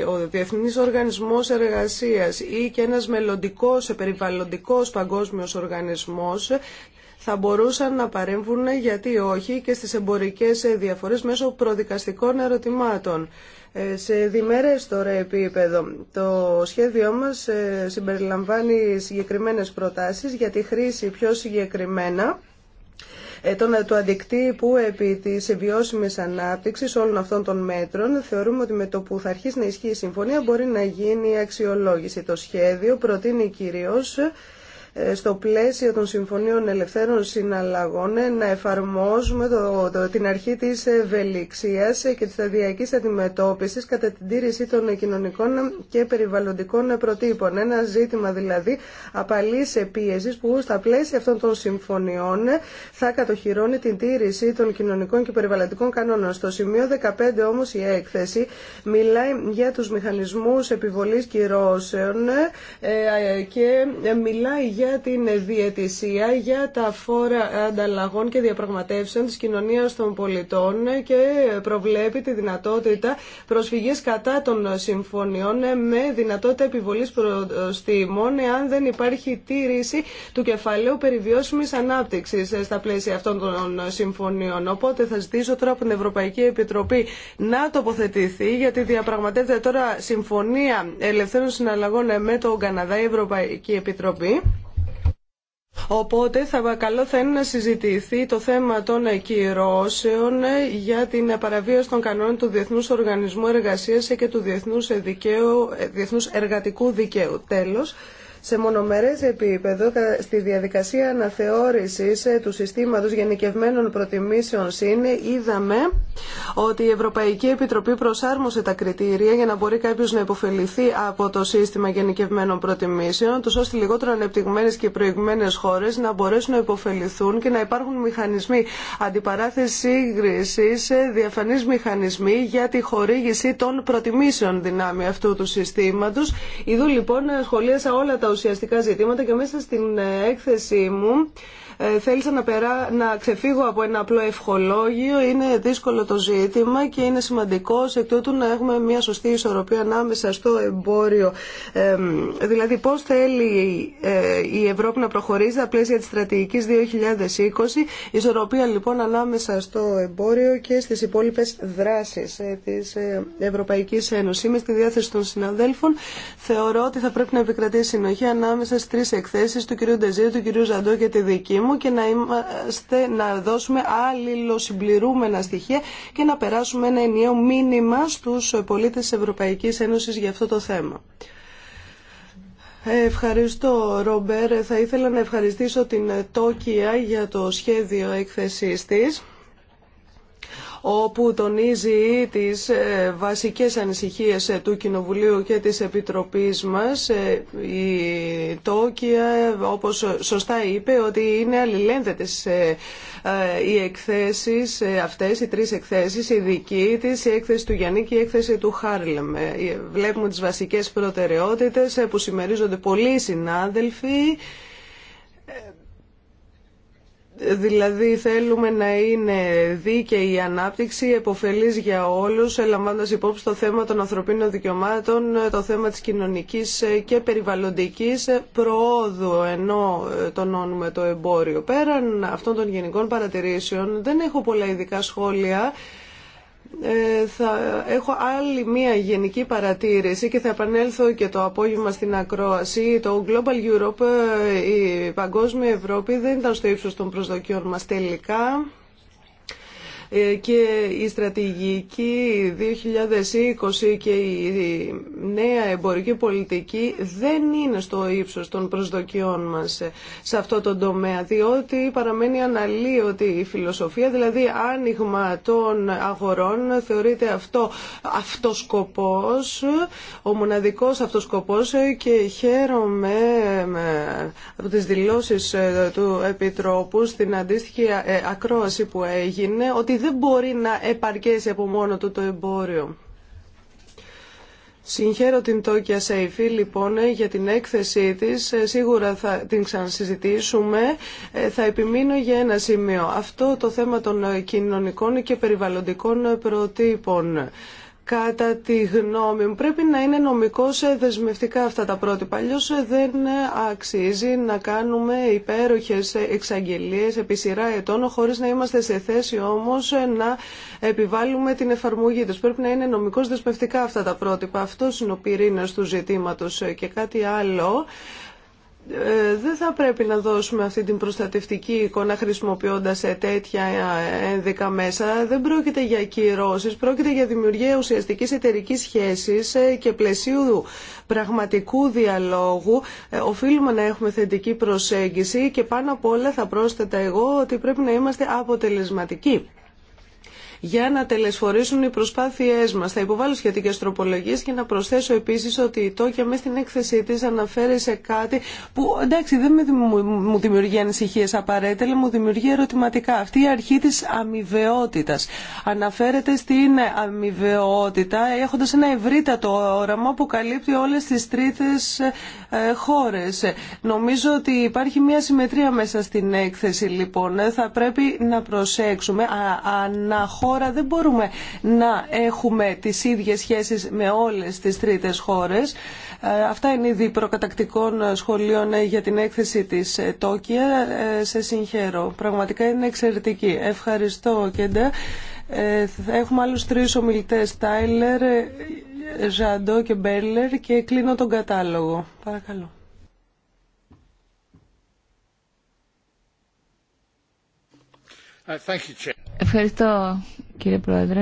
Ο Διεθνής Οργανισμός Εργασίας ή και ένας μελλοντικός περιβαλλοντικός παγκόσμιος οργανισμός θα μπορούσαν να παρέμβουν γιατί όχι και στις εμπορικές διαφορές μέσω προδικαστικών ερωτημάτων. Ε, σε διμέρες τώρα επίπεδο, το σχέδιό μας ε, συμπεριλαμβάνει συγκεκριμένες προτάσεις για τη χρήση πιο συγκεκριμένα ε, το ε, αντικτύπου επί της βιώσιμης ανάπτυξης όλων αυτών των μέτρων. Θεωρούμε ότι με το που θα αρχίσει να ισχύει η συμφωνία μπορεί να γίνει η αξιολόγηση. Το σχέδιο προτείνει κυρίως στο πλαίσιο των Συμφωνίων Ελευθέρων Συναλλαγών να εφαρμόζουμε το, το, την αρχή της ευελιξίας και της σταδιακής αντιμετώπισης κατά την τήρηση των κοινωνικών και περιβαλλοντικών προτύπων. Ένα ζήτημα δηλαδή απαλής πίεση που στα πλαίσια αυτών των συμφωνιών θα κατοχυρώνει την τήρηση των κοινωνικών και περιβαλλοντικών κανόνων. Στο σημείο 15 όμως η έκθεση μιλάει για τους μηχανισμούς επιβολής κυρώσεων ε, και μιλάει για την διαιτησία, για τα φόρα ανταλλαγών και διαπραγματεύσεων της κοινωνίας των πολιτών και προβλέπει τη δυνατότητα προσφυγής κατά των συμφωνιών με δυνατότητα επιβολής προστήμων εάν δεν υπάρχει τήρηση του κεφαλαίου περιβιώσιμης ανάπτυξης στα πλαίσια αυτών των συμφωνιών. Οπότε θα ζητήσω τώρα από την Ευρωπαϊκή Επιτροπή να τοποθετηθεί γιατί διαπραγματεύεται τώρα συμφωνία ελευθέρων συναλλαγών με τον Καναδά η Ευρωπαϊκή Επιτροπή. Οπότε θα, καλό θα είναι να συζητηθεί το θέμα των ακυρώσεων ε, για την παραβίαση των κανόνων του Διεθνούς Οργανισμού Εργασίας και του Διεθνούς, ε, Εργατικού Δικαίου. Τέλος σε μονομερές επίπεδο στη διαδικασία αναθεώρησης ε, του συστήματος γενικευμένων προτιμήσεων ΣΥΝ είδαμε ότι η Ευρωπαϊκή Επιτροπή προσάρμοσε τα κριτήρια για να μπορεί κάποιο να υποφεληθεί από το σύστημα γενικευμένων προτιμήσεων του ώστε λιγότερο ανεπτυγμένε και προηγμένε χώρε να μπορέσουν να υποφεληθούν και να υπάρχουν μηχανισμοί αντιπαράθεση σύγκριση, ε, διαφανεί μηχανισμοί για τη χορήγηση των προτιμήσεων δυνάμει αυτού του συστήματο. Ιδού λοιπόν σχολίασα όλα τα ουσιαστικά ζητήματα και μέσα στην ε, έκθεσή μου ε, θέλησα να, περά, να ξεφύγω από ένα απλό ευχολόγιο. Είναι δύσκολο το ζήτημα και είναι σημαντικό σε τούτου να έχουμε μια σωστή ισορροπία ανάμεσα στο εμπόριο. δηλαδή πώ θέλει ε, η Ευρώπη να προχωρήσει στα πλαίσια τη στρατηγική 2020. Ισορροπία λοιπόν ανάμεσα στο εμπόριο και στις υπόλοιπες δράσεις ε, της Ευρωπαϊκή Ένωση, Είμαι στη διάθεση των συναδέλφων. Θεωρώ ότι θα πρέπει να επικρατήσει συνοχή ανάμεσα στι τρει εκθέσει του κ. Ντεζίου, του κ. Ζαντό και τη δική και να, είμαστε, να δώσουμε αλληλοσυμπληρούμενα στοιχεία και να περάσουμε ένα ενιαίο μήνυμα στους πολίτες της Ευρωπαϊκής Ένωσης για αυτό το θέμα. Ευχαριστώ, Ρόμπερ. Θα ήθελα να ευχαριστήσω την Τόκια για το σχέδιο έκθεσής της όπου τονίζει τις ε, βασικές ανησυχίες ε, του Κοινοβουλίου και της Επιτροπής μας. Ε, η Τόκια, όπως σωστά είπε, ότι είναι αλληλένδετες οι εκθέσεις αυτές, οι τρεις εκθέσεις, η δική της, η έκθεση του Γιάννη και η έκθεση του Χάρλεμ. Βλέπουμε τις βασικές προτεραιότητες που συμμερίζονται πολλοί συνάδελφοι Δηλαδή θέλουμε να είναι δίκαιη η ανάπτυξη, επωφελής για όλους, λαμβάνοντας υπόψη το θέμα των ανθρωπίνων δικαιωμάτων, το θέμα της κοινωνικής και περιβαλλοντικής προόδου, ενώ ε, τονώνουμε το εμπόριο. Πέραν αυτών των γενικών παρατηρήσεων, δεν έχω πολλά ειδικά σχόλια. Ε, θα έχω άλλη μία γενική παρατήρηση και θα επανέλθω και το απόγευμα στην ακρόαση. Το Global Europe, ε, η παγκόσμια Ευρώπη δεν ήταν στο ύψος των προσδοκιών μας τελικά. Ε, και η στρατηγική 2020 και η νέα εμπορική πολιτική δεν είναι στο ύψος των προσδοκιών μας σε αυτό το τομέα, διότι παραμένει αναλύωτη η φιλοσοφία, δηλαδή άνοιγμα των αγορών θεωρείται αυτό αυτοσκοπός, ο μοναδικός αυτοσκοπός και χαίρομαι από τις δηλώσεις ε, του Επιτρόπου στην αντίστοιχη ε, ακρόαση που έγινε δεν μπορεί να επαρκέσει από μόνο του το εμπόριο. Συγχαίρω την Τόκια Safe, λοιπόν για την έκθεσή της. Ε, σίγουρα θα την ξανασυζητήσουμε. Ε, θα επιμείνω για ένα σημείο. Αυτό το θέμα των ε, κοινωνικών και περιβαλλοντικών προτύπων. Κατά τη γνώμη μου πρέπει να είναι νομικώς ε, δεσμευτικά αυτά τα πρότυπα. Αλλιώ ε, δεν ε, αξίζει να κάνουμε υπέροχες εξαγγελίες επί σειρά ετών χωρίς να είμαστε σε θέση όμως να επιβάλλουμε την εφαρμογή τους. Πρέπει να είναι νομικώς δεσμευτικά αυτά τα πρότυπα. Αυτό είναι ο πυρήνας του ζητήματος και κάτι άλλο. Ε, δεν θα πρέπει να δώσουμε αυτή την προστατευτική εικόνα χρησιμοποιώντας ε, τέτοια ε, ένδικα μέσα. Δεν πρόκειται για κυρώσεις, πρόκειται για δημιουργία ουσιαστικής εταιρικής σχέσης και πλαισίου πραγματικού διαλόγου. Οφείλουμε να έχουμε θετική προσέγγιση και πάνω απ' όλα θα πρόσθετα εγώ ότι πρέπει να είμαστε αποτελεσματικοί για να τελεσφορήσουν οι προσπάθειε μα. Θα υποβάλω σχετικέ τροπολογίε και να προσθέσω επίση ότι η Τόκια μέσα στην έκθεσή τη αναφέρει σε κάτι που εντάξει δεν μου δημιουργεί ανησυχίε απαραίτητα, αλλά μου δημιουργεί ερωτηματικά. Αυτή η αρχή τη αμοιβαιότητα. αναφέρεται στην αμοιβαιότητα έχοντα ένα ευρύτατο όραμα που καλύπτει όλες τις τρίτες ε, χώρε. Νομίζω ότι υπάρχει μια συμμετρία μέσα στην έκθεση λοιπόν. Θα πρέπει να προσέξουμε αναχώρηση χώρα δεν μπορούμε να έχουμε τις ίδιες σχέσεις με όλες τις τρίτες χώρες. Ε, αυτά είναι ήδη προκατακτικών σχολείων ε, για την έκθεση της ε, Τόκια. Σε συγχαίρω. Πραγματικά είναι εξαιρετική. Ευχαριστώ, Κέντα. Έχουμε άλλους τρεις ομιλητές, Τάιλερ, Ζαντό και Μπέρλερ και κλείνω τον κατάλογο. Παρακαλώ.
Uh, thank you,
Ευχαριστώ
κύριε Πρόεδρε.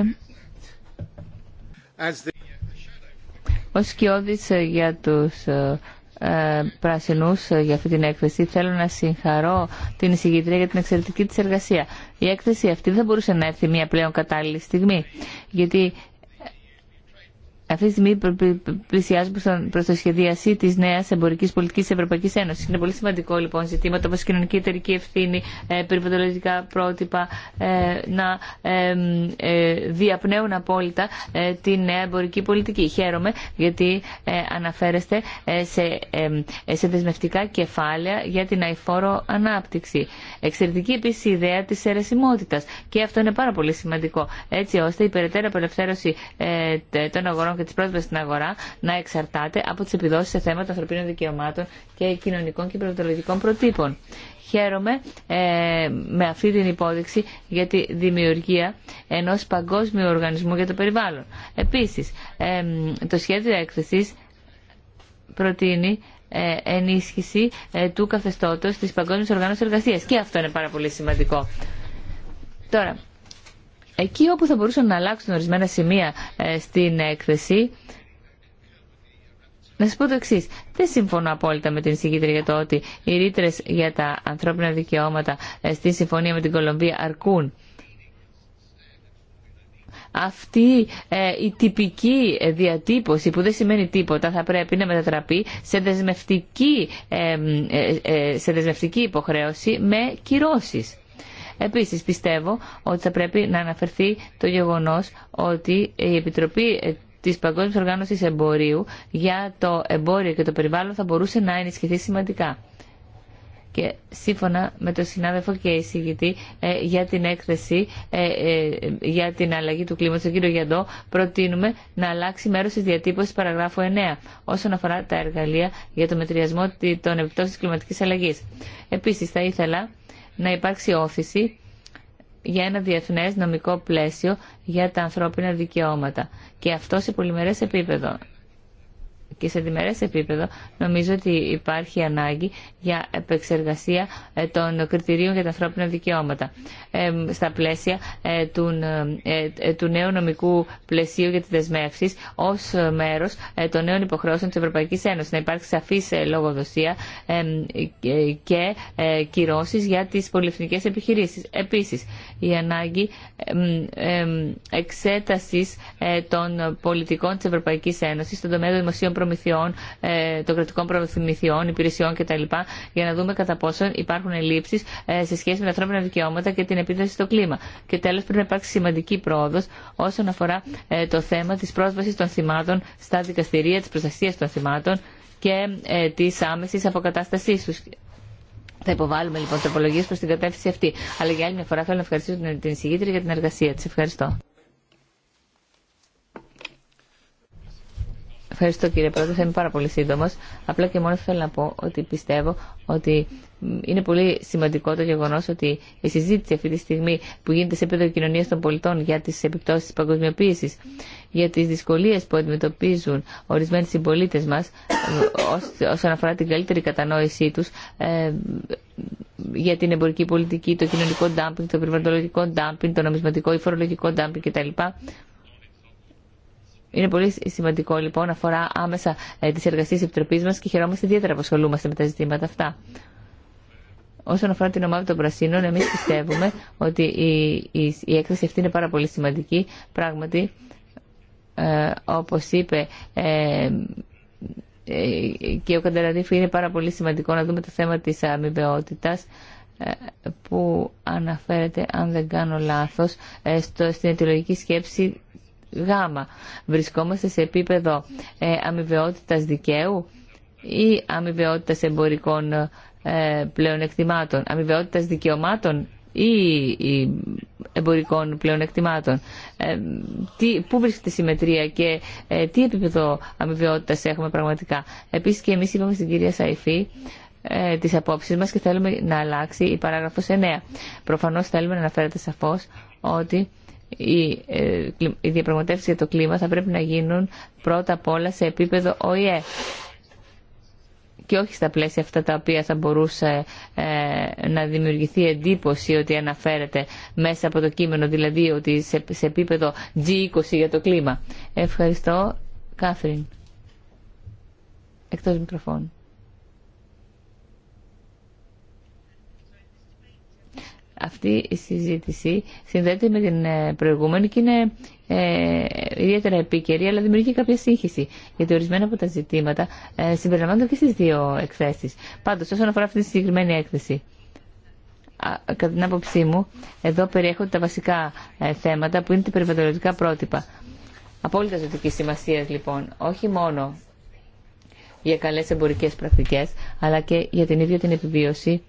Ω κοιόδης ε, για τους ε, ε, πράσινους για αυτή την έκθεση θέλω να συγχαρώ την εισηγητρία για την εξαιρετική της εργασία. Η έκθεση αυτή δεν μπορούσε να έρθει μια πλέον κατάλληλη στιγμή γιατί αυτή τη στιγμή πλησιάζουμε προ το σχεδίασή τη νέα εμπορική πολιτική τη Ευρωπαϊκή Ένωση. Είναι πολύ σημαντικό λοιπόν ζητήματα όπω κοινωνική εταιρική ευθύνη, ε, περιβαλλοντικά πρότυπα ε, να ε, διαπνέουν απόλυτα τη νέα εμπορική πολιτική. Χαίρομαι γιατί αναφέρεστε σε, σε δεσμευτικά κεφάλαια για την αηφόρο ανάπτυξη. Εξαιρετική επίση η ιδέα τη αιρεσιμότητα και αυτό είναι πάρα πολύ σημαντικό έτσι ώστε η περαιτέρω απελευθέρωση των αγορών με τη πρόσβαση στην αγορά να εξαρτάται από τι επιδόσει σε θέματα ανθρωπίνων δικαιωμάτων και κοινωνικών και περιβαλλοντικών προτύπων. Χαίρομαι ε, με αυτή την υπόδειξη για τη δημιουργία ενός παγκόσμιου οργανισμού για το περιβάλλον. Επίσης, ε, το σχέδιο έκθεσης προτείνει ε, ενίσχυση ε, του καθεστώτος της Παγκόσμιας Οργάνωσης Εργασίας. Και αυτό είναι πάρα πολύ σημαντικό. Τώρα, Εκεί όπου θα μπορούσαν να αλλάξουν ορισμένα σημεία ε, στην έκθεση, να σα πω το εξή. Δεν συμφωνώ απόλυτα με την συγκίτρια για το ότι οι ρήτρε για τα ανθρώπινα δικαιώματα ε, στη συμφωνία με την Κολομβία αρκούν. Αυτή ε, η τυπική διατύπωση που δεν σημαίνει τίποτα θα πρέπει να μετατραπεί σε δεσμευτική, σε δεσμευτική υποχρέωση με κυρώσεις. Επίσης πιστεύω ότι θα πρέπει να αναφερθεί το γεγονός ότι η Επιτροπή ε, τη Παγκόσμια Οργάνωση Εμπορίου για το εμπόριο και το περιβάλλον θα μπορούσε να ενισχυθεί σημαντικά. Και σύμφωνα με τον συνάδελφο και εισηγητή ε, για την έκθεση ε, ε, για την αλλαγή του κλίματος, τον κύριο Γιαντό, προτείνουμε να αλλάξει μέρος της διατύπωσης παραγράφου 9 όσον αφορά τα εργαλεία για το μετριασμό των επιπτώσεων της κλιματικής αλλαγής. Επίσης θα ήθελα να υπάρξει όθηση για ένα διεθνές νομικό πλαίσιο για τα ανθρώπινα δικαιώματα. Και αυτό σε πολυμερές επίπεδο και σε διμερές επίπεδο νομίζω ότι υπάρχει ανάγκη για επεξεργασία ε, των κριτηρίων για τα ανθρώπινα δικαιώματα ε, στα πλαίσια ε, του νέου νομικού πλαισίου για τις δεσμεύσεις ως μέρος των νέων υποχρεώσεων της Ευρωπαϊκής Ένωσης. Να υπάρξει σαφής λογοδοσία και κυρώσεις για τις πολυεθνικές επιχειρήσεις. Επίσης, η ανάγκη εξέτασης ε, των πολιτικών της Ευρωπαϊκής Ένωσης στον τομέα των δημοσίων προμηθειών, ε, των κρατικών προμηθειών, υπηρεσιών κτλ. για να δούμε κατά πόσο υπάρχουν ελλείψεις ε, σε σχέση με τα ανθρώπινα δικαιώματα και την επίδραση στο κλίμα. Και τέλος πρέπει να υπάρξει σημαντική πρόοδος όσον αφορά το θέμα της πρόσβασης των θυμάτων στα δικαστηρία, της προστασίας των θυμάτων και της άμεσης αποκατάστασής τους θα υποβάλουμε λοιπόν τροπολογίε προ την κατεύθυνση αυτή. Αλλά για άλλη μια φορά θέλω να ευχαριστήσω την εισηγήτρια για την εργασία τη. Ευχαριστώ. Ευχαριστώ κύριε Πρόεδρε, θα είμαι πάρα πολύ σύντομο. Απλά και μόνο θέλω να πω ότι πιστεύω ότι είναι πολύ σημαντικό το γεγονό ότι η συζήτηση αυτή τη στιγμή που γίνεται σε επίπεδο κοινωνία των πολιτών για τι επιπτώσει τη παγκοσμιοποίηση, για τι δυσκολίε που αντιμετωπίζουν ορισμένοι συμπολίτε μα όσον αφορά την καλύτερη κατανόησή του ε, για την εμπορική πολιτική, το κοινωνικό ντάμπινγκ, το περιβαλλοντολογικό ντάμπινγκ, το νομισματικό ή φορολογικό ντάμπινγκ κτλ. Είναι πολύ σημαντικό λοιπόν, αφορά άμεσα ε, τι εργασίε τη Επιτροπή μα και χαιρόμαστε ιδιαίτερα που ασχολούμαστε με τα ζητήματα αυτά. Όσον αφορά την ομάδα των Πρασίνων, εμεί πιστεύουμε ότι η, η, η έκθεση αυτή είναι πάρα πολύ σημαντική. Πράγματι, ε, όπω είπε ε, ε, και ο Καντεραδίφη, είναι πάρα πολύ σημαντικό να δούμε το θέμα της αμοιβαιότητας ε, που αναφέρεται, αν δεν κάνω λάθος, ε, στην αιτιολογική σκέψη Βρισκόμαστε σε επίπεδο ε, αμοιβαιότητας δικαίου ή αμοιβαιότητας εμπορικών ε, πλεονεκτημάτων, αμοιβαιότητας δικαιωμάτων ή εμπορικών πλεονεκτημάτων. Ε, τι, πού βρίσκεται η συμμετρία και ε, τι επίπεδο αμοιβαιότητας έχουμε πραγματικά. Επίσης και εμείς είπαμε στην κυρία Σαϊφή ε, τις απόψεις μας και θέλουμε να αλλάξει η παράγραφος 9. Προφανώς θέλουμε να αναφέρεται σαφώς ότι οι, ε, διαπραγματεύσει για το κλίμα θα πρέπει να γίνουν πρώτα απ' όλα σε επίπεδο ΟΗΕ και όχι στα πλαίσια αυτά τα οποία θα μπορούσε ε, να δημιουργηθεί εντύπωση ότι αναφέρεται μέσα από το κείμενο, δηλαδή ότι σε, σε επίπεδο G20 για το κλίμα. Ευχαριστώ. Κάθριν. Εκτός μικροφώνου. αυτή η συζήτηση συνδέεται με την ε, προηγούμενη και είναι ε, ιδιαίτερα επίκαιρη, αλλά δημιουργεί κάποια σύγχυση. Γιατί ορισμένα από τα ζητήματα ε, συμπεριλαμβάνονται και στι δύο εκθέσει. Πάντω, όσον αφορά αυτή τη συγκεκριμένη έκθεση, κατά την άποψή μου, εδώ περιέχονται τα βασικά ε, θέματα που είναι τα περιβαλλοντικά πρότυπα. Απόλυτα ζωτική σημασία, λοιπόν, όχι μόνο για καλέ εμπορικέ πρακτικέ, αλλά και για την ίδια την επιβίωση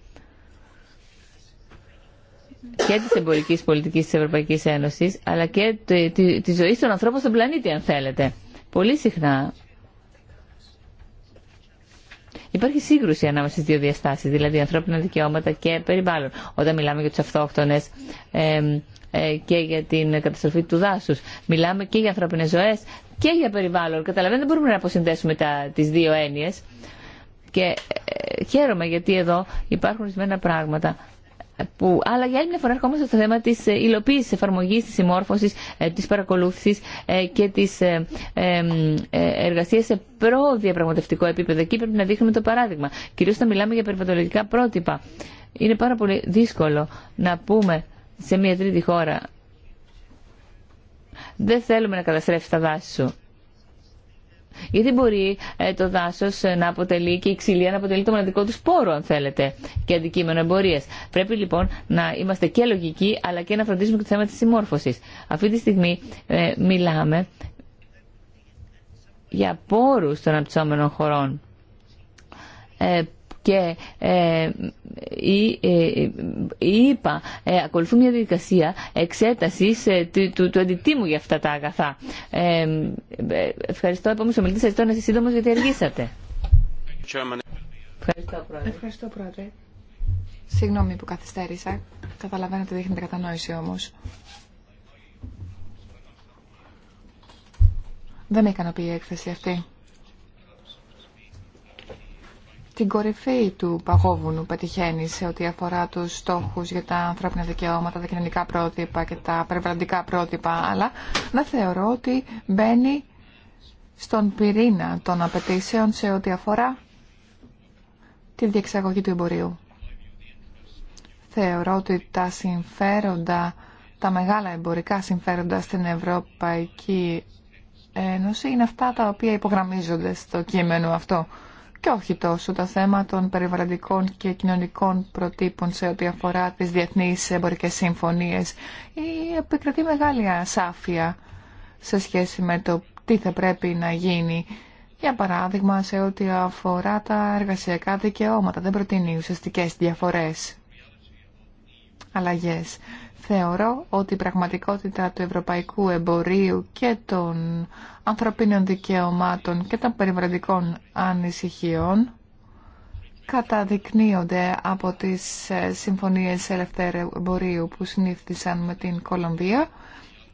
και τη εμπορική πολιτική τη Ευρωπαϊκή Ένωση, αλλά και τη, τη, τη ζωή των ανθρώπων στον πλανήτη αν θέλετε. Πολύ συχνά Υπάρχει σύγκρουση ανάμεσα στι δύο διαστάσει, δηλαδή ανθρώπινα δικαιώματα και περιβάλλον. Όταν μιλάμε για του αυτόχτονε ε, και για την καταστροφή του δάσου, μιλάμε και για ανθρώπινε ζωέ και για περιβάλλον. Καταλαβαίνετε, δεν μπορούμε να αποσυνδέσουμε τι δύο έννοιε. Και ε, χαίρομαι γιατί εδώ υπάρχουν ορισμένα πράγματα που, αλλά για άλλη μια φορά ερχόμαστε στο θέμα της ε, υλοποίησης, εφαρμογής, της συμμόρφωσης, ε, της παρακολούθησης ε, και της εργασίας σε προδιαπραγματευτικό επίπεδο. Εκεί πρέπει να δείχνουμε το παράδειγμα. Κυρίως θα μιλάμε για περιβαλλοντικά πρότυπα. Είναι πάρα πολύ δύσκολο να πούμε σε μια τρίτη χώρα δεν θέλουμε να καταστρέψει τα δάση σου. Γιατί μπορεί ε, το δάσο ε, να αποτελεί και η ξυλία να αποτελεί το μοναδικό του πόρο, αν θέλετε, και αντικείμενο εμπορία. Πρέπει λοιπόν να είμαστε και λογικοί, αλλά και να φροντίζουμε και το θέμα τη συμμόρφωση. Αυτή τη στιγμή ε, μιλάμε για πόρου των αναπτυσσόμενων χωρών και είπα, ε, ε, ακολουθούν μια διαδικασία εξέτασης ε, του, του αντιτίμου για αυτά τα αγαθά. Ε, ευχαριστώ, επόμενος ομιλητής, ευχαριστώ να είστε σύντομος γιατί αργήσατε.
Ευχαριστώ, Πρόεδρε. Ευχαριστώ, Πρόεδρε. Συγγνώμη που καθυστέρησα. Καταλαβαίνω ότι δείχνετε κατανόηση όμως. Δεν με ικανοποιεί η έκθεση αυτή την κορυφή του παγόβουνου πετυχαίνει σε ό,τι αφορά τους στόχους για τα ανθρώπινα δικαιώματα, τα κοινωνικά πρότυπα και τα περιβαλλοντικά πρότυπα, αλλά να θεωρώ ότι μπαίνει στον πυρήνα των απαιτήσεων σε ό,τι αφορά τη διεξαγωγή του εμπορίου. Θεωρώ ότι τα συμφέροντα, τα μεγάλα εμπορικά συμφέροντα στην Ευρωπαϊκή Ένωση είναι αυτά τα οποία υπογραμμίζονται στο κείμενο αυτό και όχι τόσο το θέμα των περιβαλλοντικών και κοινωνικών προτύπων σε ό,τι αφορά τις διεθνείς εμπορικές συμφωνίες. Η επικρατεί μεγάλη ασάφεια σε σχέση με το τι θα πρέπει να γίνει. Για παράδειγμα, σε ό,τι αφορά τα εργασιακά δικαιώματα, δεν προτείνει ουσιαστικές διαφορές, αλλαγές. Θεωρώ ότι η πραγματικότητα του ευρωπαϊκού εμπορίου και των ανθρωπίνων δικαιωμάτων και των περιβαλλοντικών ανησυχιών καταδεικνύονται από τις ε, συμφωνίες ελευθέρου εμπορίου που συνήθισαν με την Κολομβία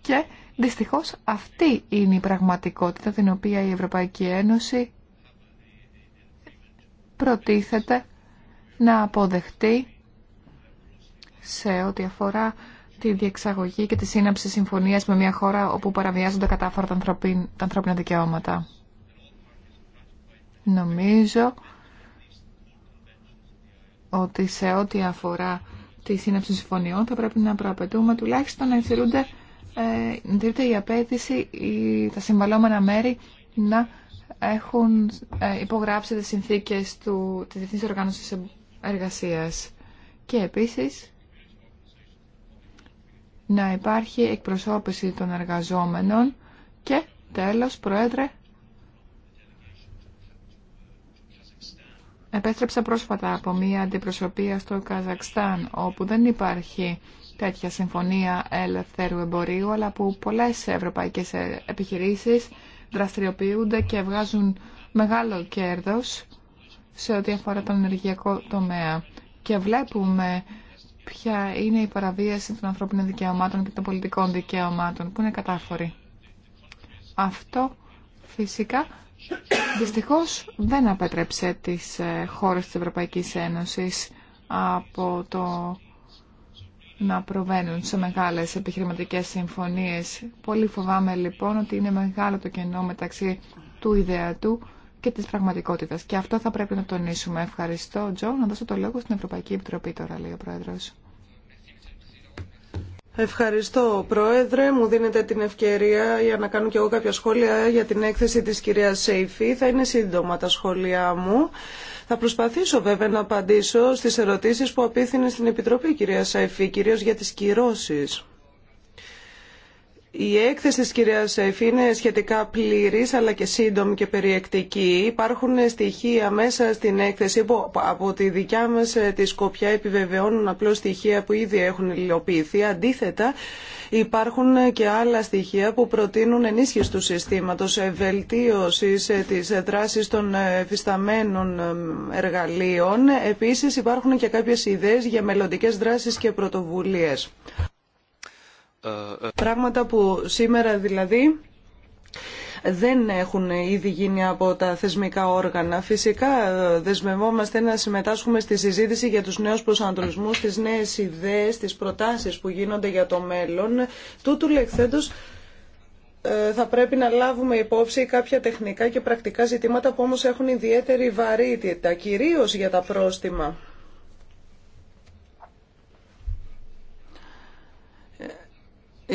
και δυστυχώς αυτή είναι η πραγματικότητα την οποία η Ευρωπαϊκή Ένωση προτίθεται να αποδεχτεί σε ό,τι αφορά τη διεξαγωγή και τη σύναψη συμφωνίας με μια χώρα όπου παραβιάζονται κατάφορα τα, τα ανθρώπινα δικαιώματα. Νομίζω ότι σε ό,τι αφορά τη σύναψη συμφωνιών θα πρέπει να προαπαιτούμε τουλάχιστον να ευθυρούνται ε, η απέτηση η, τα συμβαλώμενα μέρη να έχουν ε, υπογράψει τις συνθήκες του, της Διεθνής Οργάνωσης Εργασίας. Και επίσης να υπάρχει εκπροσώπηση των εργαζόμενων και τέλος, Πρόεδρε, επέστρεψα πρόσφατα από μία αντιπροσωπεία στο Καζακστάν, όπου δεν υπάρχει τέτοια συμφωνία ελευθέρου εμπορίου, αλλά που πολλές ευρωπαϊκές ε, επιχειρήσεις δραστηριοποιούνται και βγάζουν μεγάλο κέρδος σε ό,τι αφορά τον ενεργειακό τομέα. Και βλέπουμε ποια είναι η παραβίαση των ανθρώπινων δικαιωμάτων και των πολιτικών δικαιωμάτων που είναι κατάφοροι. Αυτό φυσικά δυστυχώ δεν απέτρεψε τις ε, χώρες της Ευρωπαϊκής Ένωσης από το να προβαίνουν σε μεγάλες επιχειρηματικές συμφωνίες. Πολύ φοβάμαι λοιπόν ότι είναι μεγάλο το κενό μεταξύ του ιδεατού και της πραγματικότητας. Και αυτό θα πρέπει να τονίσουμε. Ευχαριστώ, Τζο. Να δώσω το λόγο στην Ευρωπαϊκή Επιτροπή τώρα, λέει ο Πρόεδρος.
Ευχαριστώ, Πρόεδρε. Μου δίνετε την ευκαιρία για να κάνω και εγώ κάποια σχόλια για την έκθεση της κυρίας Σέιφη. Θα είναι σύντομα τα σχόλιά μου. Θα προσπαθήσω βέβαια να απαντήσω στις ερωτήσεις που απίθυνε στην Επιτροπή κυρία Σέιφη, κυρίως για τις κυρώσεις. Η έκθεση της κυρίας Σέφη είναι σχετικά πλήρης αλλά και σύντομη και περιεκτική. Υπάρχουν στοιχεία μέσα στην έκθεση που από τη δικιά μας ε, τη σκοπιά επιβεβαιώνουν απλώς στοιχεία που ήδη έχουν υλοποιηθεί. Αντίθετα υπάρχουν ε, και άλλα στοιχεία που προτείνουν ενίσχυση του συστήματος, ε, βελτίωση της δράσης των εφισταμένων εργαλείων. Επίσης υπάρχουν και κάποιες ιδέες για μελλοντικέ δράσεις και πρωτοβουλίες. Πράγματα που σήμερα δηλαδή δεν έχουν ήδη γίνει από τα θεσμικά όργανα. Φυσικά δεσμευόμαστε να συμμετάσχουμε στη συζήτηση για τους νέους προσανατολισμούς, τις νέες ιδέες, τις προτάσεις που γίνονται για το μέλλον. Τούτου λεξέντως ε, θα πρέπει να λάβουμε υπόψη κάποια τεχνικά και πρακτικά ζητήματα που όμως έχουν ιδιαίτερη βαρύτητα, κυρίως για τα πρόστιμα.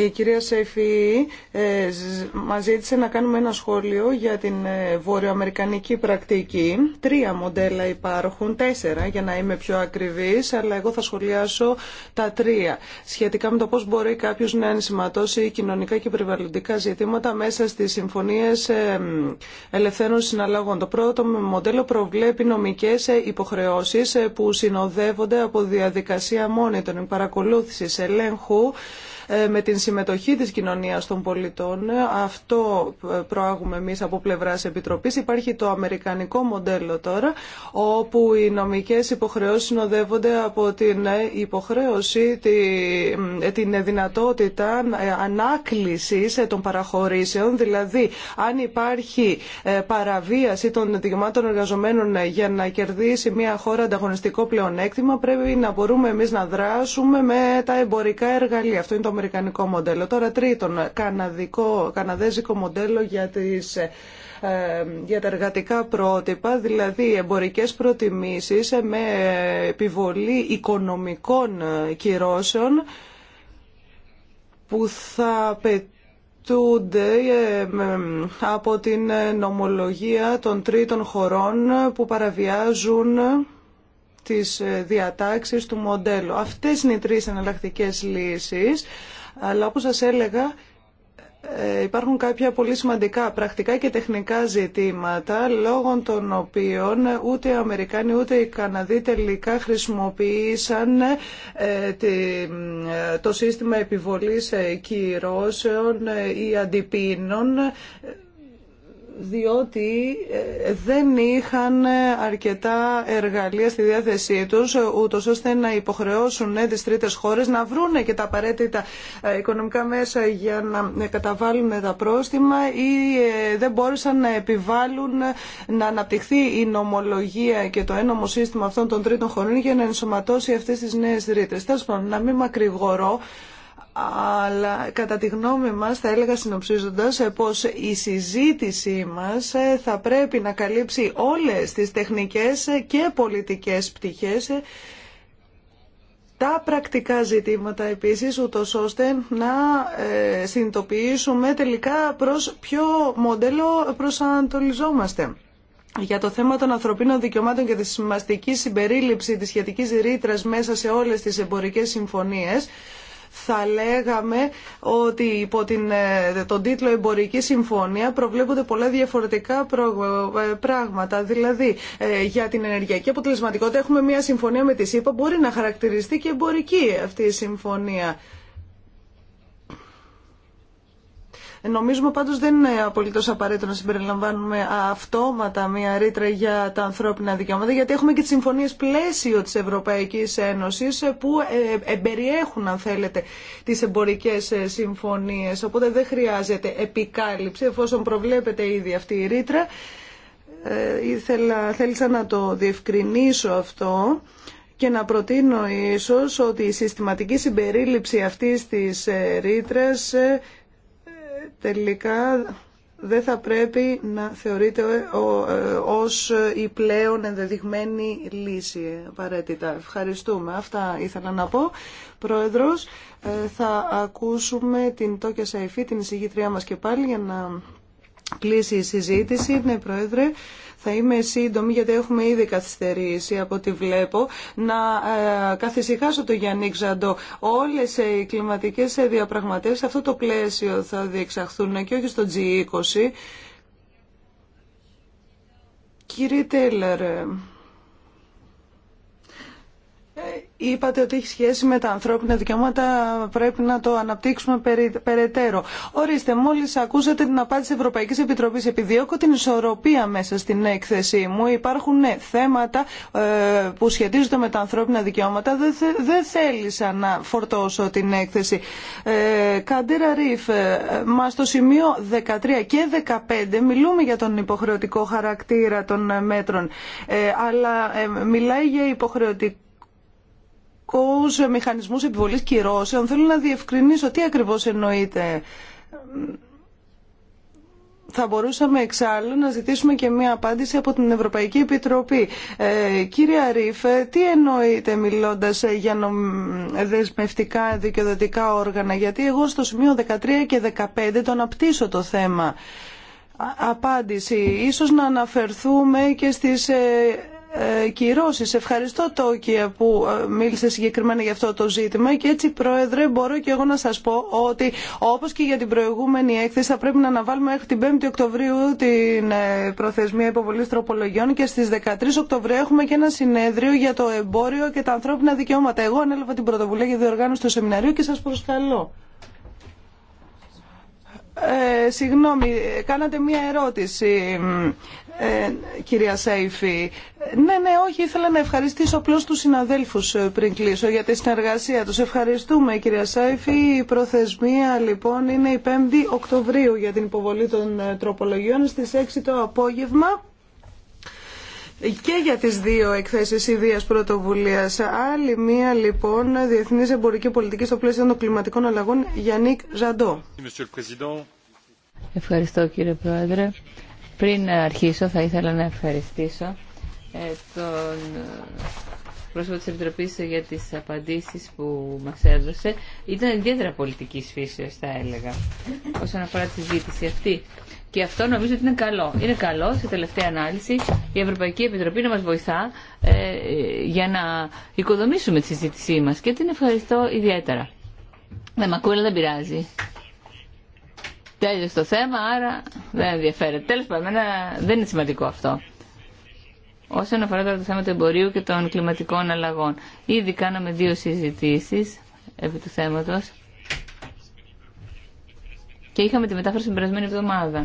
Η κυρία Σέφη ε, μας ζήτησε να κάνουμε ένα σχόλιο για την ε, βορειοαμερικανική πρακτική. Τρία μοντέλα υπάρχουν, τέσσερα για να είμαι πιο ακριβής, αλλά εγώ θα σχολιάσω τα τρία. Σχετικά με το πώς μπορεί κάποιος να ενσηματώσει κοινωνικά και περιβαλλοντικά ζητήματα μέσα στις συμφωνίες ε, ελευθέρων συναλλαγών. Το πρώτο μοντέλο προβλέπει νομικές υποχρεώσεις που συνοδεύονται από διαδικασία των παρακολούθησης, ελέγχου, ε, με την συμμετοχή της κοινωνίας των πολιτών. Ε, αυτό ε, προάγουμε εμείς από πλευράς Επιτροπής. Υπάρχει το αμερικανικό μοντέλο τώρα, όπου οι νομικές υποχρεώσεις συνοδεύονται από την υποχρέωση, την δυνατότητα ανάκλησης των παραχωρήσεων, δηλαδή αν υπάρχει παραβίαση των δειγμάτων εργαζομένων για να κερδίσει μια χώρα ανταγωνιστικό πλεονέκτημα, πρέπει να μπορούμε εμείς να δράσουμε με τα εμπορικά εργαλεία αμερικανικό μοντέλο. Τώρα τρίτον, καναδικό, καναδέζικο μοντέλο για, τις, ε, τα εργατικά πρότυπα, δηλαδή εμπορικές προτιμήσεις με επιβολή οικονομικών ε, κυρώσεων που θα απαιτούνται ε, από την νομολογία των τρίτων χωρών που παραβιάζουν της ε, διατάξεις του μοντέλου. Αυτές είναι οι τρεις εναλλακτικέ λύσεις, αλλά όπως σας έλεγα ε, υπάρχουν κάποια πολύ σημαντικά πρακτικά και τεχνικά ζητήματα λόγω των οποίων ούτε οι Αμερικάνοι ούτε οι Καναδοί τελικά χρησιμοποίησαν ε, το σύστημα επιβολής κυρώσεων ή αντιπίνων διότι ε, δεν είχαν αρκετά εργαλεία στη διάθεσή τους ε, ούτως ώστε να υποχρεώσουν ε, τις τρίτες χώρες να βρούνε και τα απαραίτητα οικονομικά μέσα για να καταβάλουν τα πρόστιμα ή δεν μπόρεσαν να επιβάλλουν να αναπτυχθεί η νομολογία και το ένομο σύστημα αυτών των τρίτων χωρών για να ενσωματώσει αυτές τις νέες ρήτρες. Τέλος να μην μακρηγορώ αλλά κατά τη γνώμη μας θα έλεγα συνοψίζοντας πως η συζήτησή μας ε, θα πρέπει να καλύψει όλες τις τεχνικές και πολιτικές πτυχές ε, τα πρακτικά ζητήματα επίσης ούτως ώστε να ε, συνειδητοποιήσουμε τελικά προς ποιο μοντέλο προσανατολιζόμαστε. Για το θέμα των ανθρωπίνων δικαιωμάτων και τη σημαστική συμπερίληψη της σχετικής ρήτρας μέσα σε όλες τις εμπορικές συμφωνίες θα λέγαμε ότι υπό την, ε, τον τίτλο Εμπορική Συμφωνία προβλέπονται πολλά διαφορετικά ε, πράγματα. Δηλαδή, ε, για την ενεργειακή αποτελεσματικότητα έχουμε μια συμφωνία με τη ΣΥΠΑ. Μπορεί να χαρακτηριστεί και εμπορική αυτή η συμφωνία. Νομίζουμε πάντως δεν είναι απολύτως απαραίτητο να συμπεριλαμβάνουμε αυτόματα μια ρήτρα για τα ανθρώπινα δικαιώματα, γιατί έχουμε και τις συμφωνίε πλαίσιο της Ευρωπαϊκής Ένωσης ε, που ε, εμπεριέχουν, αν θέλετε, τις εμπορικές ε, συμφωνίε, Οπότε δεν χρειάζεται επικάλυψη, εφόσον προβλέπεται ήδη αυτή η ρήτρα. Ήθελα, θέλησα να το διευκρινίσω αυτό και να προτείνω ίσως ότι η συστηματική συμπερίληψη αυτής της ρήτρας τελικά δεν θα πρέπει να θεωρείται ως η πλέον ενδεδειγμένη λύση απαραίτητα. Ευχαριστούμε. Αυτά ήθελα να πω. Πρόεδρος, ε, θα ακούσουμε την Τόκια Σαϊφή, την εισηγήτριά μας και πάλι για να κλείσει η συζήτηση. Ναι, Πρόεδρε. Θα είμαι σύντομη γιατί έχουμε ήδη καθυστερήσει από ό,τι βλέπω. Να ε, καθησυχάσω το Γιάννη Ξαντό. Όλες οι κλιματικές διαπραγματεύσεις σε αυτό το πλαίσιο θα διεξαχθούν και όχι στο G20. Κύριε Τέλερ, Είπατε ότι έχει σχέση με τα ανθρώπινα δικαιώματα, πρέπει να το αναπτύξουμε περαιτέρω. Ορίστε, μόλις ακούσατε την απάντηση της Ευρωπαϊκής Επιτροπής, επιδιώκω την ισορροπία μέσα στην έκθεσή μου. Υπάρχουν ε, θέματα ε, που σχετίζονται με τα ανθρώπινα δικαιώματα. Δεν θέλησα να φορτώσω την έκθεση. Ε, Καντέρα Ρίφ, μα στο σημείο 13 και 15 μιλούμε για τον υποχρεωτικό χαρακτήρα των μέτρων, αλλά μιλάει για υποχρεωτικό μηχανισμού μηχανισμούς επιβολής κυρώσεων. Θέλω να διευκρινίσω τι ακριβώς εννοείται. Θα μπορούσαμε εξάλλου να ζητήσουμε και μία απάντηση από την Ευρωπαϊκή Επιτροπή. Ε, κύριε Αρίφε, τι εννοείτε μιλώντας για δεσμευτικά δικαιοδοτικά όργανα, γιατί εγώ στο σημείο 13 και 15 το αναπτύσσω το θέμα. Απάντηση. Ίσως να αναφερθούμε και στις ε, ε, Ευχαριστώ Τόκια που ε, μίλησε συγκεκριμένα για αυτό το ζήτημα και έτσι Πρόεδρε μπορώ και εγώ να σα πω ότι όπω και για την προηγούμενη έκθεση θα πρέπει να αναβάλουμε μέχρι την 5η Οκτωβρίου την ε, προθεσμία υποβολή τροπολογιών και στι 13 Οκτωβρίου έχουμε και ένα συνέδριο για το εμπόριο και τα ανθρώπινα δικαιώματα. Εγώ ανέλαβα την πρωτοβουλία για διοργάνωση του σεμιναρίου και σα προσκαλώ. Ε, συγγνώμη, κάνατε μία ερώτηση, ε, κυρία Σέιφη. Ναι, ναι, όχι, ήθελα να ευχαριστήσω απλώς τους συναδέλφους ε, πριν κλείσω για τη συνεργασία τους. Ευχαριστούμε, κυρία Σέιφη. Η προθεσμία, λοιπόν, είναι η 5η Οκτωβρίου για την υποβολή των ε, τροπολογιών στις 6 το απόγευμα και για τις δύο εκθέσεις ιδίας πρωτοβουλίας. Άλλη μία λοιπόν διεθνής εμπορική πολιτική στο πλαίσιο των κλιματικών αλλαγών, Γιάννικ Ζαντό.
Ευχαριστώ κύριε Πρόεδρε. Πριν αρχίσω θα ήθελα να ευχαριστήσω ε, τον ε, πρόσωπο της Επιτροπής για τις απαντήσεις που μας έδωσε. Ήταν ιδιαίτερα πολιτικής φύσεως θα έλεγα όσον αφορά τη συζήτηση αυτή και αυτό νομίζω ότι είναι καλό. Είναι καλό, σε τελευταία ανάλυση, η Ευρωπαϊκή Επιτροπή να μας βοηθά ε, για να οικοδομήσουμε τη συζήτησή μα Και την ευχαριστώ ιδιαίτερα. Δεν μ' δεν πειράζει. Τέλειωσε το θέμα, άρα δεν ενδιαφέρεται. Τέλο πάντων, δεν είναι σημαντικό αυτό. Όσον αφορά τώρα το θέμα του εμπορίου και των κλιματικών αλλαγών, ήδη κάναμε δύο συζητήσει επί του θέματος και είχαμε τη μετάφραση την περασμένη εβδομάδα.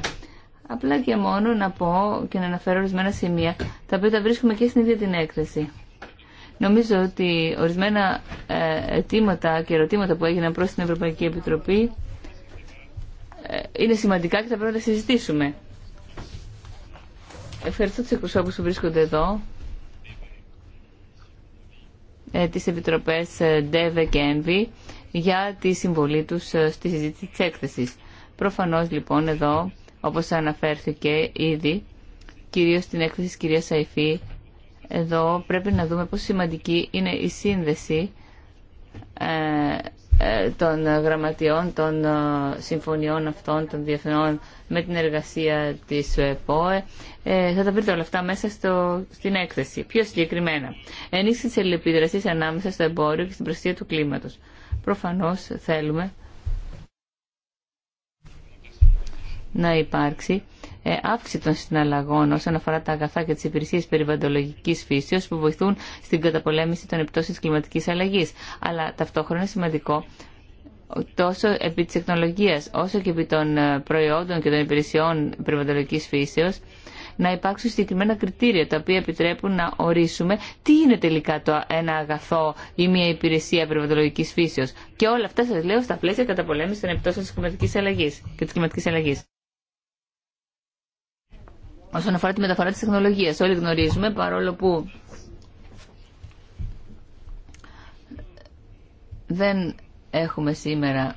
Απλά και μόνο να πω και να αναφέρω ορισμένα σημεία τα οποία τα βρίσκουμε και στην ίδια την έκθεση. Νομίζω ότι ορισμένα ε, αιτήματα και ερωτήματα που έγιναν προς την Ευρωπαϊκή Επιτροπή ε, είναι σημαντικά και θα πρέπει να τα συζητήσουμε. Ευχαριστώ τους εκπροσώπους που βρίσκονται εδώ, ε, τις Επιτροπές ΔΕΒΕ και ΕΝΒΗ, για τη συμβολή τους στη συζήτηση της έκθεσης. Προφανώς λοιπόν εδώ, όπως αναφέρθηκε ήδη, κυρίως στην έκθεση της κυρίας Σαϊφή, εδώ πρέπει να δούμε πόσο σημαντική είναι η σύνδεση ε, ε, των γραμματιών των ε, συμφωνιών αυτών των διεθνών με την εργασία της ΕΠΟΕ. θα τα βρείτε όλα αυτά μέσα στο, στην έκθεση. Πιο συγκεκριμένα, ενίσχυση της ανάμεσα στο εμπόριο και στην προστασία του κλίματος. Προφανώς θέλουμε να υπάρξει ε, αύξηση των συναλλαγών όσον αφορά τα αγαθά και τι υπηρεσίε περιβαλλοντολογική φύσεω που βοηθούν στην καταπολέμηση των επιπτώσεων τη κλιματική αλλαγή. Αλλά ταυτόχρονα είναι σημαντικό τόσο επί της τεχνολογίας όσο και επί των ε, προϊόντων και των υπηρεσιών περιβαλλοντολογική φύσεως να υπάρξουν συγκεκριμένα κριτήρια τα οποία επιτρέπουν να ορίσουμε τι είναι τελικά το ένα αγαθό ή μια υπηρεσία περιβαντολογικής φύσεως. Και όλα αυτά σα λέω στα πλαίσια καταπολέμηση των επιπτώσεων τη κλιματική αλλαγή και της κλιματικής αλλαγής όσον αφορά τη μεταφορά της τεχνολογίας. Όλοι γνωρίζουμε, παρόλο που δεν έχουμε σήμερα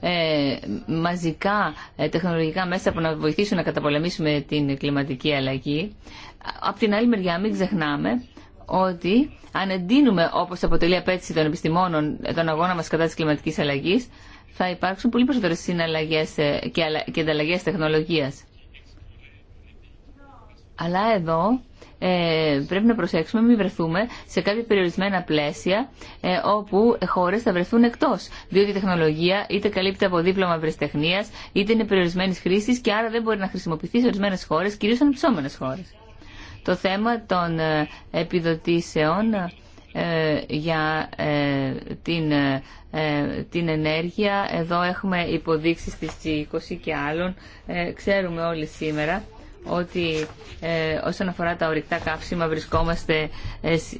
ε, μαζικά ε, τεχνολογικά μέσα που να βοηθήσουν να καταπολεμήσουμε την κλιματική αλλαγή. Απ' την άλλη μεριά μην ξεχνάμε ότι αν εντείνουμε όπως αποτελεί απέτηση των επιστημόνων ε, τον αγώνα μας κατά της κλιματικής αλλαγής θα υπάρξουν πολύ περισσότερε συναλλαγέ ε, και ανταλλαγέ τεχνολογίας. Αλλά εδώ ε, πρέπει να προσέξουμε μην βρεθούμε σε κάποια περιορισμένα πλαίσια ε, όπου χώρες θα βρεθούν εκτός. Διότι η τεχνολογία είτε καλύπτει από δίπλωμα βρεστεχνία, είτε είναι περιορισμένη χρήση και άρα δεν μπορεί να χρησιμοποιηθεί σε ορισμένες χώρες, κυρίως ανεψόμενε χώρε. Το θέμα των ε, επιδοτήσεων ε, για ε, την, ε, την ενέργεια. Εδώ έχουμε υποδείξει στις 20 και άλλων. Ξέρουμε όλοι σήμερα ότι όσον αφορά τα ορυκτά καύσιμα βρισκόμαστε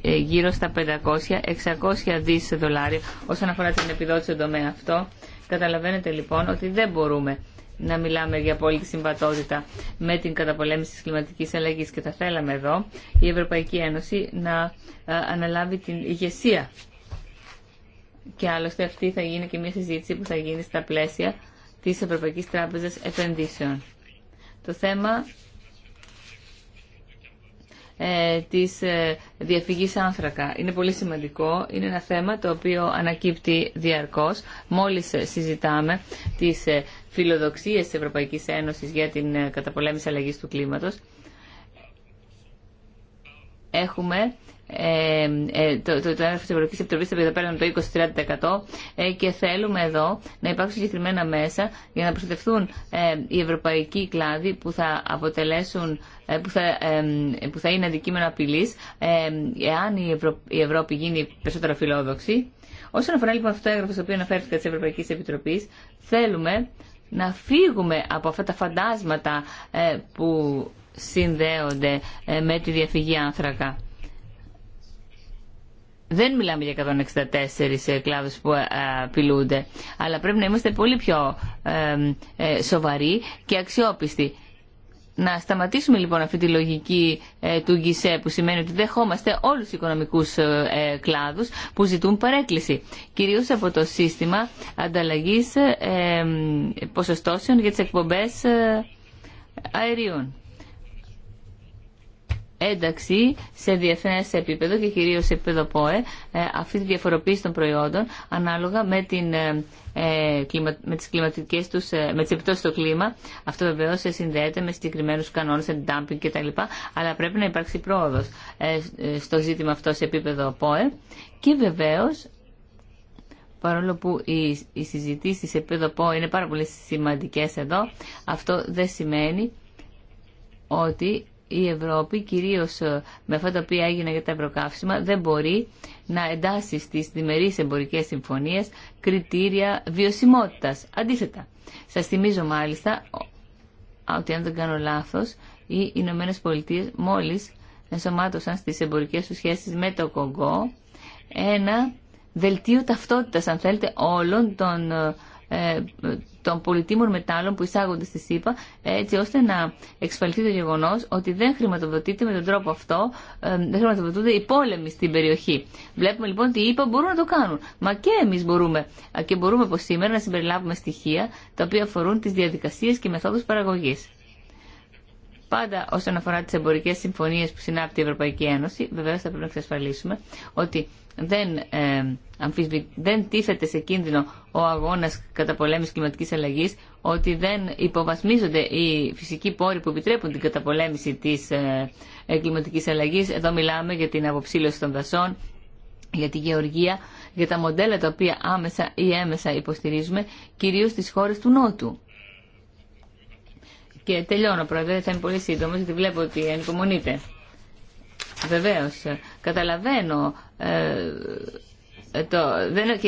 γύρω στα 500-600 δις δολάρια όσον αφορά την επιδότηση στον τομέα αυτό. Καταλαβαίνετε λοιπόν ότι δεν μπορούμε να μιλάμε για απόλυτη συμβατότητα με την καταπολέμηση της κλιματικής αλλαγής και θα θέλαμε εδώ η Ευρωπαϊκή Ένωση να ε, αναλάβει την ηγεσία. Και άλλωστε αυτή θα γίνει και μια συζήτηση που θα γίνει στα πλαίσια της Ευρωπαϊκής Τράπεζας Επενδύσεων. Το θέμα ε, της ε, διαφυγής άνθρακα. Είναι πολύ σημαντικό. Είναι ένα θέμα το οποίο ανακύπτει διαρκώς. Μόλις ε, συζητάμε τις φιλοδοξίε της Ευρωπαϊκής Ένωσης για την ε, καταπολέμηση αλλαγή του κλίματο. έχουμε ε, ε, το, το, το έγγραφο της Ευρωπαϊκής Επιτροπής θα παίρνουμε το 20 ε, και θέλουμε εδώ να υπάρξουν συγκεκριμένα μέσα για να προστατευτούν οι ευρωπαϊκοί κλάδοι που θα αποτελέσουν που θα, είναι αντικείμενο απειλή εάν η, Ευρω... η Ευρώπη γίνει περισσότερο φιλόδοξη. Όσον αφορά λοιπόν αυτό το έγγραφο στο οποίο αναφέρθηκα τη Ευρωπαϊκή Επιτροπή, θέλουμε να φύγουμε από αυτά τα φαντάσματα ε, που συνδέονται ε, με τη διαφυγή άνθρακα. Δεν μιλάμε για 164 ε, κλάδους που απειλούνται, αλλά πρέπει να είμαστε πολύ πιο σοβαροί και αξιόπιστοι. Να σταματήσουμε λοιπόν αυτή τη λογική ε, του ΓΙΣΕ που σημαίνει ότι δεχόμαστε όλους τους οικονομικούς ε, ε, κλάδους που ζητούν παρέκκληση. Κυρίως από το σύστημα ανταλλαγής ποσοστώσεων για τις εκπομπές αερίων ένταξη σε διεθνέ επίπεδο και κυρίω σε επίπεδο ΠΟΕ ε, αυτή τη διαφοροποίηση των προϊόντων ανάλογα με, την, ε, ε, με τις κλιματικές τους, τις στο κλίμα. Αυτό βεβαίω συνδέεται με συγκεκριμένου κανόνε, dumping κτλ. Αλλά πρέπει να υπάρξει πρόοδος στο ζήτημα αυτό σε επίπεδο ΠΟΕ και βεβαίω παρόλο που οι, οι σε επίπεδο ΠΟΕ είναι πάρα πολύ σημαντικέ εδώ, αυτό δεν σημαίνει ότι η Ευρώπη, κυρίως ε, με αυτά τα οποία έγιναν για τα ευρωκαύσιμα, δεν μπορεί να εντάσσει στις διμερείς εμπορικές συμφωνίες κριτήρια βιωσιμότητας. Αντίθετα, σας θυμίζω μάλιστα ότι αν δεν κάνω λάθος, οι Ηνωμένε Πολιτείε μόλις ενσωμάτωσαν στις εμπορικές του σχέσεις με το Κογκό ένα δελτίο ταυτότητας, αν θέλετε, όλων των ε, ε, των πολιτήμων μετάλλων που εισάγονται στη ΣΥΠΑ, έτσι ώστε να εξφαλθεί το γεγονό ότι δεν χρηματοδοτείται με τον τρόπο αυτό, ε, δεν χρηματοδοτούνται οι πόλεμοι στην περιοχή. Βλέπουμε λοιπόν ότι οι ΥΠΑ μπορούν να το κάνουν. Μα και εμεί μπορούμε. Και μπορούμε από σήμερα να συμπεριλάβουμε στοιχεία τα οποία αφορούν τι διαδικασίε και μεθόδου παραγωγή. Πάντα όσον αφορά τι εμπορικέ συμφωνίε που συνάπτει η Ευρωπαϊκή Ένωση, βεβαίω θα πρέπει να εξασφαλίσουμε ότι δεν, ε, αμφισβη, δεν τίθεται σε κίνδυνο ο αγώνας κατά πολέμηση κλιματικής αλλαγής, ότι δεν υποβασμίζονται οι φυσικοί πόροι που επιτρέπουν την καταπολέμηση της ε, ε, κλιματικής αλλαγής. Εδώ μιλάμε για την αποψήλωση των δασών, για τη γεωργία, για τα μοντέλα τα οποία άμεσα ή έμεσα υποστηρίζουμε, κυρίως στις χώρες του Νότου. Και τελειώνω, Πρόεδρε, θα είμαι πολύ σύντομο, γιατί βλέπω ότι ανυπομονείτε. Βεβαίω. Καταλαβαίνω. Ε, ε, το, δεν,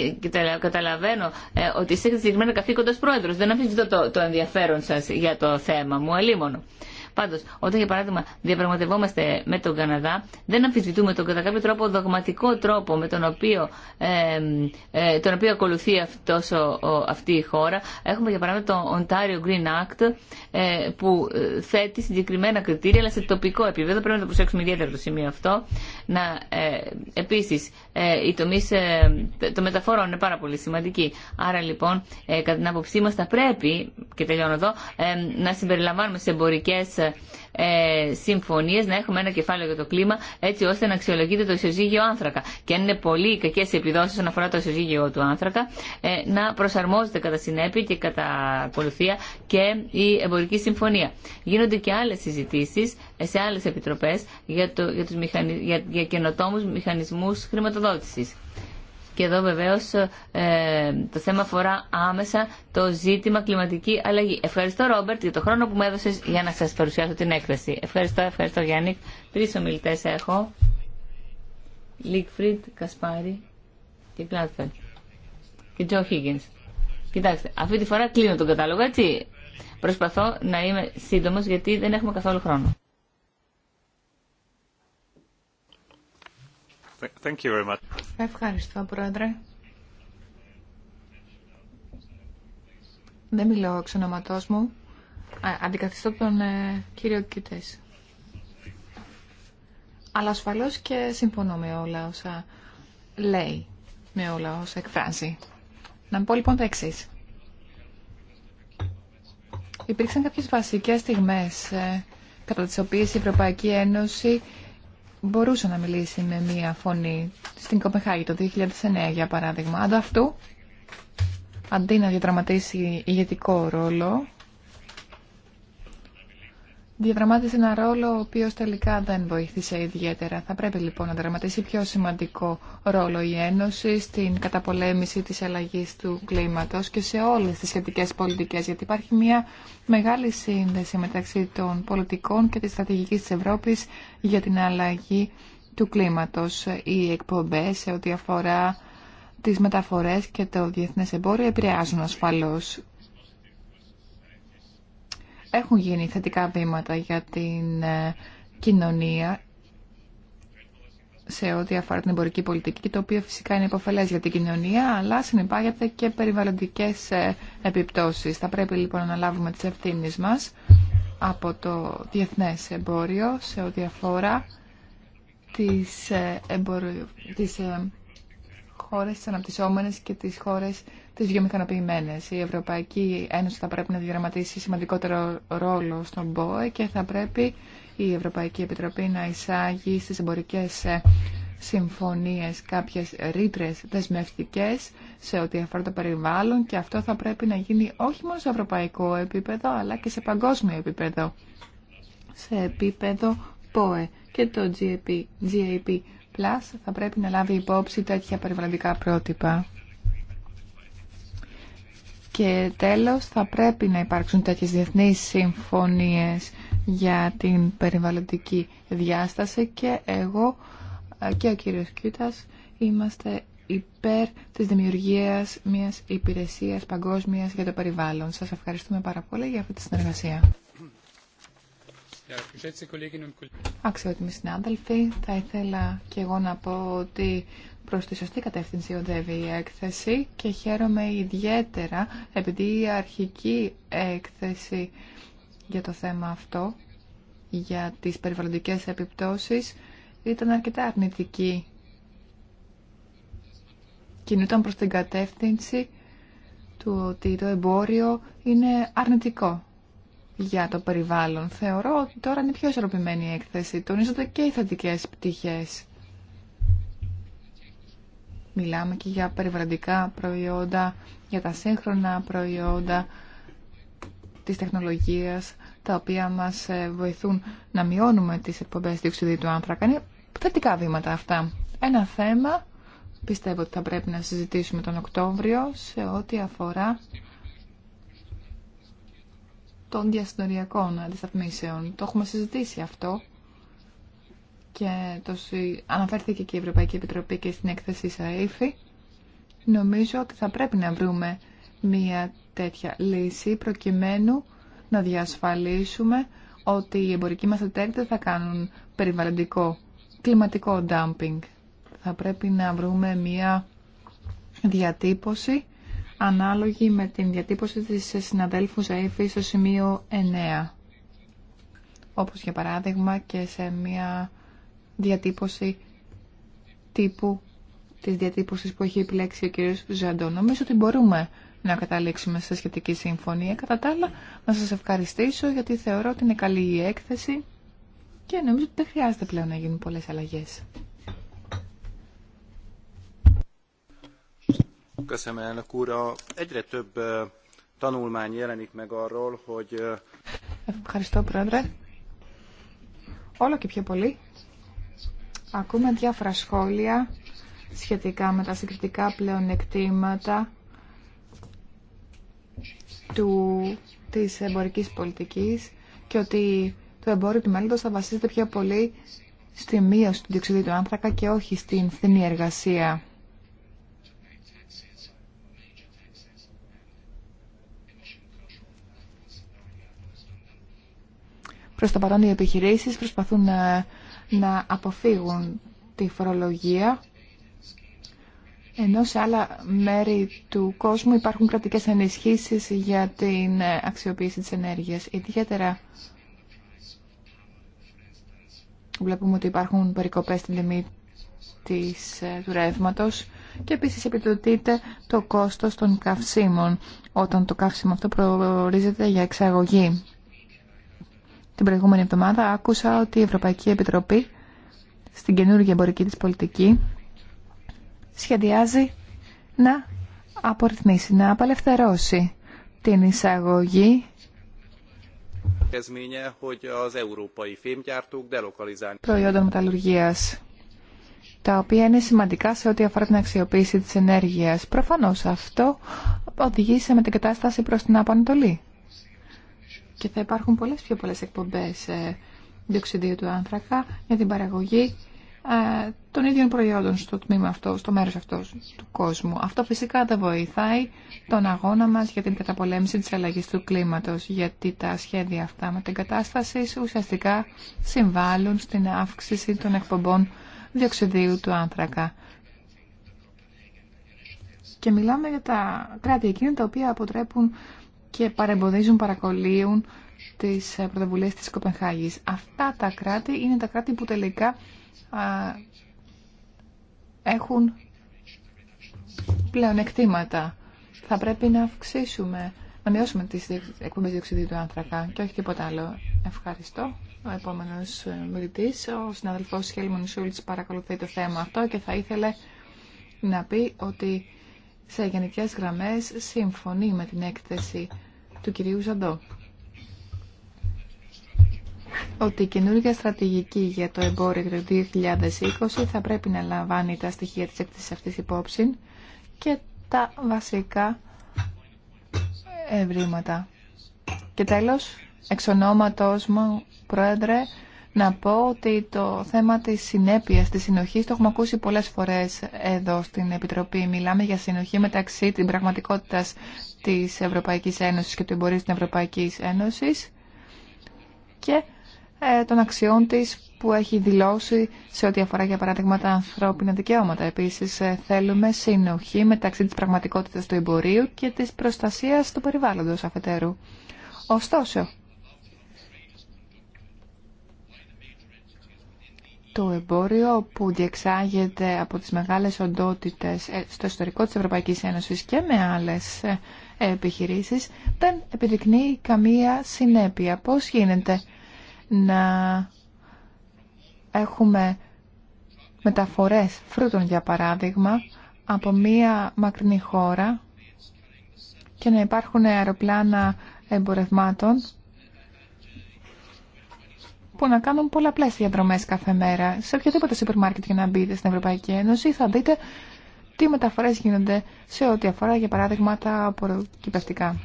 καταλαβαίνω ε, ότι είστε συγκεκριμένα καθήκοντας πρόεδρος. Δεν αφήνω το, το, το ενδιαφέρον σας για το θέμα μου, αλίμονο. Πάντω, όταν για παράδειγμα διαπραγματευόμαστε με τον Καναδά, δεν αμφισβητούμε τον κατά κάποιο τρόπο δογματικό τρόπο με τον οποίο, ε, ε, τον ακολουθεί αυτός αυτή η χώρα. Έχουμε για παράδειγμα το Ontario Green Act ε, που ε, θέτει συγκεκριμένα κριτήρια, αλλά σε τοπικό επίπεδο πρέπει να το προσέξουμε ιδιαίτερα το σημείο αυτό. Επίση, επίσης, ε, οι ε, μεταφορών είναι πάρα πολύ σημαντικοί. Άρα λοιπόν, κατά την άποψή μα θα πρέπει, και τελειώνω εδώ, να συμπεριλαμβάνουμε σε εμπορικές ε, συμφωνίε να έχουμε ένα κεφάλαιο για το κλίμα έτσι ώστε να αξιολογείται το ισοζύγιο άνθρακα. Και αν είναι πολύ κακέ οι επιδόσει όσον αφορά το ισοζύγιο του άνθρακα, ε, να προσαρμόζεται κατά συνέπεια και κατά ακολουθία και η εμπορική συμφωνία. Γίνονται και άλλε συζητήσει ε, σε άλλε επιτροπέ για, το, για, για, για καινοτόμου μηχανισμού χρηματοδότηση. Και εδώ βεβαίω ε, το θέμα αφορά άμεσα το ζήτημα κλιματική αλλαγή. Ευχαριστώ, Ρόμπερτ, για το χρόνο που μου έδωσε για να σα παρουσιάσω την έκθεση. Ευχαριστώ, ευχαριστώ, Γιάννη. Τρει ομιλητέ έχω. Λίκφριντ, Κασπάρη και Κλάτφελ. Και Τζο Χίγκιν. Κοιτάξτε, αυτή τη φορά κλείνω τον κατάλογο, έτσι. Προσπαθώ να είμαι σύντομο γιατί δεν έχουμε καθόλου
χρόνο. Ευχαριστώ, Πρόεδρε. Δεν μιλάω εξ μου. αντικαθιστώ τον ε, κύριο Κιούτες. Αλλά ασφαλώ και συμφωνώ με όλα όσα λέει, με όλα όσα εκφράζει. Να πω λοιπόν τα εξή. Υπήρξαν κάποιες βασικές στιγμές ε, κατά τις οποίες η Ευρωπαϊκή Ένωση μπορούσε να μιλήσει με μία φωνή στην Κοπεχάγη το 2009 για παράδειγμα. Αν αυτού, αντί να διαδραματίσει ηγετικό ρόλο, διαδραμάτισε ένα ρόλο ο οποίο τελικά δεν βοήθησε ιδιαίτερα. Θα πρέπει λοιπόν να δραματίσει πιο σημαντικό ρόλο η Ένωση στην καταπολέμηση της αλλαγή του κλίματος και σε όλες τις σχετικές πολιτικές, γιατί υπάρχει μια μεγάλη σύνδεση μεταξύ των πολιτικών και της Στρατηγική της Ευρώπης για την αλλαγή του κλίματο. Οι εκπομπέ σε ό,τι αφορά τι μεταφορέ και το διεθνέ εμπόριο επηρεάζουν ασφαλώς έχουν γίνει θετικά βήματα για την ε, κοινωνία σε ό,τι αφορά την εμπορική πολιτική, το οποίο φυσικά είναι υποφελέ για την κοινωνία, αλλά συνεπάγεται και περιβαλλοντικέ ε, επιπτώσει. Θα πρέπει λοιπόν να λάβουμε τι ευθύνε μα από το διεθνέ εμπόριο σε ό,τι αφορά τι τις ε, χώρε, τι αναπτυσσόμενε και τι χώρε τις βιομηχανοποιημένες. Η Ευρωπαϊκή Ένωση θα πρέπει να διαδραματίσει σημαντικότερο ρόλο στον ΠΟΕ και θα πρέπει η Ευρωπαϊκή Επιτροπή να εισάγει στις εμπορικές ε, συμφωνίες κάποιες ρήτρε δεσμευτικέ σε ό,τι αφορά το περιβάλλον και αυτό θα πρέπει να γίνει όχι μόνο σε ευρωπαϊκό επίπεδο αλλά και σε παγκόσμιο επίπεδο. Σε επίπεδο ΠΟΕ και το GAP, GAP Plus θα πρέπει να λάβει υπόψη τέτοια περιβαλλοντικά πρότυπα. Και τέλος θα πρέπει να υπάρξουν τέτοιες διεθνείς συμφωνίες για την περιβαλλοντική διάσταση και εγώ και ο κύριος Κιούτας είμαστε υπέρ της δημιουργίας μιας υπηρεσίας παγκόσμιας για το περιβάλλον. Σας ευχαριστούμε πάρα πολύ για αυτή τη συνεργασία. Αξιότιμοι συνάδελφοι, θα ήθελα και εγώ να πω ότι Προς τη σωστή κατεύθυνση οδεύει η έκθεση και χαίρομαι ιδιαίτερα επειδή η αρχική έκθεση για το θέμα αυτό, για τις περιβαλλοντικές επιπτώσεις, ήταν αρκετά αρνητική. Κινούταν προς την κατεύθυνση του ότι το εμπόριο είναι αρνητικό για το περιβάλλον. Θεωρώ ότι τώρα είναι πιο ισορροπημένη η έκθεση. Τονίζονται και οι θετικές πτυχές. Μιλάμε και για περιβαλλοντικά προϊόντα, για τα σύγχρονα προϊόντα της τεχνολογίας, τα οποία μας ε, βοηθούν να μειώνουμε τις εκπομπές διοξιδίου του άνθρακα. Είναι θετικά βήματα αυτά. Ένα θέμα πιστεύω ότι θα πρέπει να συζητήσουμε τον Οκτώβριο σε ό,τι αφορά των διασυνοριακών αντισταθμίσεων. Το έχουμε συζητήσει αυτό και το, αναφέρθηκε και η Ευρωπαϊκή Επιτροπή και στην έκθεση ΣΑΕΦΗ, νομίζω ότι θα πρέπει να βρούμε μια τέτοια λύση προκειμένου να διασφαλίσουμε ότι οι εμπορικοί μας εταίροι δεν θα κάνουν περιβαλλοντικό, κλιματικό dumping. Θα πρέπει να βρούμε μια διατύπωση ανάλογη με την διατύπωση της συναδέλφου ΣΑΕΦΗ στο σημείο 9 όπως για παράδειγμα και σε μια διατύπωση τύπου της διατύπωσης που έχει επιλέξει ο κ. Ζαντό. Νομίζω ότι μπορούμε να καταλήξουμε σε σχετική συμφωνία. Κατά τα άλλα, να σας ευχαριστήσω γιατί θεωρώ ότι είναι καλή η έκθεση και νομίζω ότι δεν χρειάζεται πλέον να γίνουν πολλές αλλαγές. Ευχαριστώ, Πρόεδρε. Όλο και πιο πολύ Ακούμε διάφορα σχόλια σχετικά με τα συγκριτικά πλεονεκτήματα του, της εμπορικής πολιτικής και ότι το εμπόριο του μέλλοντος θα βασίζεται πιο πολύ στη μείωση του διοξιδίου του άνθρακα και όχι στην φθηνή εργασία. Προς το παρόν οι επιχειρήσεις προσπαθούν να να αποφύγουν τη φορολογία ενώ σε άλλα μέρη του κόσμου υπάρχουν κρατικές ενισχύσεις για την αξιοποίηση της ενέργειας. Ιδιαίτερα βλέπουμε ότι υπάρχουν περικοπές στην τιμή της, ε, του ρεύματο και επίσης επιδοτείται το κόστος των καυσίμων όταν το καύσιμο αυτό προορίζεται για εξαγωγή. Την προηγούμενη εβδομάδα άκουσα ότι η Ευρωπαϊκή Επιτροπή στην καινούργια εμπορική της πολιτική σχεδιάζει να απορριθμίσει, να απελευθερώσει την εισαγωγή προϊόντων μεταλλουργίας τα οποία είναι σημαντικά σε ό,τι αφορά την αξιοποίηση της ενέργειας. Προφανώς αυτό οδηγεί σε κατάσταση προς την Απανατολή και θα υπάρχουν πολλές πιο πολλές εκπομπές ε, διοξιδίου του άνθρακα για την παραγωγή ε, των ίδιων προϊόντων στο τμήμα αυτό, στο μέρος αυτό του κόσμου. Αυτό φυσικά δεν βοηθάει τον αγώνα μας για την καταπολέμηση της αλλαγής του κλίματος, γιατί τα σχέδια αυτά με την κατάσταση ουσιαστικά συμβάλλουν στην αύξηση των εκπομπών διοξιδίου του άνθρακα. Και μιλάμε για τα κράτη εκείνα τα οποία αποτρέπουν και παρεμποδίζουν, παρακολύουν τις ε, πρωτοβουλίες της Κοπενχάγης. Αυτά τα κράτη είναι τα κράτη που τελικά έχουν πλέον εκτίματα. Θα πρέπει να αυξήσουμε, να μειώσουμε τις εκπομπές διοξιδίου του άνθρακα και όχι τίποτα άλλο. Ευχαριστώ. Ο επόμενος ε, μιλητής, ο συναδελφός Χέλμον Σούλτς, παρακολουθεί το θέμα αυτό και θα ήθελε να πει ότι σε γενικές γραμμές συμφωνεί με την έκθεση του κυρίου Ζαντό ότι η καινούργια στρατηγική για το εμπόριο του 2020 θα πρέπει να λαμβάνει τα στοιχεία της έκθεσης αυτής υπόψη και τα βασικά ευρήματα. Και τέλος, εξ μου, Πρόεδρε, να πω ότι το θέμα της συνέπειας, της συνοχής, το έχουμε ακούσει πολλές φορές εδώ στην Επιτροπή. Μιλάμε για συνοχή μεταξύ την πραγματικότητα της Ευρωπαϊκής Ένωσης και του εμπορίου της Ευρωπαϊκής Ένωσης και ε, των αξιών της που έχει δηλώσει σε ό,τι αφορά για παράδειγμα τα ανθρώπινα δικαιώματα. Επίσης ε, θέλουμε συνοχή μεταξύ της πραγματικότητας του εμπορίου και της προστασίας του περιβάλλοντος αφετέρου. Ωστόσο, το εμπόριο που διεξάγεται από τις μεγάλες οντότητες ε, στο ιστορικό της Ευρωπαϊκής Ένωσης και με άλλες ε, επιχειρήσεις δεν επιδεικνύει καμία συνέπεια. Πώς γίνεται να έχουμε μεταφορές φρούτων για παράδειγμα από μία μακρινή χώρα και να υπάρχουν αεροπλάνα εμπορευμάτων που να κάνουν πολλαπλέ διαδρομέ κάθε μέρα. Σε οποιοδήποτε σούπερ μάρκετ για να μπείτε στην Ευρωπαϊκή Ένωση θα δείτε τι μεταφορέ γίνονται σε ό,τι αφορά για παράδειγμα τα απορροκυπευτικά.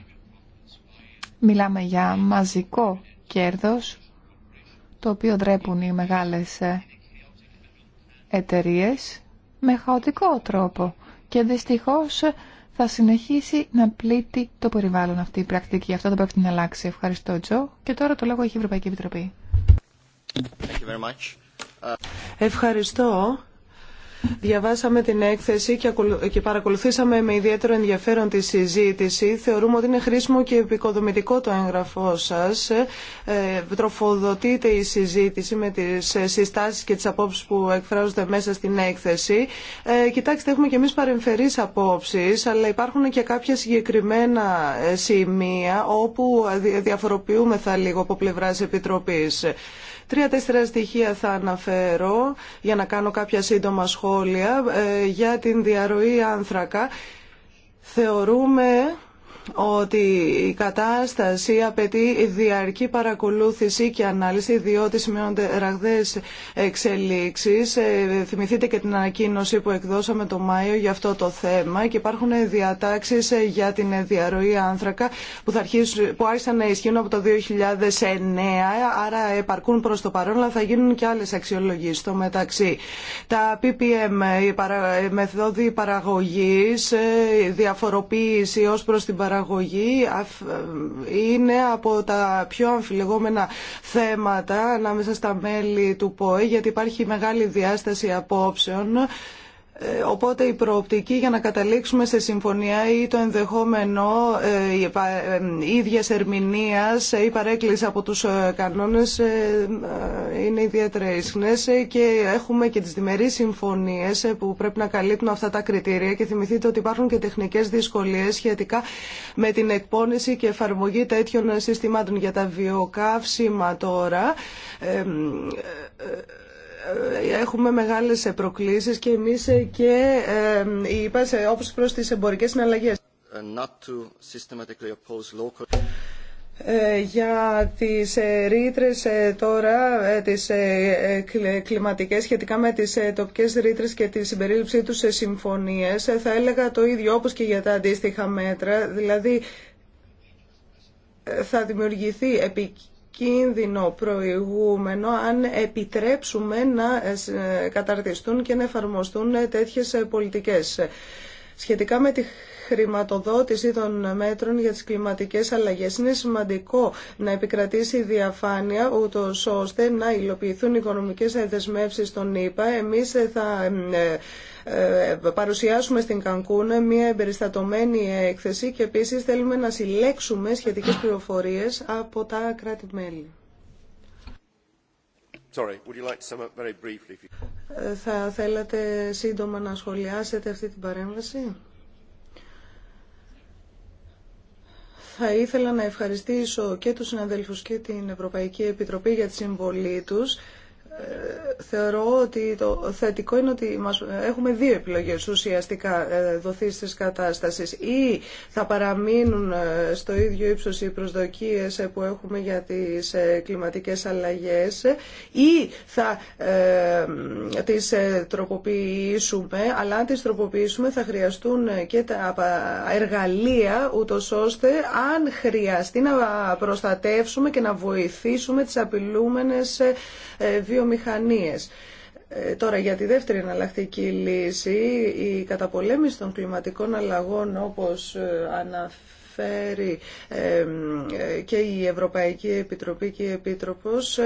Μιλάμε για μαζικό κέρδο, το οποίο ντρέπουν οι μεγάλε εταιρείε με χαοτικό τρόπο και δυστυχώ ε, θα συνεχίσει να πλήττει το περιβάλλον αυτή η πρακτική. Αυτό δεν πρέπει να αλλάξει. Ευχαριστώ Τζο και τώρα το λόγο έχει η Ευρωπαϊκή Επιτροπή.
Ευχαριστώ. Διαβάσαμε την έκθεση και παρακολουθήσαμε με ιδιαίτερο ενδιαφέρον τη συζήτηση. Θεωρούμε ότι είναι χρήσιμο και επικοδομητικό το έγγραφό σας. Ε, τροφοδοτείται η συζήτηση με τις συστάσεις και τις απόψεις που εκφράζονται μέσα στην έκθεση. Ε, κοιτάξτε, έχουμε και εμείς παρεμφερείς απόψεις, αλλά υπάρχουν και κάποια συγκεκριμένα ε, σημεία όπου διαφοροποιούμεθα λίγο από πλευράς Επιτροπής. Τρία-τέσσερα στοιχεία θα αναφέρω για να κάνω κάποια σύντομα σχόλια ε, για την διαρροή άνθρακα. Θεωρούμε ότι η κατάσταση απαιτεί διαρκή παρακολούθηση και ανάλυση διότι σημειώνονται ραγδαίες εξελίξεις. Ε, θυμηθείτε και την ανακοίνωση που εκδώσαμε το Μάιο για αυτό το θέμα και υπάρχουν διατάξεις για την διαρροή άνθρακα που, θα αρχίσουν, που άρχισαν να ισχύουν από το 2009 άρα επαρκούν προς το παρόν αλλά θα γίνουν και άλλες αξιολογήσεις στο μεταξύ. Τα PPM, η μεθόδη παραγωγής, ε, διαφοροποίηση ως προς την παραγωγή παραγωγή είναι από τα πιο αμφιλεγόμενα θέματα ανάμεσα στα μέλη του ΠΟΕ γιατί υπάρχει μεγάλη διάσταση απόψεων ε, οπότε η προοπτική για να καταλήξουμε σε συμφωνία ή το ενδεχόμενο ε, ε, ίδια ερμηνεία ή παρέκκληση από τους κανόνες είναι ιδιαίτερα ίσχνες και έχουμε και τις διμερείς συμφωνίες που πρέπει να καλύπτουν αυτά τα κριτήρια και θυμηθείτε ότι υπάρχουν και τεχνικές δυσκολίες σχετικά με την εκπόνηση και εφαρμογή τέτοιων συστημάτων για τα βιοκαύσιμα τώρα ε, έχουμε μεγάλες προκλήσεις και εμείς ε, και είπα σε, όπως προς τις εμπορικές συναλλαγές. Ε, για τις ρήτρες τώρα, τις κλιματικές σχετικά με τις τοπικές ρήτρες και τη συμπερίληψή τους σε συμφωνίες, θα έλεγα το ίδιο όπως και για τα αντίστοιχα μέτρα, δηλαδή θα δημιουργηθεί επικοινωνία κίνδυνο προηγούμενο αν επιτρέψουμε να ε, ε, καταρτιστούν και να εφαρμοστούν ε, τέτοιες πολιτικές. Σχετικά με τη χρηματοδότηση των μέτρων για τις κλιματικές αλλαγές είναι σημαντικό να επικρατήσει η διαφάνεια ούτως ώστε να υλοποιηθούν οι οικονομικές δεσμεύσεις των ΗΠΑ. Εμείς θα ε, παρουσιάσουμε στην Κανκούν μια εμπεριστατωμένη έκθεση και επίσης θέλουμε να συλλέξουμε σχετικές πληροφορίες από τα κράτη-μέλη. Θα θέλατε σύντομα να σχολιάσετε αυτή την παρέμβαση. θα ήθελα να ευχαριστήσω και τους συναδέλφους και την Ευρωπαϊκή Επιτροπή για τη συμβολή τους θεωρώ ότι το θετικό είναι ότι μας, έχουμε δύο επιλογές ουσιαστικά ε, δοθεί τη κατάστασεις ή θα παραμείνουν ε, στο ίδιο ύψος οι προσδοκίες ε, που έχουμε για τις κλιματικές αλλαγές ή θα ε, τις τροποποιήσουμε αλλά αν τις τροποποιήσουμε θα χρειαστούν και τα εργαλεία ούτως ώστε αν χρειαστεί να προστατεύσουμε και να βοηθήσουμε τις απειλούμενες ε, βιομηχανίες. Ε, τώρα για τη δεύτερη εναλλακτική λύση, η καταπολέμηση των κλιματικών αλλαγών όπως ε, αναφέρει ε, και η Ευρωπαϊκή Επιτροπή και η Επίτροπος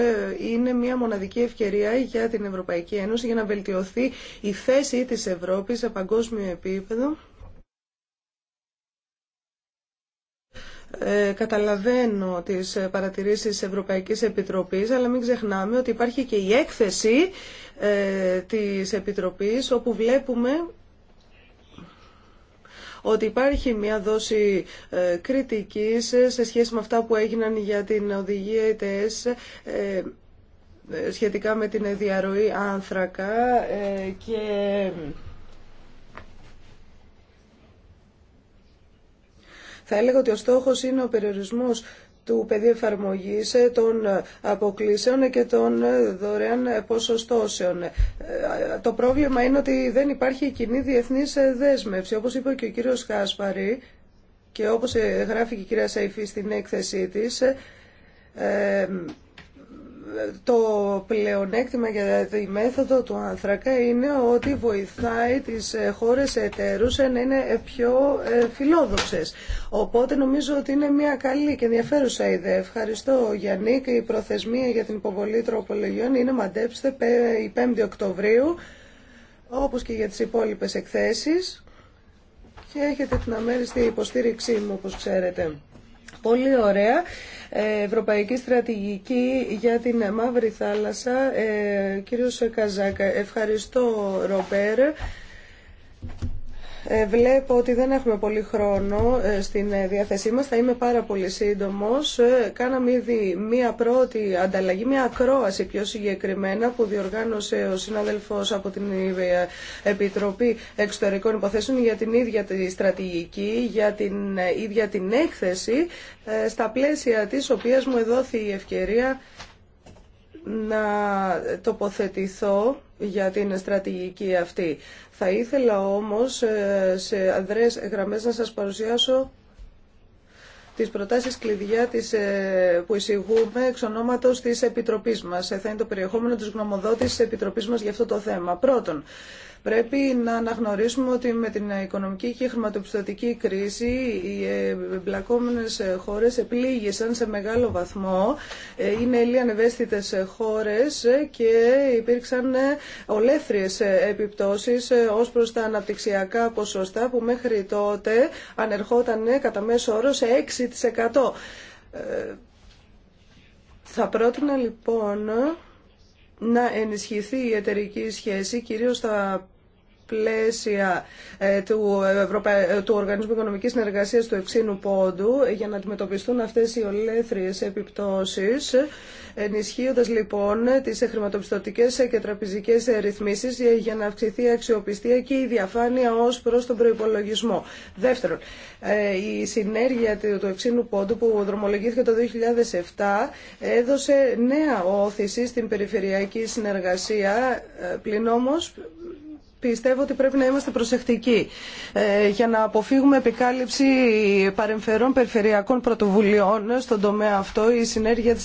είναι μια μοναδική ευκαιρία για την Ευρωπαϊκή Ένωση για να βελτιωθεί η θέση της Ευρώπης σε παγκόσμιο επίπεδο Ε, καταλαβαίνω τις ε, παρατηρήσεις της Ευρωπαϊκής Επιτροπής, αλλά μην ξεχνάμε ότι υπάρχει και η έκθεση ε, της Επιτροπής, όπου βλέπουμε ότι υπάρχει μια δόση κριτικής σε σχέση με αυτά που έγιναν για την οδηγία ΕΤΕΣ σχετικά με την διαρροή άνθρακα και Θα έλεγα ότι ο στόχος είναι ο περιορισμός του πεδίου εφαρμογή ε, των ε, αποκλήσεων και των ε, δωρεάν ποσοστώσεων. Το πρόβλημα είναι ότι δεν υπάρχει κοινή διεθνή δέσμευση. Όπως είπε και ο κύριος Χάσπαρη και όπως γράφει και η κυρία Σαϊφή στην έκθεσή της, το πλεονέκτημα για τη μέθοδο του άνθρακα είναι ότι βοηθάει τις ε, χώρες εταίρους ε, να είναι ε, πιο φιλόδοξες. Οπότε νομίζω ότι είναι μια καλή και ενδιαφέρουσα ιδέα. Ευχαριστώ Γιάννη και η προθεσμία για την υποβολή τροπολογιών είναι μαντέψτε η 5η Οκτωβρίου όπως και για τις υπόλοιπες εκθέσεις και έχετε την αμέριστη υποστήριξή μου όπως ξέρετε. Πολύ ωραία. Ευρωπαϊκή Στρατηγική για την Μαύρη Θάλασσα. Ε, κύριος Καζάκα, ευχαριστώ Ροπέρ. Ε, βλέπω ότι δεν έχουμε πολύ χρόνο ε, στην ε, διάθεσή μας, θα είμαι πάρα πολύ σύντομος. Κάναμε ήδη μία πρώτη ανταλλαγή, μία ακρόαση πιο συγκεκριμένα που διοργάνωσε ο συνάδελφος από την Επιτροπή Εξωτερικών Υποθέσεων για την ίδια τη στρατηγική, για την ίδια την έκθεση, στα πλαίσια της οποίας μου εδόθη η ευκαιρία να τοποθετηθώ για την στρατηγική αυτή. Θα ήθελα όμως ε, σε αδρές γραμμές να σας παρουσιάσω τις προτάσεις κλειδιά ε, που εισηγούμε εξ ονόματος της Επιτροπής μας. Ε, θα είναι το περιεχόμενο της γνωμοδότησης της Επιτροπής μας για αυτό το θέμα. Πρώτον, Πρέπει να αναγνωρίσουμε ότι με την οικονομική και χρηματοπιστωτική κρίση οι εμπλακόμενες χώρες επλήγησαν σε μεγάλο βαθμό. Είναι λίγοι ανευαίσθητες χώρες και υπήρξαν ολέθριες επιπτώσεις ως προς τα αναπτυξιακά ποσοστά που μέχρι τότε ανερχόταν κατά μέσο όρο σε 6%. Θα πρότεινα λοιπόν να ενισχυθεί η εταιρική σχέση κυρίως στα πλαίσια ε, του, του Οργανισμού Οικονομικής Συνεργασίας του εξήνου Πόντου για να αντιμετωπιστούν αυτές οι ολέθριες επιπτώσεις ενισχύοντας λοιπόν τις χρηματοπιστωτικές και τραπεζικές ρυθμίσεις για να αυξηθεί η αξιοπιστία και η διαφάνεια ως προς τον προϋπολογισμό. Δεύτερον, ε, η συνέργεια του εξήνου Πόντου που δρομολογήθηκε το 2007 έδωσε νέα όθηση στην περιφερειακή συνεργασία ε, πλην όμως Πιστεύω ότι πρέπει να είμαστε προσεκτικοί ε, για να αποφύγουμε επικάλυψη παρεμφερών περιφερειακών πρωτοβουλειών στον τομέα αυτό. Η συνέργεια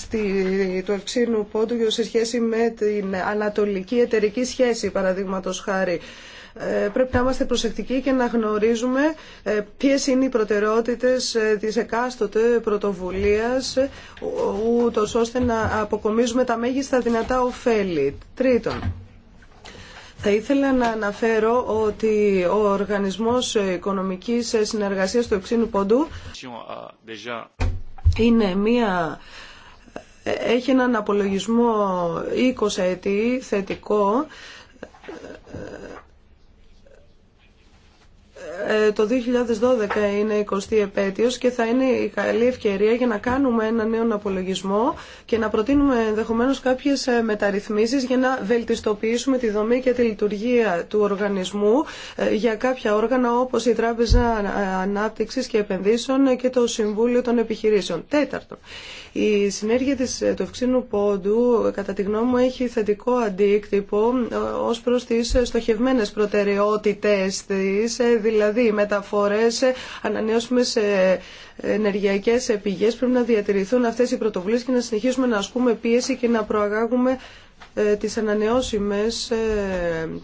του Ευξήνου Πόντου σε σχέση με την ανατολική εταιρική σχέση, παραδείγματο χάρη. Ε, πρέπει να είμαστε προσεκτικοί και να γνωρίζουμε ε, ποιε είναι οι προτεραιότητε τη εκάστοτε πρωτοβουλία, ούτω ώστε να αποκομίζουμε τα μέγιστα δυνατά ωφέλη. Τρίτον, θα ήθελα να αναφέρω ότι ο Οργανισμός Οικονομικής Συνεργασίας του Εξήνου Ποντού είναι μία, έχει έναν απολογισμό 20 ετή θετικό ε, το 2012 είναι η 20η επέτειος και θα είναι η καλή ευκαιρία για να κάνουμε ένα νέο απολογισμό και να προτείνουμε ενδεχομένως κάποιες ε, μεταρρυθμίσεις για να βελτιστοποιήσουμε τη δομή και τη λειτουργία του οργανισμού ε, για κάποια όργανα όπως η Τράπεζα Ανάπτυξης και Επενδύσεων και το Συμβούλιο των Επιχειρήσεων. Τέταρτον, η συνέργεια της, ε, του ευξήνου πόντου, ε, κατά τη γνώμη μου, έχει θετικό αντίκτυπο ε, ως προς τις στοχευμένες προτεραιότητες της, δηλαδή μεταφορές ανανεώσιμες ενεργειακές πηγές. Πρέπει να διατηρηθούν αυτές οι πρωτοβουλίες και να συνεχίσουμε να ασκούμε πίεση και να προαγάγουμε τις ανανεώσιμες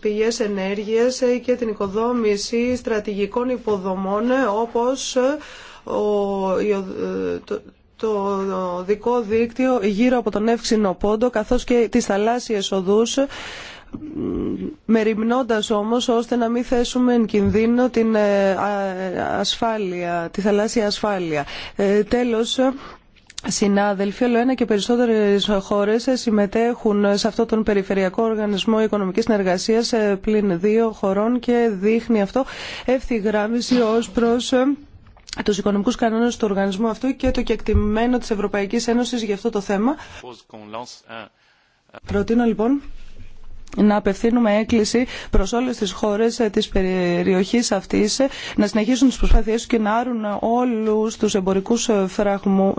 πηγές ενέργειας και την οικοδόμηση στρατηγικών υποδομών όπως ο, το δικό δίκτυο γύρω από τον Εύξηνο Πόντο καθώς και τις θαλάσσιες οδούς μεριμνώντας όμως ώστε να μην θέσουμε εν κινδύνο την ε, ασφάλεια, τη θαλάσσια ασφάλεια. Ε, τέλος, Συνάδελφοι, όλο ένα και περισσότερε χώρε συμμετέχουν σε αυτόν τον Περιφερειακό Οργανισμό Οικονομική Συνεργασία ε, πλην δύο χωρών και δείχνει αυτό ευθυγράμμιση ω προ τους οικονομικούς κανόνες του οργανισμού αυτού και το κεκτημένο της Ευρωπαϊκής Ένωσης για αυτό το θέμα. Προτείνω λοιπόν να απευθύνουμε έκκληση προ όλε τι χώρε τη περιοχή αυτή να συνεχίσουν τι προσπάθειέ και να άρουν όλου του εμπορικού φραγμού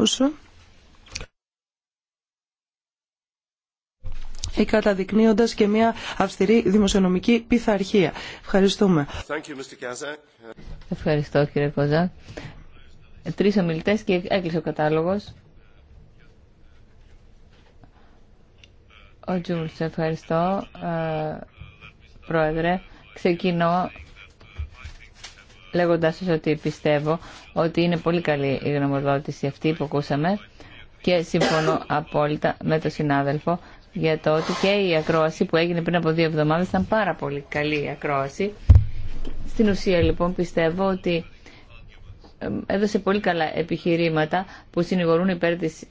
ή καταδεικνύοντας και μία αυστηρή δημοσιονομική πειθαρχία. Ευχαριστούμε. Ευχαριστώ, κύριε Κόζα. Τρεις ομιλητές
και έκλεισε ο κατάλογος. Ο Τζούμουλς, ευχαριστώ, πρόεδρε. Ξεκινώ λέγοντάς ότι πιστεύω ότι είναι πολύ καλή η καταδεικνύοντας και μια αυστηρή δημοσιονομική πειθαρχία. Ευχαριστούμε. Ευχαριστώ κύριε Κοζά. Τρεις ομιλητές και έκλεισε ο κατάλογος. Ο Τζούλς, ευχαριστώ. Ε, πρόεδρε, ξεκινώ λέγοντάς ότι πιστεύω ότι είναι πολύ καλή η γνωμοδότηση αυτή που ακούσαμε και συμφωνώ απόλυτα με τον συνάδελφο για το ότι και η ακρόαση που έγινε πριν από δύο εβδομάδες ήταν πάρα πολύ καλή η ακρόαση. Στην ουσία λοιπόν πιστεύω ότι έδωσε πολύ καλά επιχειρήματα που συνηγορούν υπέρ της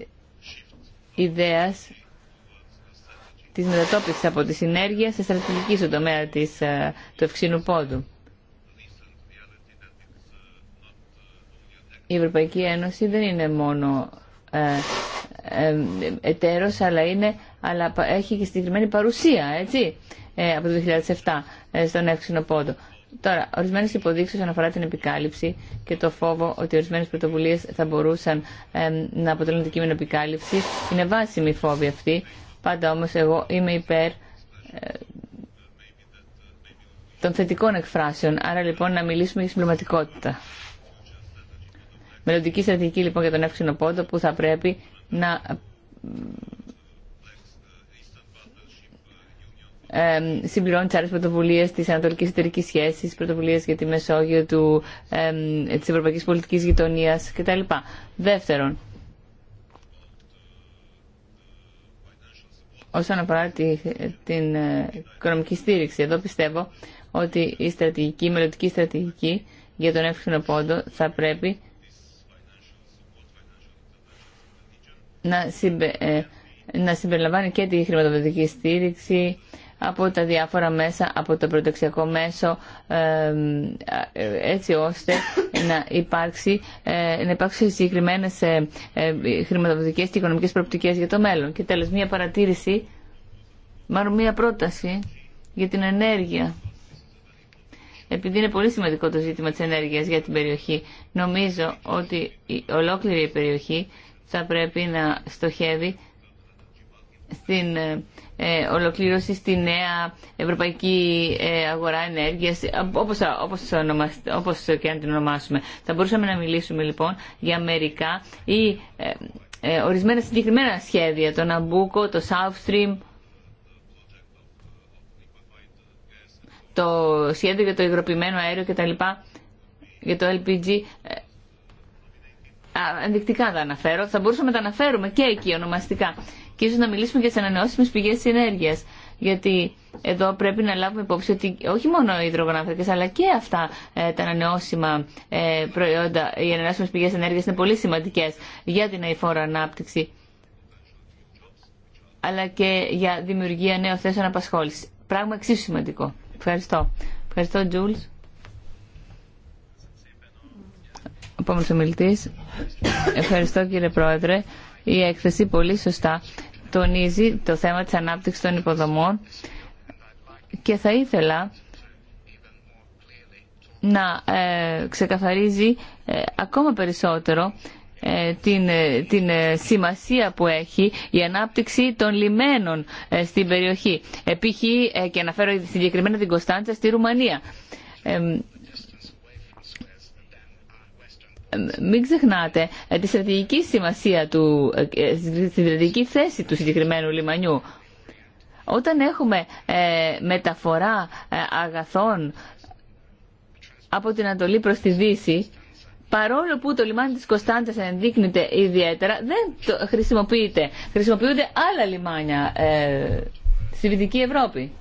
ιδέας της μετατόπισης από τη συνέργεια σε στρατηγική στο τομέα της, ε, του ευξήνου πόντου. Η Ευρωπαϊκή Ένωση δεν είναι μόνο ε, ε, ε αλλά είναι αλλά έχει και συγκεκριμένη παρουσία, έτσι, ε, από το 2007 ε, στον εύξηνο πόντο. Τώρα, ορισμένε υποδείξει όσον αφορά την επικάλυψη και το φόβο ότι ορισμένε πρωτοβουλίε θα μπορούσαν ε, να αποτελούν αντικείμενο επικάλυψη είναι βάσιμη φόβη αυτή. Πάντα όμω εγώ είμαι υπέρ ε, των θετικών εκφράσεων. Άρα λοιπόν να μιλήσουμε για συμπληρωματικότητα. Μελλοντική στρατηγική λοιπόν για τον εύξηνο πόντο που θα πρέπει να συμπληρώνει τι άλλε πρωτοβουλίε τη Ανατολική Εταιρική Σχέση, πρωτοβουλίε για τη Μεσόγειο, ε, τη Ευρωπαϊκή Πολιτική Γειτονία κτλ. Δεύτερον, όσον αφορά την ε, οικονομική στήριξη, εδώ πιστεύω ότι η στρατηγική, η μελλοντική στρατηγική για τον εύχρονο πόντο θα πρέπει να, συμπε, ε, να συμπεριλαμβάνει και τη χρηματοδοτική στήριξη, από τα διάφορα μέσα, από το πρωτεξιακό μέσο, ε, έτσι ώστε να, υπάρξει, ε, να υπάρξουν συγκεκριμένε ε, χρηματοδοτικέ και οικονομικέ προοπτικέ για το μέλλον. Και τέλο, μία παρατήρηση, μάλλον μία πρόταση για την ενέργεια. Επειδή είναι πολύ σημαντικό το ζήτημα της ενέργειας για την περιοχή, νομίζω ότι η ολόκληρη περιοχή θα πρέπει να στοχεύει στην ε, ε, ολοκλήρωση στη νέα ευρωπαϊκή ε, αγορά ενέργειας, όπως, όπως, όπως και αν την ονομάσουμε. Θα μπορούσαμε να μιλήσουμε λοιπόν για μερικά ή ορισμένα συγκεκριμένα σχέδια, το Ναμπούκο, το South Stream, το σχέδιο για το υγροποιημένο αέριο κτλ. Για το LPG. Ενδεικτικά τα αναφέρω. Θα μπορούσαμε να τα αναφέρουμε και εκεί ονομαστικά και ίσως να μιλήσουμε για τι ανανεώσιμε πηγέ ενέργεια. Γιατί εδώ πρέπει να λάβουμε υπόψη ότι όχι μόνο οι υδρογονάθρακες αλλά και αυτά ε, τα ανανεώσιμα ε, προϊόντα, οι ανανεώσιμε πηγέ ενέργεια είναι πολύ σημαντικέ για την αηφόρο ανάπτυξη αλλά και για δημιουργία νέων θέσεων απασχόληση. Πράγμα εξίσου σημαντικό. Ευχαριστώ. Ευχαριστώ, Τζούλ. Επόμενο ομιλητή. Ευχαριστώ, κύριε Πρόεδρε. Η έκθεση πολύ σωστά τονίζει το θέμα της ανάπτυξης των υποδομών και θα ήθελα να ε, ξεκαθαρίζει ε, ακόμα περισσότερο ε, την, την σημασία που έχει η ανάπτυξη των λιμένων στην περιοχή. Επίχει και αναφέρω συγκεκριμένα την Κωνσταντζα στη Ρουμανία μην ξεχνάτε ε, τη στρατηγική σημασία του, ε, ε, τη στρατηγική θέση του συγκεκριμένου λιμανιού. Όταν έχουμε μεταφορά αγαθών από την Ανατολή προς τη Δύση, παρόλο που το λιμάνι της Κωνσταντζας ενδείκνεται ιδιαίτερα, δεν το χρησιμοποιείται. Χρησιμοποιούνται άλλα λιμάνια στη Δυτική Ευρώπη.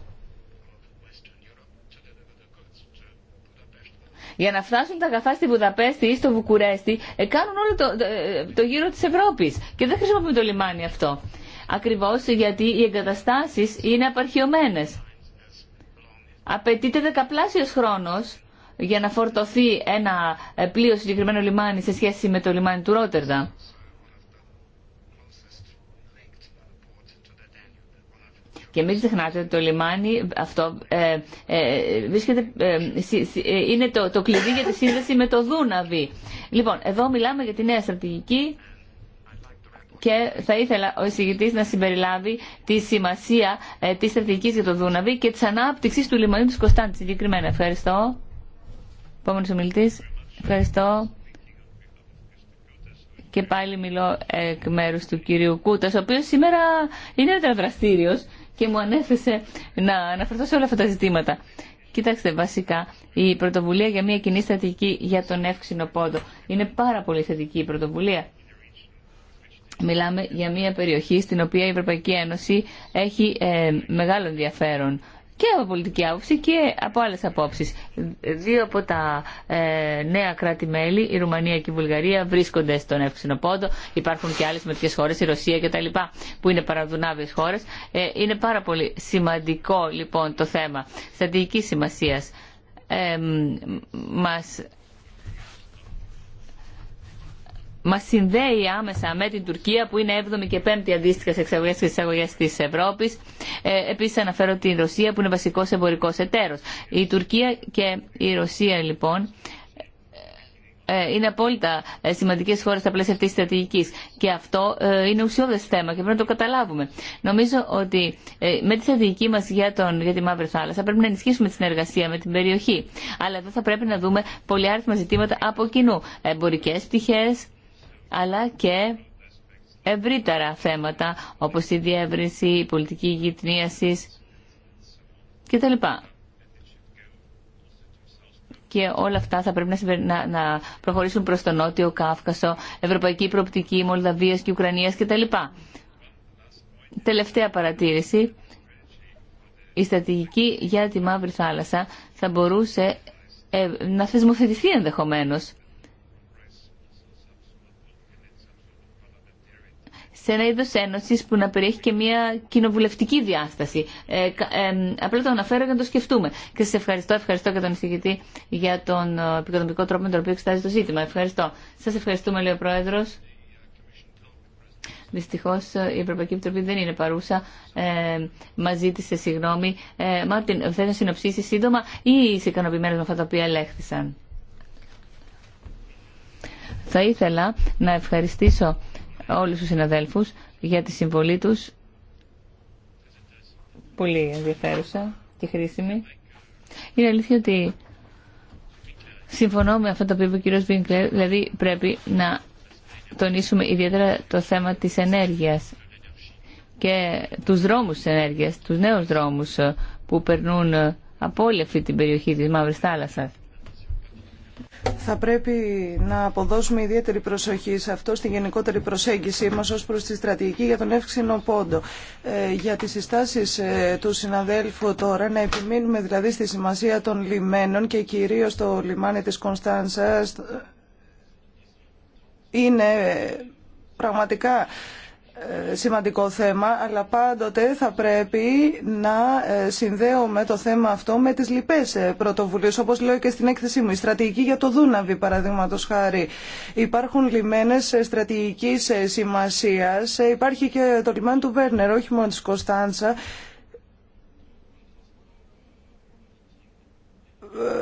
Για να φτάσουν τα αγαθά στη Βουδαπέστη ή στο Βουκουρέστη ε, κάνουν όλο το, ε, το, γύρο της Ευρώπης Και δεν χρησιμοποιούμε το λιμάνι αυτό. Ακριβώς γιατί οι εγκαταστάσεις είναι απαρχιωμένε. Απαιτείται δεκαπλάσιο χρόνος για να φορτωθεί ένα ε, πλοίο συγκεκριμένο λιμάνι σε σχέση με το λιμάνι του Ρότερνταμ. Και μην ξεχνάτε ότι το λιμάνι αυτό ε, ε, βρίσκεται, ε, ε, είναι το, το κλειδί για τη σύνδεση με το Δούναβι. Λοιπόν, εδώ μιλάμε για τη νέα στρατηγική και θα ήθελα ο εισηγητή να συμπεριλάβει τη σημασία ε, τη στρατηγική για το Δούναβι και τη ανάπτυξη του λιμανιού τη Κωνσταντ συγκεκριμένα. Ευχαριστώ. Επόμενο ομιλητή. Ευχαριστώ. Και πάλι μιλώ εκ μέρου του κυρίου Κούτα, ο οποίο σήμερα είναι δραστήριο και μου ανέθεσε να αναφερθώ σε όλα αυτά τα ζητήματα. Κοιτάξτε, βασικά, η πρωτοβουλία για μια κοινή στρατηγική για τον εύξηνο πόντο είναι πάρα πολύ θετική η πρωτοβουλία. Μιλάμε για μια περιοχή στην οποία η Ευρωπαϊκή Ένωση έχει ε, μεγάλο ενδιαφέρον και από πολιτική άποψη και από άλλες απόψεις. Δύο από τα ε, νέα κράτη-μέλη, η Ρουμανία και η Βουλγαρία, βρίσκονται στον εύξηνο πόντο. Υπάρχουν και άλλες μερικές χώρες, η Ρωσία και τα λοιπά που είναι παραδουνάβιες χώρες. Ε, είναι πάρα πολύ σημαντικό λοιπόν το θέμα στρατηγικής σημασίας. Ε, μας μα συνδέει άμεσα με την Τουρκία που είναι 7η και 5η αντίστοιχα σε εξαγωγέ και εισαγωγέ τη Ευρώπη. Ε, Επίση αναφέρω την Ρωσία που είναι βασικό εμπορικό εταίρο. Η Τουρκία και η Ρωσία λοιπόν ε, είναι απόλυτα ε, σημαντικέ χώρε στα πλαίσια αυτή τη στρατηγική. Και αυτό ε, είναι ουσιώδε θέμα και πρέπει να το καταλάβουμε. Νομίζω ότι με τη στρατηγική μα για, για τη Μαύρη Θάλασσα πρέπει να ενισχύσουμε τη συνεργασία με την περιοχή. Αλλά εδώ θα πρέπει να δούμε πολυάριθμα ζητήματα από κοινού. Εμπορικέ πτυχέ, αλλά και ευρύτερα θέματα όπως η διεύρυνση, η πολιτική γυτνίασης κτλ. Και όλα αυτά θα πρέπει να, να προχωρήσουν προς τον Νότιο Κάφκασο, Ευρωπαϊκή Προοπτική, Μολδαβίας και Ουκρανίας κτλ. Τελευταία παρατήρηση. Η στρατηγική για τη Μαύρη Θάλασσα θα μπορούσε ε, να θεσμοθετηθεί ενδεχομένως σε ένα είδο ένωση που να περιέχει και μια κοινοβουλευτική διάσταση. Ε, ε, απλά το αναφέρω για να το σκεφτούμε. Και σα ευχαριστώ, ευχαριστώ και τον εισηγητή για τον ε, επικοδομικό τρόπο με τον οποίο εξετάζει το ζήτημα. Ευχαριστώ. Σα ευχαριστούμε, λέει ο Πρόεδρο. Δυστυχώ ε, η Ευρωπαϊκή Επιτροπή δεν είναι παρούσα. Ε, Μα ζήτησε συγγνώμη. Ε, Μάρτιν, θέλει να συνοψίσει σύντομα ή είσαι ικανοποιημένο με αυτά τα οποία ελέγχθησαν. Θα ήθελα να ευχαριστήσω όλους τους συναδέλφους για τη συμβολή τους. Πολύ ενδιαφέρουσα και χρήσιμη. Είναι αλήθεια ότι συμφωνώ με αυτό το οποίο είπε ο κύριος Βίνκλερ, δηλαδή πρέπει να τονίσουμε ιδιαίτερα το θέμα της ενέργειας και τους δρόμους της ενέργειας, τους νέους δρόμους που περνούν από όλη αυτή την περιοχή της Μαύρης Θάλασσας.
Θα πρέπει να αποδώσουμε ιδιαίτερη προσοχή σε αυτό στη γενικότερη προσέγγιση μας ως προς τη στρατηγική για τον εύξηνο πόντο. Ε, για τις συστάσεις ε, του συναδέλφου τώρα, να επιμείνουμε δηλαδή στη σημασία των λιμένων και κυρίως το λιμάνι της Κωνσταντσάς είναι ε, πραγματικά ε, σημαντικό θέμα, αλλά πάντοτε θα πρέπει να ε, συνδέουμε το θέμα αυτό με τις λοιπές ε, πρωτοβουλίες, όπως λέω και στην έκθεσή μου. Η στρατηγική για το Δούναβι, παραδείγματο χάρη. Υπάρχουν λιμένες στρατηγικής σημασίας. Υπάρχει και το λιμάνι του Βέρνερ, όχι μόνο της Κωνσταντσα.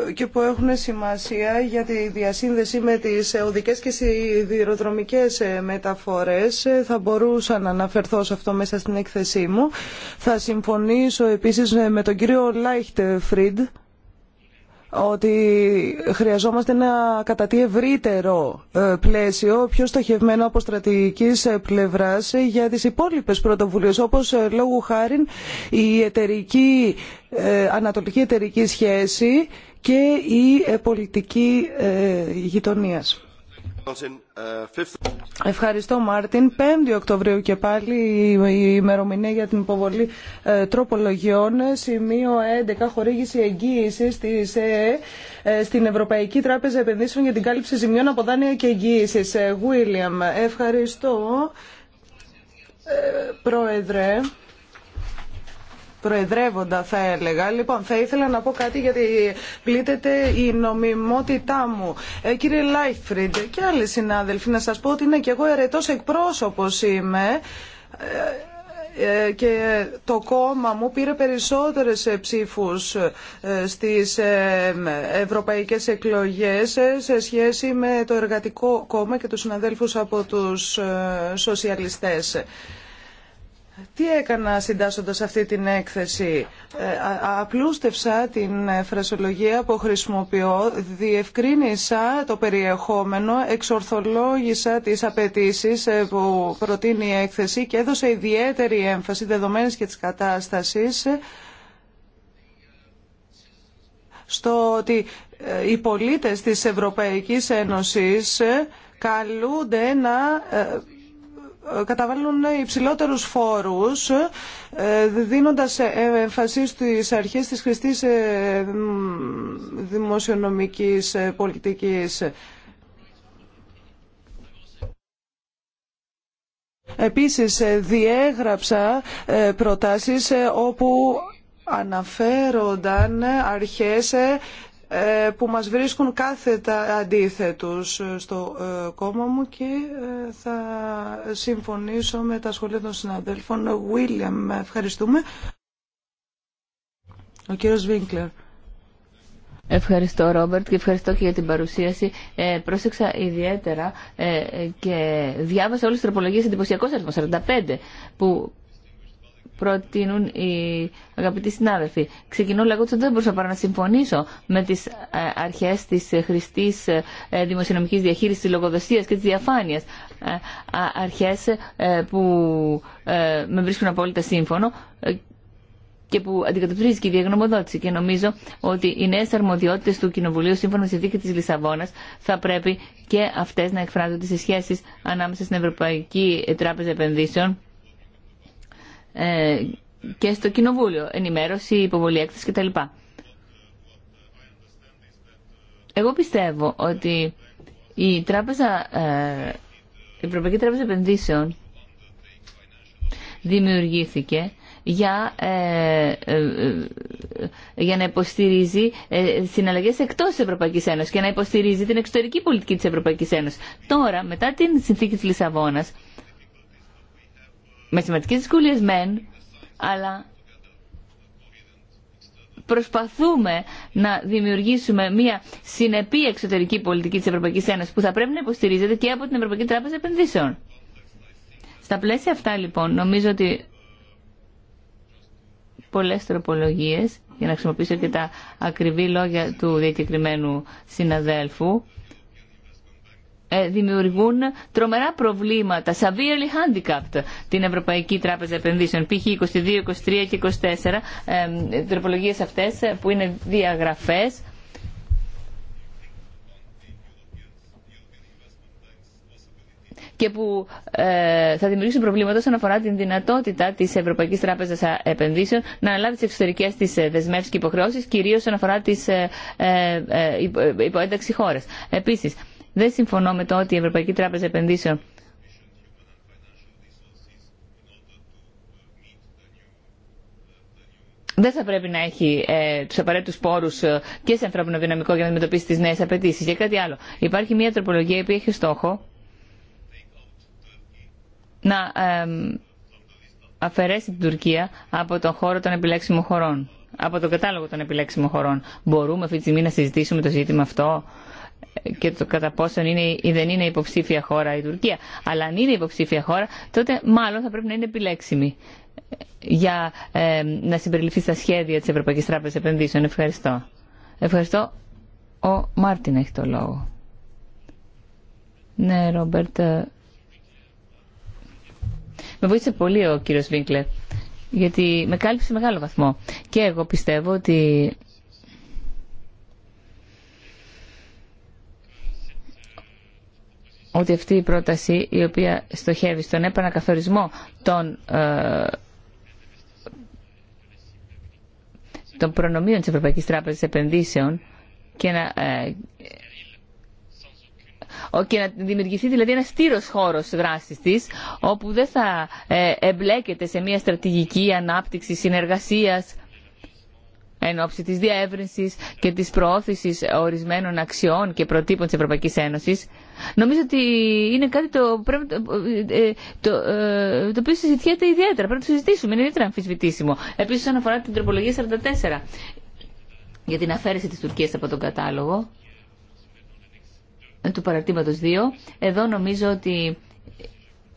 Ε, και που έχουν σημασία για τη διασύνδεση με τις οδικές και σιδηροδρομικές ε, μεταφορές. Ε, θα μπορούσα να αναφερθώ σε αυτό μέσα στην έκθεσή μου. Θα συμφωνήσω επίσης με τον κύριο Λάιχτε ότι χρειαζόμαστε ένα κατά τι ευρύτερο ε, πλαίσιο, πιο στοχευμένο από στρατηγική ε, πλευρά ε, για τις υπόλοιπες πρωτοβουλίες, όπως λόγου χάρη η εταιρική, ανατολική εταιρική σχέση και η πολιτική γειτονίας. Ευχαριστώ Μάρτιν. 5 Οκτωβρίου και πάλι η ημερομηνία για την υποβολή ε, τροπολογιών. Σημείο 11. Χορήγηση εγγύηση ΕΕ, ε, στην Ευρωπαϊκή Τράπεζα Επενδύσεων για την κάλυψη ζημιών από δάνεια και εγγύηση. Ε, Γουίλιαμ, ευχαριστώ. Ε, πρόεδρε προεδρεύοντα θα έλεγα. Λοιπόν, θα ήθελα να πω κάτι γιατί πλήττεται η νομιμότητά μου. Ε, κύριε Λάιφριντ και άλλοι συνάδελφοι, να σας πω ότι είναι και εγώ ερετός εκπρόσωπος είμαι ε, ε, και το κόμμα μου πήρε περισσότερες ψήφους στις ευρωπαϊκές εκλογές σε σχέση με το εργατικό κόμμα και τους συναδέλφους από τους σοσιαλιστές. Τι έκανα συντάσσοντας αυτή την έκθεση. Ε, απλούστευσα την φρασολογία που χρησιμοποιώ, διευκρίνησα το περιεχόμενο, εξορθολόγησα τις απαιτήσει ε, που προτείνει η έκθεση και έδωσα ιδιαίτερη έμφαση δεδομένης και της κατάστασης στο ότι ε, οι πολίτες της Ευρωπαϊκής Ένωσης καλούνται να καταβάλουν υψηλότερους φόρους ε, δίνοντας ε, έμφαση στις αρχές της χρηστής ε, δημοσιονομικής πολιτικής. Επίσης διέγραψα προτάσεις όπου αναφέρονταν αρχές ε, που μας βρίσκουν κάθετα αντίθετους ε, στο ε, κόμμα μου και θα συμφωνήσω με τα σχολεία των συναδέλφων. Βίλιαμ, ευχαριστούμε. Ο κύριος Βίνκλερ.
Ευχαριστώ Ρόμπερτ και ευχαριστώ και για την παρουσίαση. πρόσεξα ιδιαίτερα και διάβασα όλες τις τροπολογίες εντυπωσιακός αριθμό 45 που προτείνουν οι αγαπητοί συνάδελφοι. Ξεκινώ λέγοντα ότι δεν μπορούσα παρά να συμφωνήσω με τι ε, αρχέ τη χρηστή ε, δημοσιονομική διαχείριση, τη λογοδοσία και τη διαφάνεια. Ε, αρχέ που με βρίσκουν απόλυτα σύμφωνο και που αντικατοπτρίζει και η διαγνωμοδότηση. Και νομίζω ότι οι νέε αρμοδιότητε του Κοινοβουλίου, σύμφωνα με τη συνθήκη τη Λισαβόνα, θα πρέπει και αυτέ να εκφράζονται σε σχέσει ανάμεσα στην Ευρωπαϊκή Τράπεζα Επενδύσεων ε, και στο Κοινοβούλιο, ενημέρωση, υποβολή έκθεση κτλ. Εγώ πιστεύω ότι η, τράπεζα, ε, η Ευρωπαϊκή Τράπεζα Επενδύσεων δημιουργήθηκε για, ε, ε, για να υποστηρίζει ε, συναλλαγές εκτός της Ευρωπαϊκής Ένωσης και να υποστηρίζει την εξωτερική πολιτική της Ευρωπαϊκής Ένωσης. Τώρα, μετά την συνθήκη της Λισαβόνας, με σημαντικές δυσκολίες μεν, αλλά προσπαθούμε να δημιουργήσουμε μια συνεπή εξωτερική πολιτική της Ευρωπαϊκής Ένωσης που θα πρέπει να υποστηρίζεται και από την Ευρωπαϊκή Τράπεζα Επενδύσεων. Στα πλαίσια αυτά λοιπόν νομίζω ότι πολλές τροπολογίες για να χρησιμοποιήσω και τα ακριβή λόγια του διακεκριμένου συναδέλφου ε, δημιουργούν τρομερά προβλήματα, severely handicapped, την Ευρωπαϊκή Τράπεζα Επενδύσεων, π.χ. 22, 23 και 24, τροπολογίε τροπολογίες αυτές ε, που είναι διαγραφές. και που ε, θα δημιουργήσουν προβλήματα όσον αφορά την δυνατότητα τη Ευρωπαϊκή Τράπεζα Επενδύσεων να αναλάβει τι εξωτερικέ τη δεσμεύσει και υποχρεώσει, κυρίω όσον αφορά τι ε, υποένταξη χώρε. Επίση, δεν συμφωνώ με το ότι η Ευρωπαϊκή Τράπεζα Επενδύσεων δεν θα πρέπει να έχει ε, του απαραίτητου πόρου ε, και σε ανθρώπινο δυναμικό για να αντιμετωπίσει τι νέε απαιτήσει. Για κάτι άλλο. Υπάρχει μια τροπολογία που έχει στόχο να αφαιρέσει την Τουρκία από τον χώρο των επιλέξιμων χωρών. Από τον κατάλογο των επιλέξιμων χωρών. Μπορούμε αυτή τη στιγμή να συζητήσουμε το ζήτημα αυτό και το κατά πόσον πόσο είναι υποψήφια χώρα η Τουρκία. Αλλά αν είναι υποψήφια χώρα, τότε μάλλον θα πρέπει να είναι επιλέξιμη για ε, να συμπεριληφθεί στα σχέδια της Ευρωπαϊκής Τράπεζας Επενδύσεων. Ευχαριστώ. Ευχαριστώ. Ο Μάρτιν έχει το λόγο. Ναι, Ρόμπερτ. Με βοήθησε πολύ ο κύριος Βίγκλερ, γιατί με κάλυψε μεγάλο βαθμό. Και εγώ πιστεύω ότι ότι αυτή η πρόταση η οποία στοχεύει στον επανακαθορισμό των, ε, των προνομίων της Ευρωπαϊκής Τράπεζας Επενδύσεων και να, ε, να δημιουργηθεί δηλαδή ένα στήρος χώρος δράσης της όπου δεν θα ε, εμπλέκεται σε μια στρατηγική ανάπτυξη συνεργασίας εν ώψη της διεύρυνσης και της προώθησης ορισμένων αξιών και προτύπων της Ευρωπαϊκής Ένωσης, νομίζω ότι είναι κάτι το, πρέπει, ε, ε, το, το, ε, το οποίο συζητιέται ιδιαίτερα. Πρέπει να το συζητήσουμε, είναι ιδιαίτερα αμφισβητήσιμο. Επίσης, όσον αφορά την τροπολογία 44 για την αφαίρεση της Τουρκίας από τον κατάλογο του παρατήματος 2, εδώ νομίζω ότι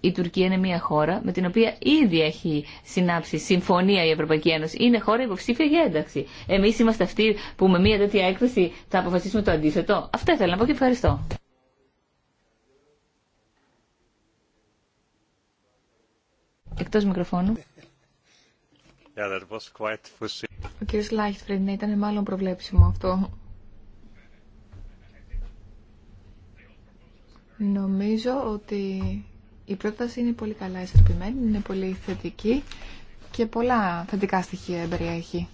η Τουρκία είναι μια χώρα με την οποία ήδη έχει συνάψει συμφωνία η Ευρωπαϊκή Ένωση. Είναι χώρα υποψήφια για ένταξη. Εμεί είμαστε αυτοί που με μια τέτοια έκθεση θα αποφασίσουμε το αντίθετο. Αυτά ήθελα να πω και ευχαριστώ.
Εκτός μικροφώνου. Ο κ. Λάχιτφρεντ ναι, ήταν μάλλον προβλέψιμο αυτό. Νομίζω ότι η πρόταση είναι πολύ καλά εισαρπημένη, είναι πολύ θετική και πολλά θετικά στοιχεία περιέχει.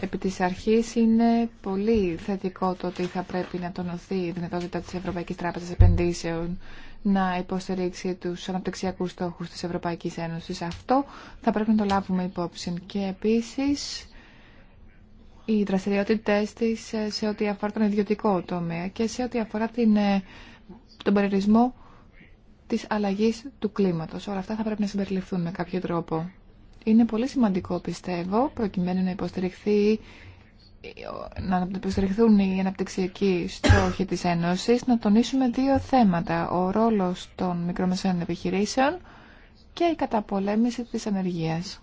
Επί της αρχής είναι πολύ θετικό το ότι θα πρέπει να τονωθεί η δυνατότητα της Ευρωπαϊκής Τράπεζας Επενδύσεων να υποστηρίξει τους αναπτυξιακούς στόχους της Ευρωπαϊκής Ένωσης. Αυτό θα πρέπει να το λάβουμε υπόψη. Και επίσης οι δραστηριότητε, της σε ό,τι αφορά τον ιδιωτικό τομέα και σε ό,τι αφορά την, ε, τον περιορισμό της αλλαγής του κλίματος. Όλα αυτά θα πρέπει να συμπεριληφθούν με κάποιο τρόπο. Είναι πολύ σημαντικό, πιστεύω, προκειμένου να υποστηριχθεί να υποστηριχθούν οι αναπτυξιακοί στόχοι της Ένωσης, να τονίσουμε δύο θέματα. Ο ρόλος των μικρομεσαίων επιχειρήσεων και η καταπολέμηση της ανεργίας.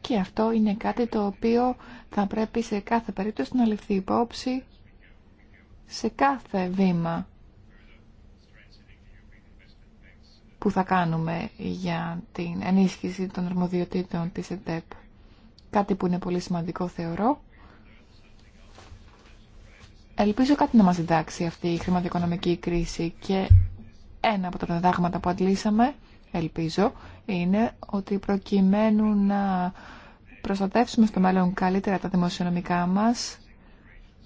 Και αυτό είναι κάτι το οποίο θα πρέπει σε κάθε περίπτωση να ληφθεί υπόψη σε κάθε βήμα που θα κάνουμε για την ενίσχυση των αρμοδιοτήτων της ΕΤΕΠ. Κάτι που είναι πολύ σημαντικό θεωρώ. Ελπίζω κάτι να μας διδάξει αυτή η χρηματοοικονομική κρίση και ένα από τα διδάγματα που αντλήσαμε, ελπίζω, είναι ότι προκειμένου να προστατεύσουμε στο μέλλον καλύτερα τα δημοσιονομικά μας,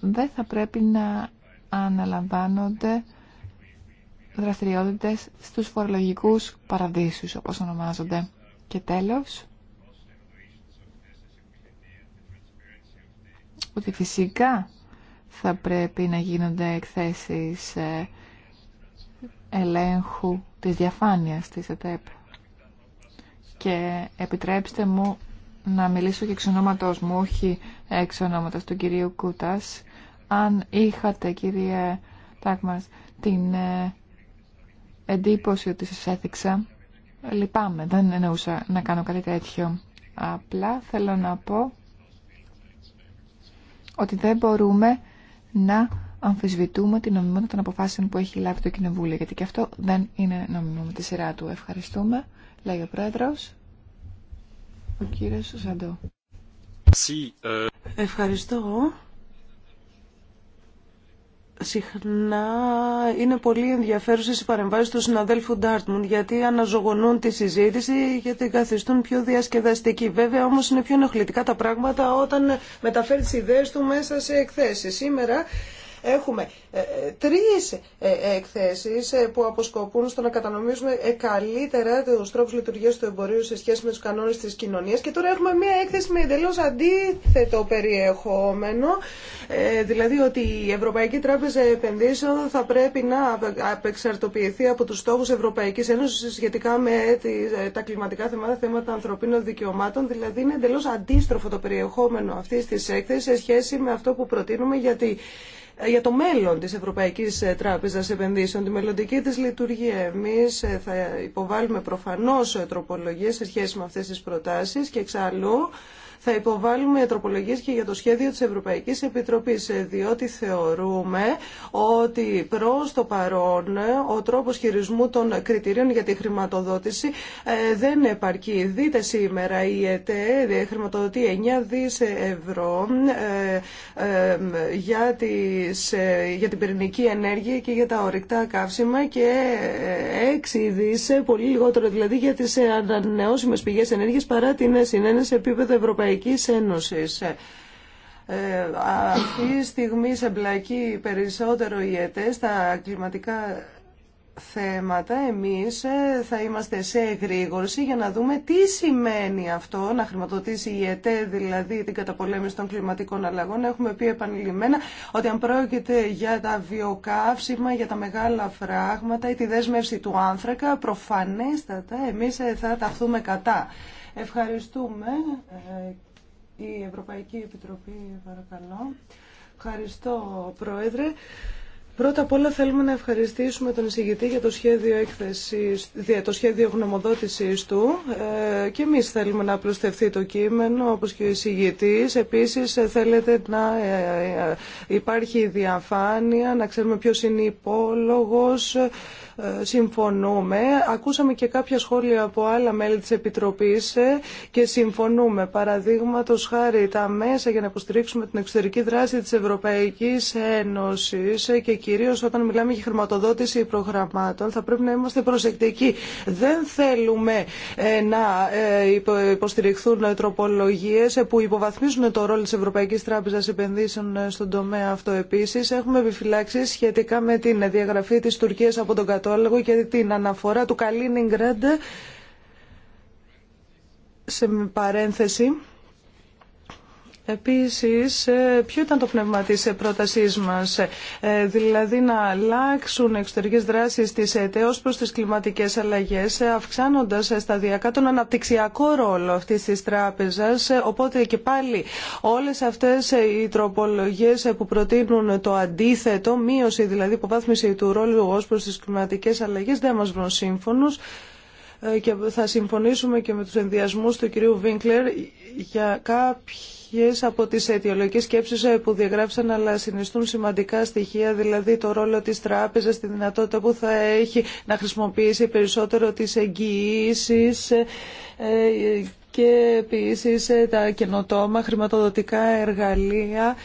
δεν θα πρέπει να αναλαμβάνονται δραστηριότητες στους φορολογικούς παραδείσους, όπως ονομάζονται. Και τέλος, ότι φυσικά θα πρέπει να γίνονται εκθέσεις ε, ελέγχου της διαφάνειας της ΕΤΕΠ. Και επιτρέψτε μου να μιλήσω και εξ ονόματος μου, όχι εξ ονόματος του κυρίου Κούτας. Αν είχατε, κύριε Τάκμας, την ε, εντύπωση ότι σας έθιξα. Λυπάμαι, δεν εννοούσα να κάνω κάτι τέτοιο. Απλά θέλω να πω ότι δεν μπορούμε να αμφισβητούμε την νομιμότητα των αποφάσεων που έχει λάβει το Κοινοβούλιο, γιατί και αυτό δεν είναι νομιμό με τη σειρά του. Ευχαριστούμε, λέει ο Πρόεδρος,
ο κύριος Σαντό. Ε. Ευχαριστώ συχνά είναι πολύ ενδιαφέρουσε οι παρεμβάσει του συναδέλφου Ντάρτμουντ γιατί αναζωογονούν τη συζήτηση και την καθιστούν πιο διασκεδαστική. Βέβαια όμω είναι πιο ενοχλητικά τα πράγματα όταν μεταφέρει τι ιδέε του μέσα σε εκθέσει. Σήμερα Έχουμε ε, ε, τρεις ε, εκθέσεις που αποσκοπούν στο να κατανομήσουμε καλύτερα τους τρόπους λειτουργίας του εμπορίου σε σχέση με τους κανόνες της κοινωνίας και τώρα έχουμε μια έκθεση με εντελώς αντίθετο περιεχόμενο, δηλαδή ότι η Ευρωπαϊκή Τράπεζα Επενδύσεων θα πρέπει να απεξαρτοποιηθεί από τους στόχους Ευρωπαϊκής Ένωσης σχετικά με τα κλιματικά θέματα, θέματα ανθρωπίνων δικαιωμάτων, δηλαδή είναι εντελώς αντίστροφο το περιεχόμενο αυτής της έκθεσης σε σχέση με αυτό που προτείνουμε γιατί για το μέλλον της Ευρωπαϊκής Τράπεζας Επενδύσεων, τη μελλοντική της λειτουργία. Εμείς ε, θα υποβάλουμε προφανώς τροπολογίες σε σχέση με αυτές τις προτάσεις και εξάλλου θα υποβάλουμε τροπολογίε και για το σχέδιο της Ευρωπαϊκής Επιτροπής, ε, διότι θεωρούμε ότι προς το παρόν ε, ο τρόπος χειρισμού των κριτηρίων για τη χρηματοδότηση ε, δεν επαρκεί. Δείτε σήμερα η ΕΤΕ χρηματοδοτεί 9 δις ευρώ για, τις, για την πυρηνική ενέργεια και για τα ορυκτά καύσιμα και 6 δις, πολύ λιγότερο δηλαδή, για τι ανανεώσιμε πηγέ ενέργεια παρά την συνένεση επίπεδο ευρωπαϊκή. Ευρωπαϊκής Ένωσης. Ε, αυτή τη στιγμή σε περισσότερο οι ΕΤΕ στα κλιματικά θέματα. Εμείς ε, θα είμαστε σε εγρήγορση για να δούμε τι σημαίνει αυτό να χρηματοδοτήσει η ΕΤΕ, δηλαδή την καταπολέμηση των κλιματικών αλλαγών. Έχουμε πει επανειλημμένα ότι αν πρόκειται για τα βιοκαύσιμα, για τα μεγάλα φράγματα ή τη δέσμευση του άνθρακα, προφανέστατα εμείς ε, θα ταχθούμε κατά. Ευχαριστούμε. Ε, η Ευρωπαϊκή Επιτροπή, παρακαλώ. Ευχαριστώ, Πρόεδρε. Πρώτα απ' όλα θέλουμε να ευχαριστήσουμε τον εισηγητή για το σχέδιο, έκθεσης, το σχέδιο γνωμοδότησης του ε, και εμείς θέλουμε να απλουστευτεί το κείμενο όπως και ο εισηγητής. Επίσης ε, θέλετε να υπάρχει διαφάνεια, να ξέρουμε ποιος είναι υπόλογος, συμφωνούμε. Ακούσαμε και κάποια σχόλια από άλλα μέλη της Επιτροπής ε, και συμφωνούμε. Παραδείγματο χάρη τα μέσα για να υποστηρίξουμε την εξωτερική δράση της Ευρωπαϊκής Ένωσης ε, και κυρίως όταν μιλάμε για χρηματοδότηση προγραμμάτων θα πρέπει να είμαστε προσεκτικοί. Δεν θέλουμε ε, να υποστηριχθούν τροπολογίες που υποβαθμίζουν το ρόλο της Ευρωπαϊκής Τράπεζας Επενδύσεων στον τομέα αυτό επίσης. Έχουμε επιφυλάξει σχετικά με την διαγραφή της Τουρκίας από τον κατώ Λέγω και την αναφορά του Καλίνιγκραντ σε παρένθεση Επίσης, ε, ποιο ήταν το πνεύμα της ε, πρότασής μας, ε, δηλαδή να αλλάξουν εξωτερικές δράσεις της ΕΤΕ ως προς τις κλιματικές αλλαγές, αυξάνοντας σταδιακά τον αναπτυξιακό ρόλο αυτής της τράπεζας. Οπότε και πάλι όλες αυτές οι τροπολογίες που προτείνουν το αντίθετο, μείωση δηλαδή υποβάθμιση του ρόλου ως προς τις κλιματικές αλλαγές, δεν μας βρουν σύμφωνους και θα συμφωνήσουμε και με τους ενδιασμούς του κυρίου Βίνκλερ για κάποιοι αρχές από τις αιτιολογικές σκέψεις ε, που διαγράφησαν αλλά συνιστούν σημαντικά στοιχεία, δηλαδή το ρόλο της τράπεζας, τη δυνατότητα που θα έχει να χρησιμοποιήσει περισσότερο τις εγγυήσει ε, ε, και επίσης τα καινοτόμα χρηματοδοτικά εργαλεία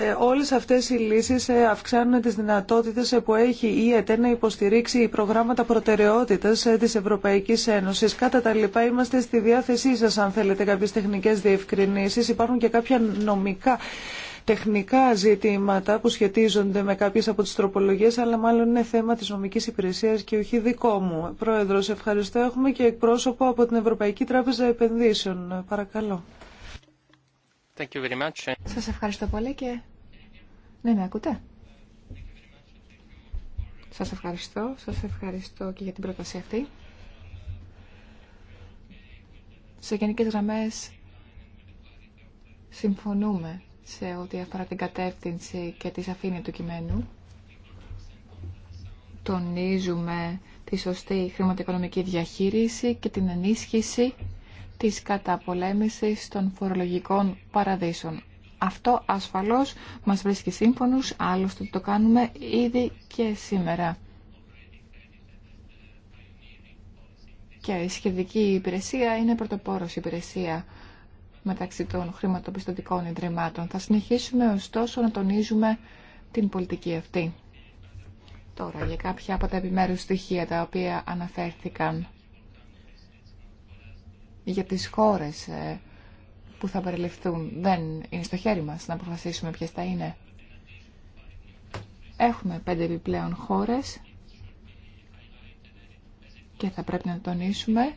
ε, όλες αυτές οι λύσεις ε, αυξάνουν τις δυνατότητες ε, που έχει η ΕΤΕ να υποστηρίξει οι προγράμματα προτεραιότητας της Ευρωπαϊκής Ένωσης. Κατά τα λοιπά είμαστε στη διάθεσή σας αν θέλετε κάποιες τεχνικές διευκρινήσεις. Υπάρχουν και κάποια νομικά τεχνικά ζητήματα που σχετίζονται με κάποιες από τις τροπολογίες, αλλά μάλλον είναι θέμα της νομικής υπηρεσίας και όχι δικό μου. Πρόεδρος, ευχαριστώ. Έχουμε και εκπρόσωπο από την Ευρωπαϊκή Τράπεζα Επενδύσεων. Παρακαλώ.
Thank
Σας ευχαριστώ πολύ και... Ναι, με ακούτε. Σας ευχαριστώ. Σας ευχαριστώ και για την πρόταση αυτή. Σε γενικέ γραμμέ, συμφωνούμε σε ό,τι αφορά την κατεύθυνση και τη σαφήνεια του κειμένου. Τονίζουμε τη σωστή χρηματοοικονομική διαχείριση και την ενίσχυση της καταπολέμησης των φορολογικών παραδείσων. Αυτό ασφαλώς μας βρίσκει σύμφωνους, άλλωστε το κάνουμε ήδη και σήμερα. Και η σχετική υπηρεσία είναι πρωτοπόρος υπηρεσία μεταξύ των χρηματοπιστωτικών ιδρυμάτων. Θα συνεχίσουμε ωστόσο να τονίζουμε την πολιτική αυτή. Τώρα για κάποια από τα επιμέρους στοιχεία τα οποία αναφέρθηκαν για τις χώρες ε, που θα περιληφθούν. Δεν είναι στο χέρι μας να αποφασίσουμε ποιες θα είναι. Έχουμε πέντε επιπλέον χώρες και θα πρέπει να τονίσουμε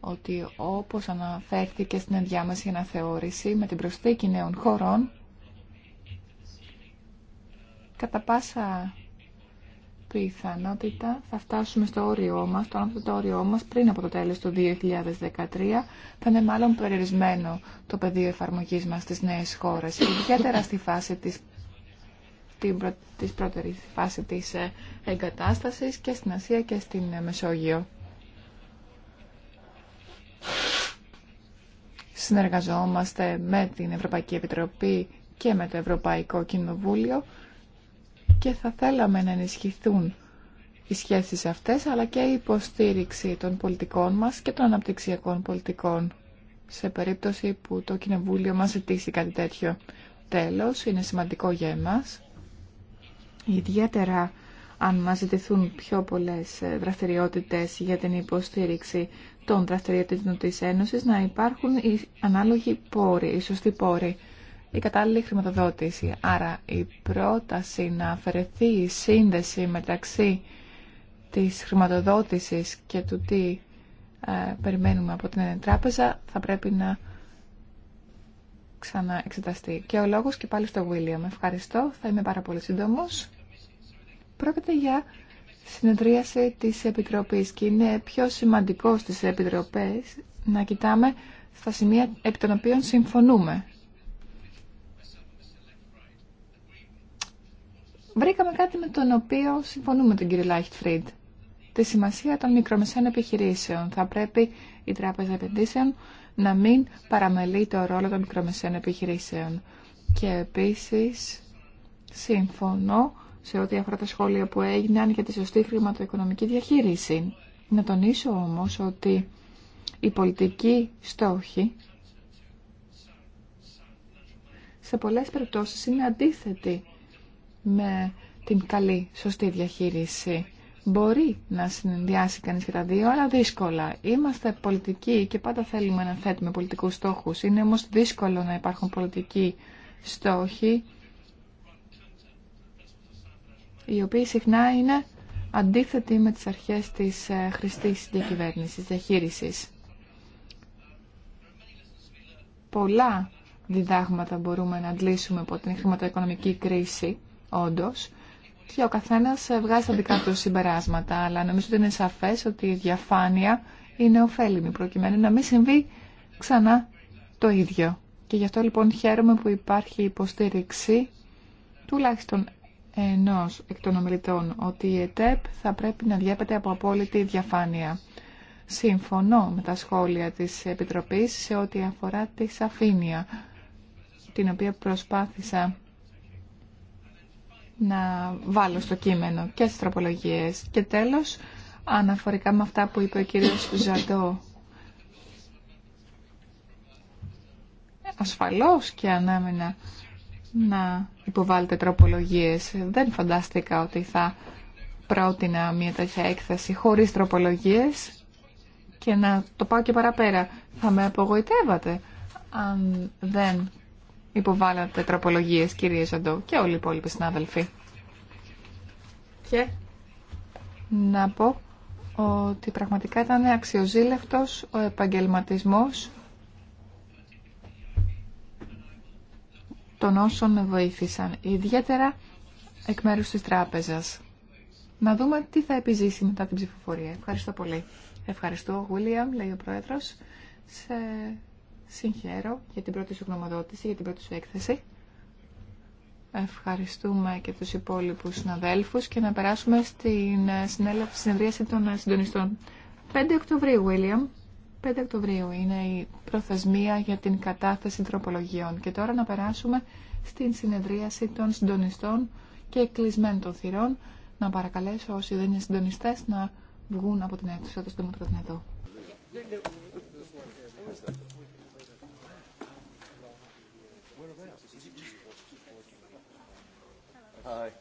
ότι όπως αναφέρθηκε στην ενδιάμεση αναθεώρηση με την προσθήκη νέων χωρών κατά πάσα πιθανότητα θα φτάσουμε στο όριό μας, το το όριό μας πριν από το τέλος του 2013 θα είναι μάλλον περιορισμένο το πεδίο εφαρμογής μας στις νέες χώρες, ιδιαίτερα στη φάση της την της πρώτερη φάση της ε, εγκατάστασης και στην Ασία και στην ε, Μεσόγειο. Συνεργαζόμαστε με την Ευρωπαϊκή Επιτροπή και με το Ευρωπαϊκό Κοινοβούλιο και θα θέλαμε να ενισχυθούν οι σχέσεις αυτές αλλά και η υποστήριξη των πολιτικών μας και των αναπτυξιακών πολιτικών σε περίπτωση που το Κοινοβούλιο μας ζητήσει κάτι τέτοιο. Τέλος, είναι σημαντικό για εμάς, ιδιαίτερα αν μας ζητηθούν πιο πολλές ε, δραστηριότητες για την υποστήριξη των δραστηριοτήτων της Ένωσης, να υπάρχουν οι ανάλογοι πόροι, οι σωστοί πόροι η κατάλληλη χρηματοδότηση. Άρα η πρόταση να αφαιρεθεί η σύνδεση μεταξύ της χρηματοδότησης και του τι ε, περιμένουμε από την τράπεζα θα πρέπει να ξαναεξεταστεί. Και ο λόγος και πάλι στο William. Ευχαριστώ, θα είμαι πάρα πολύ σύντομος. Πρόκειται για συνεδρίαση της Επιτροπής και είναι πιο σημαντικό στις Επιτροπές να κοιτάμε στα σημεία επί των οποίων συμφωνούμε. βρήκαμε κάτι με τον οποίο συμφωνούμε τον κύριο Λάιχτφριντ. Τη σημασία των μικρομεσαίων επιχειρήσεων. Θα πρέπει η Τράπεζα Επενδύσεων να μην παραμελεί το ρόλο των μικρομεσαίων επιχειρήσεων. Και επίσης συμφωνώ σε ό,τι αφορά τα σχόλια που έγιναν για τη σωστή χρηματοοικονομική διαχείριση. Να τονίσω όμως ότι η πολιτική στόχη σε πολλές περιπτώσεις είναι αντίθετη με την καλή, σωστή διαχείριση. Μπορεί να συνδυάσει κανείς και τα δύο, αλλά δύσκολα. Είμαστε πολιτικοί και πάντα θέλουμε να θέτουμε πολιτικούς στόχους. Είναι όμως δύσκολο να υπάρχουν πολιτικοί στόχοι, οι οποίοι συχνά είναι αντίθετοι με τις αρχές της ε, χρηστής διακυβέρνησης, διαχείρισης. Πολλά διδάγματα μπορούμε να αντλήσουμε από την χρηματοοικονομική κρίση όντως, και ο καθένα βγάζει τα δικά του συμπεράσματα, αλλά νομίζω ότι είναι σαφές ότι η διαφάνεια είναι ωφέλιμη, προκειμένου να μην συμβεί ξανά το ίδιο. Και γι' αυτό λοιπόν χαίρομαι που υπάρχει υποστήριξη τουλάχιστον ενός εκ των ομιλητών ότι η ΕΤΕΠ θα πρέπει να διέπεται από απόλυτη διαφάνεια. Συμφωνώ με τα σχόλια της Επιτροπής σε ό,τι αφορά τη σαφήνεια, την οποία προσπάθησα να βάλω στο κείμενο και στις τροπολογίες. Και τέλος, αναφορικά με αυτά που είπε ο κύριος Ζαντό. Ασφαλώς και ανάμενα να υποβάλλετε τροπολογίες. Δεν φαντάστηκα ότι θα πρότεινα μια τέτοια έκθεση χωρίς τροπολογίες και να το πάω και παραπέρα. Θα με απογοητεύατε αν δεν υποβάλλατε τροπολογίε κύριε Ζαντό, και όλοι οι υπόλοιποι συνάδελφοι. Και να πω ότι πραγματικά ήταν αξιοζήλευτος ο επαγγελματισμός των όσων με βοήθησαν, ιδιαίτερα εκ μέρους της τράπεζας. Να δούμε τι θα επιζήσει μετά την ψηφοφορία. Ευχαριστώ πολύ. Ευχαριστώ, Γουίλιαμ, λέει ο Πρόεδρος. Σε συγχαίρω για την πρώτη σου γνωμοδότηση, για την πρώτη σου έκθεση. Ευχαριστούμε και τους υπόλοιπους συναδέλφους και να περάσουμε στην ε, συνεδρίαση των ε, συντονιστών. 5 Οκτωβρίου, William. 5 Οκτωβρίου είναι η προθεσμία για την κατάθεση τροπολογιών. Και τώρα να περάσουμε στην συνεδρίαση των συντονιστών και κλεισμένων των θυρών. Να παρακαλέσω όσοι δεν είναι συντονιστές να βγουν από την αίθουσα
AUTHORWAVE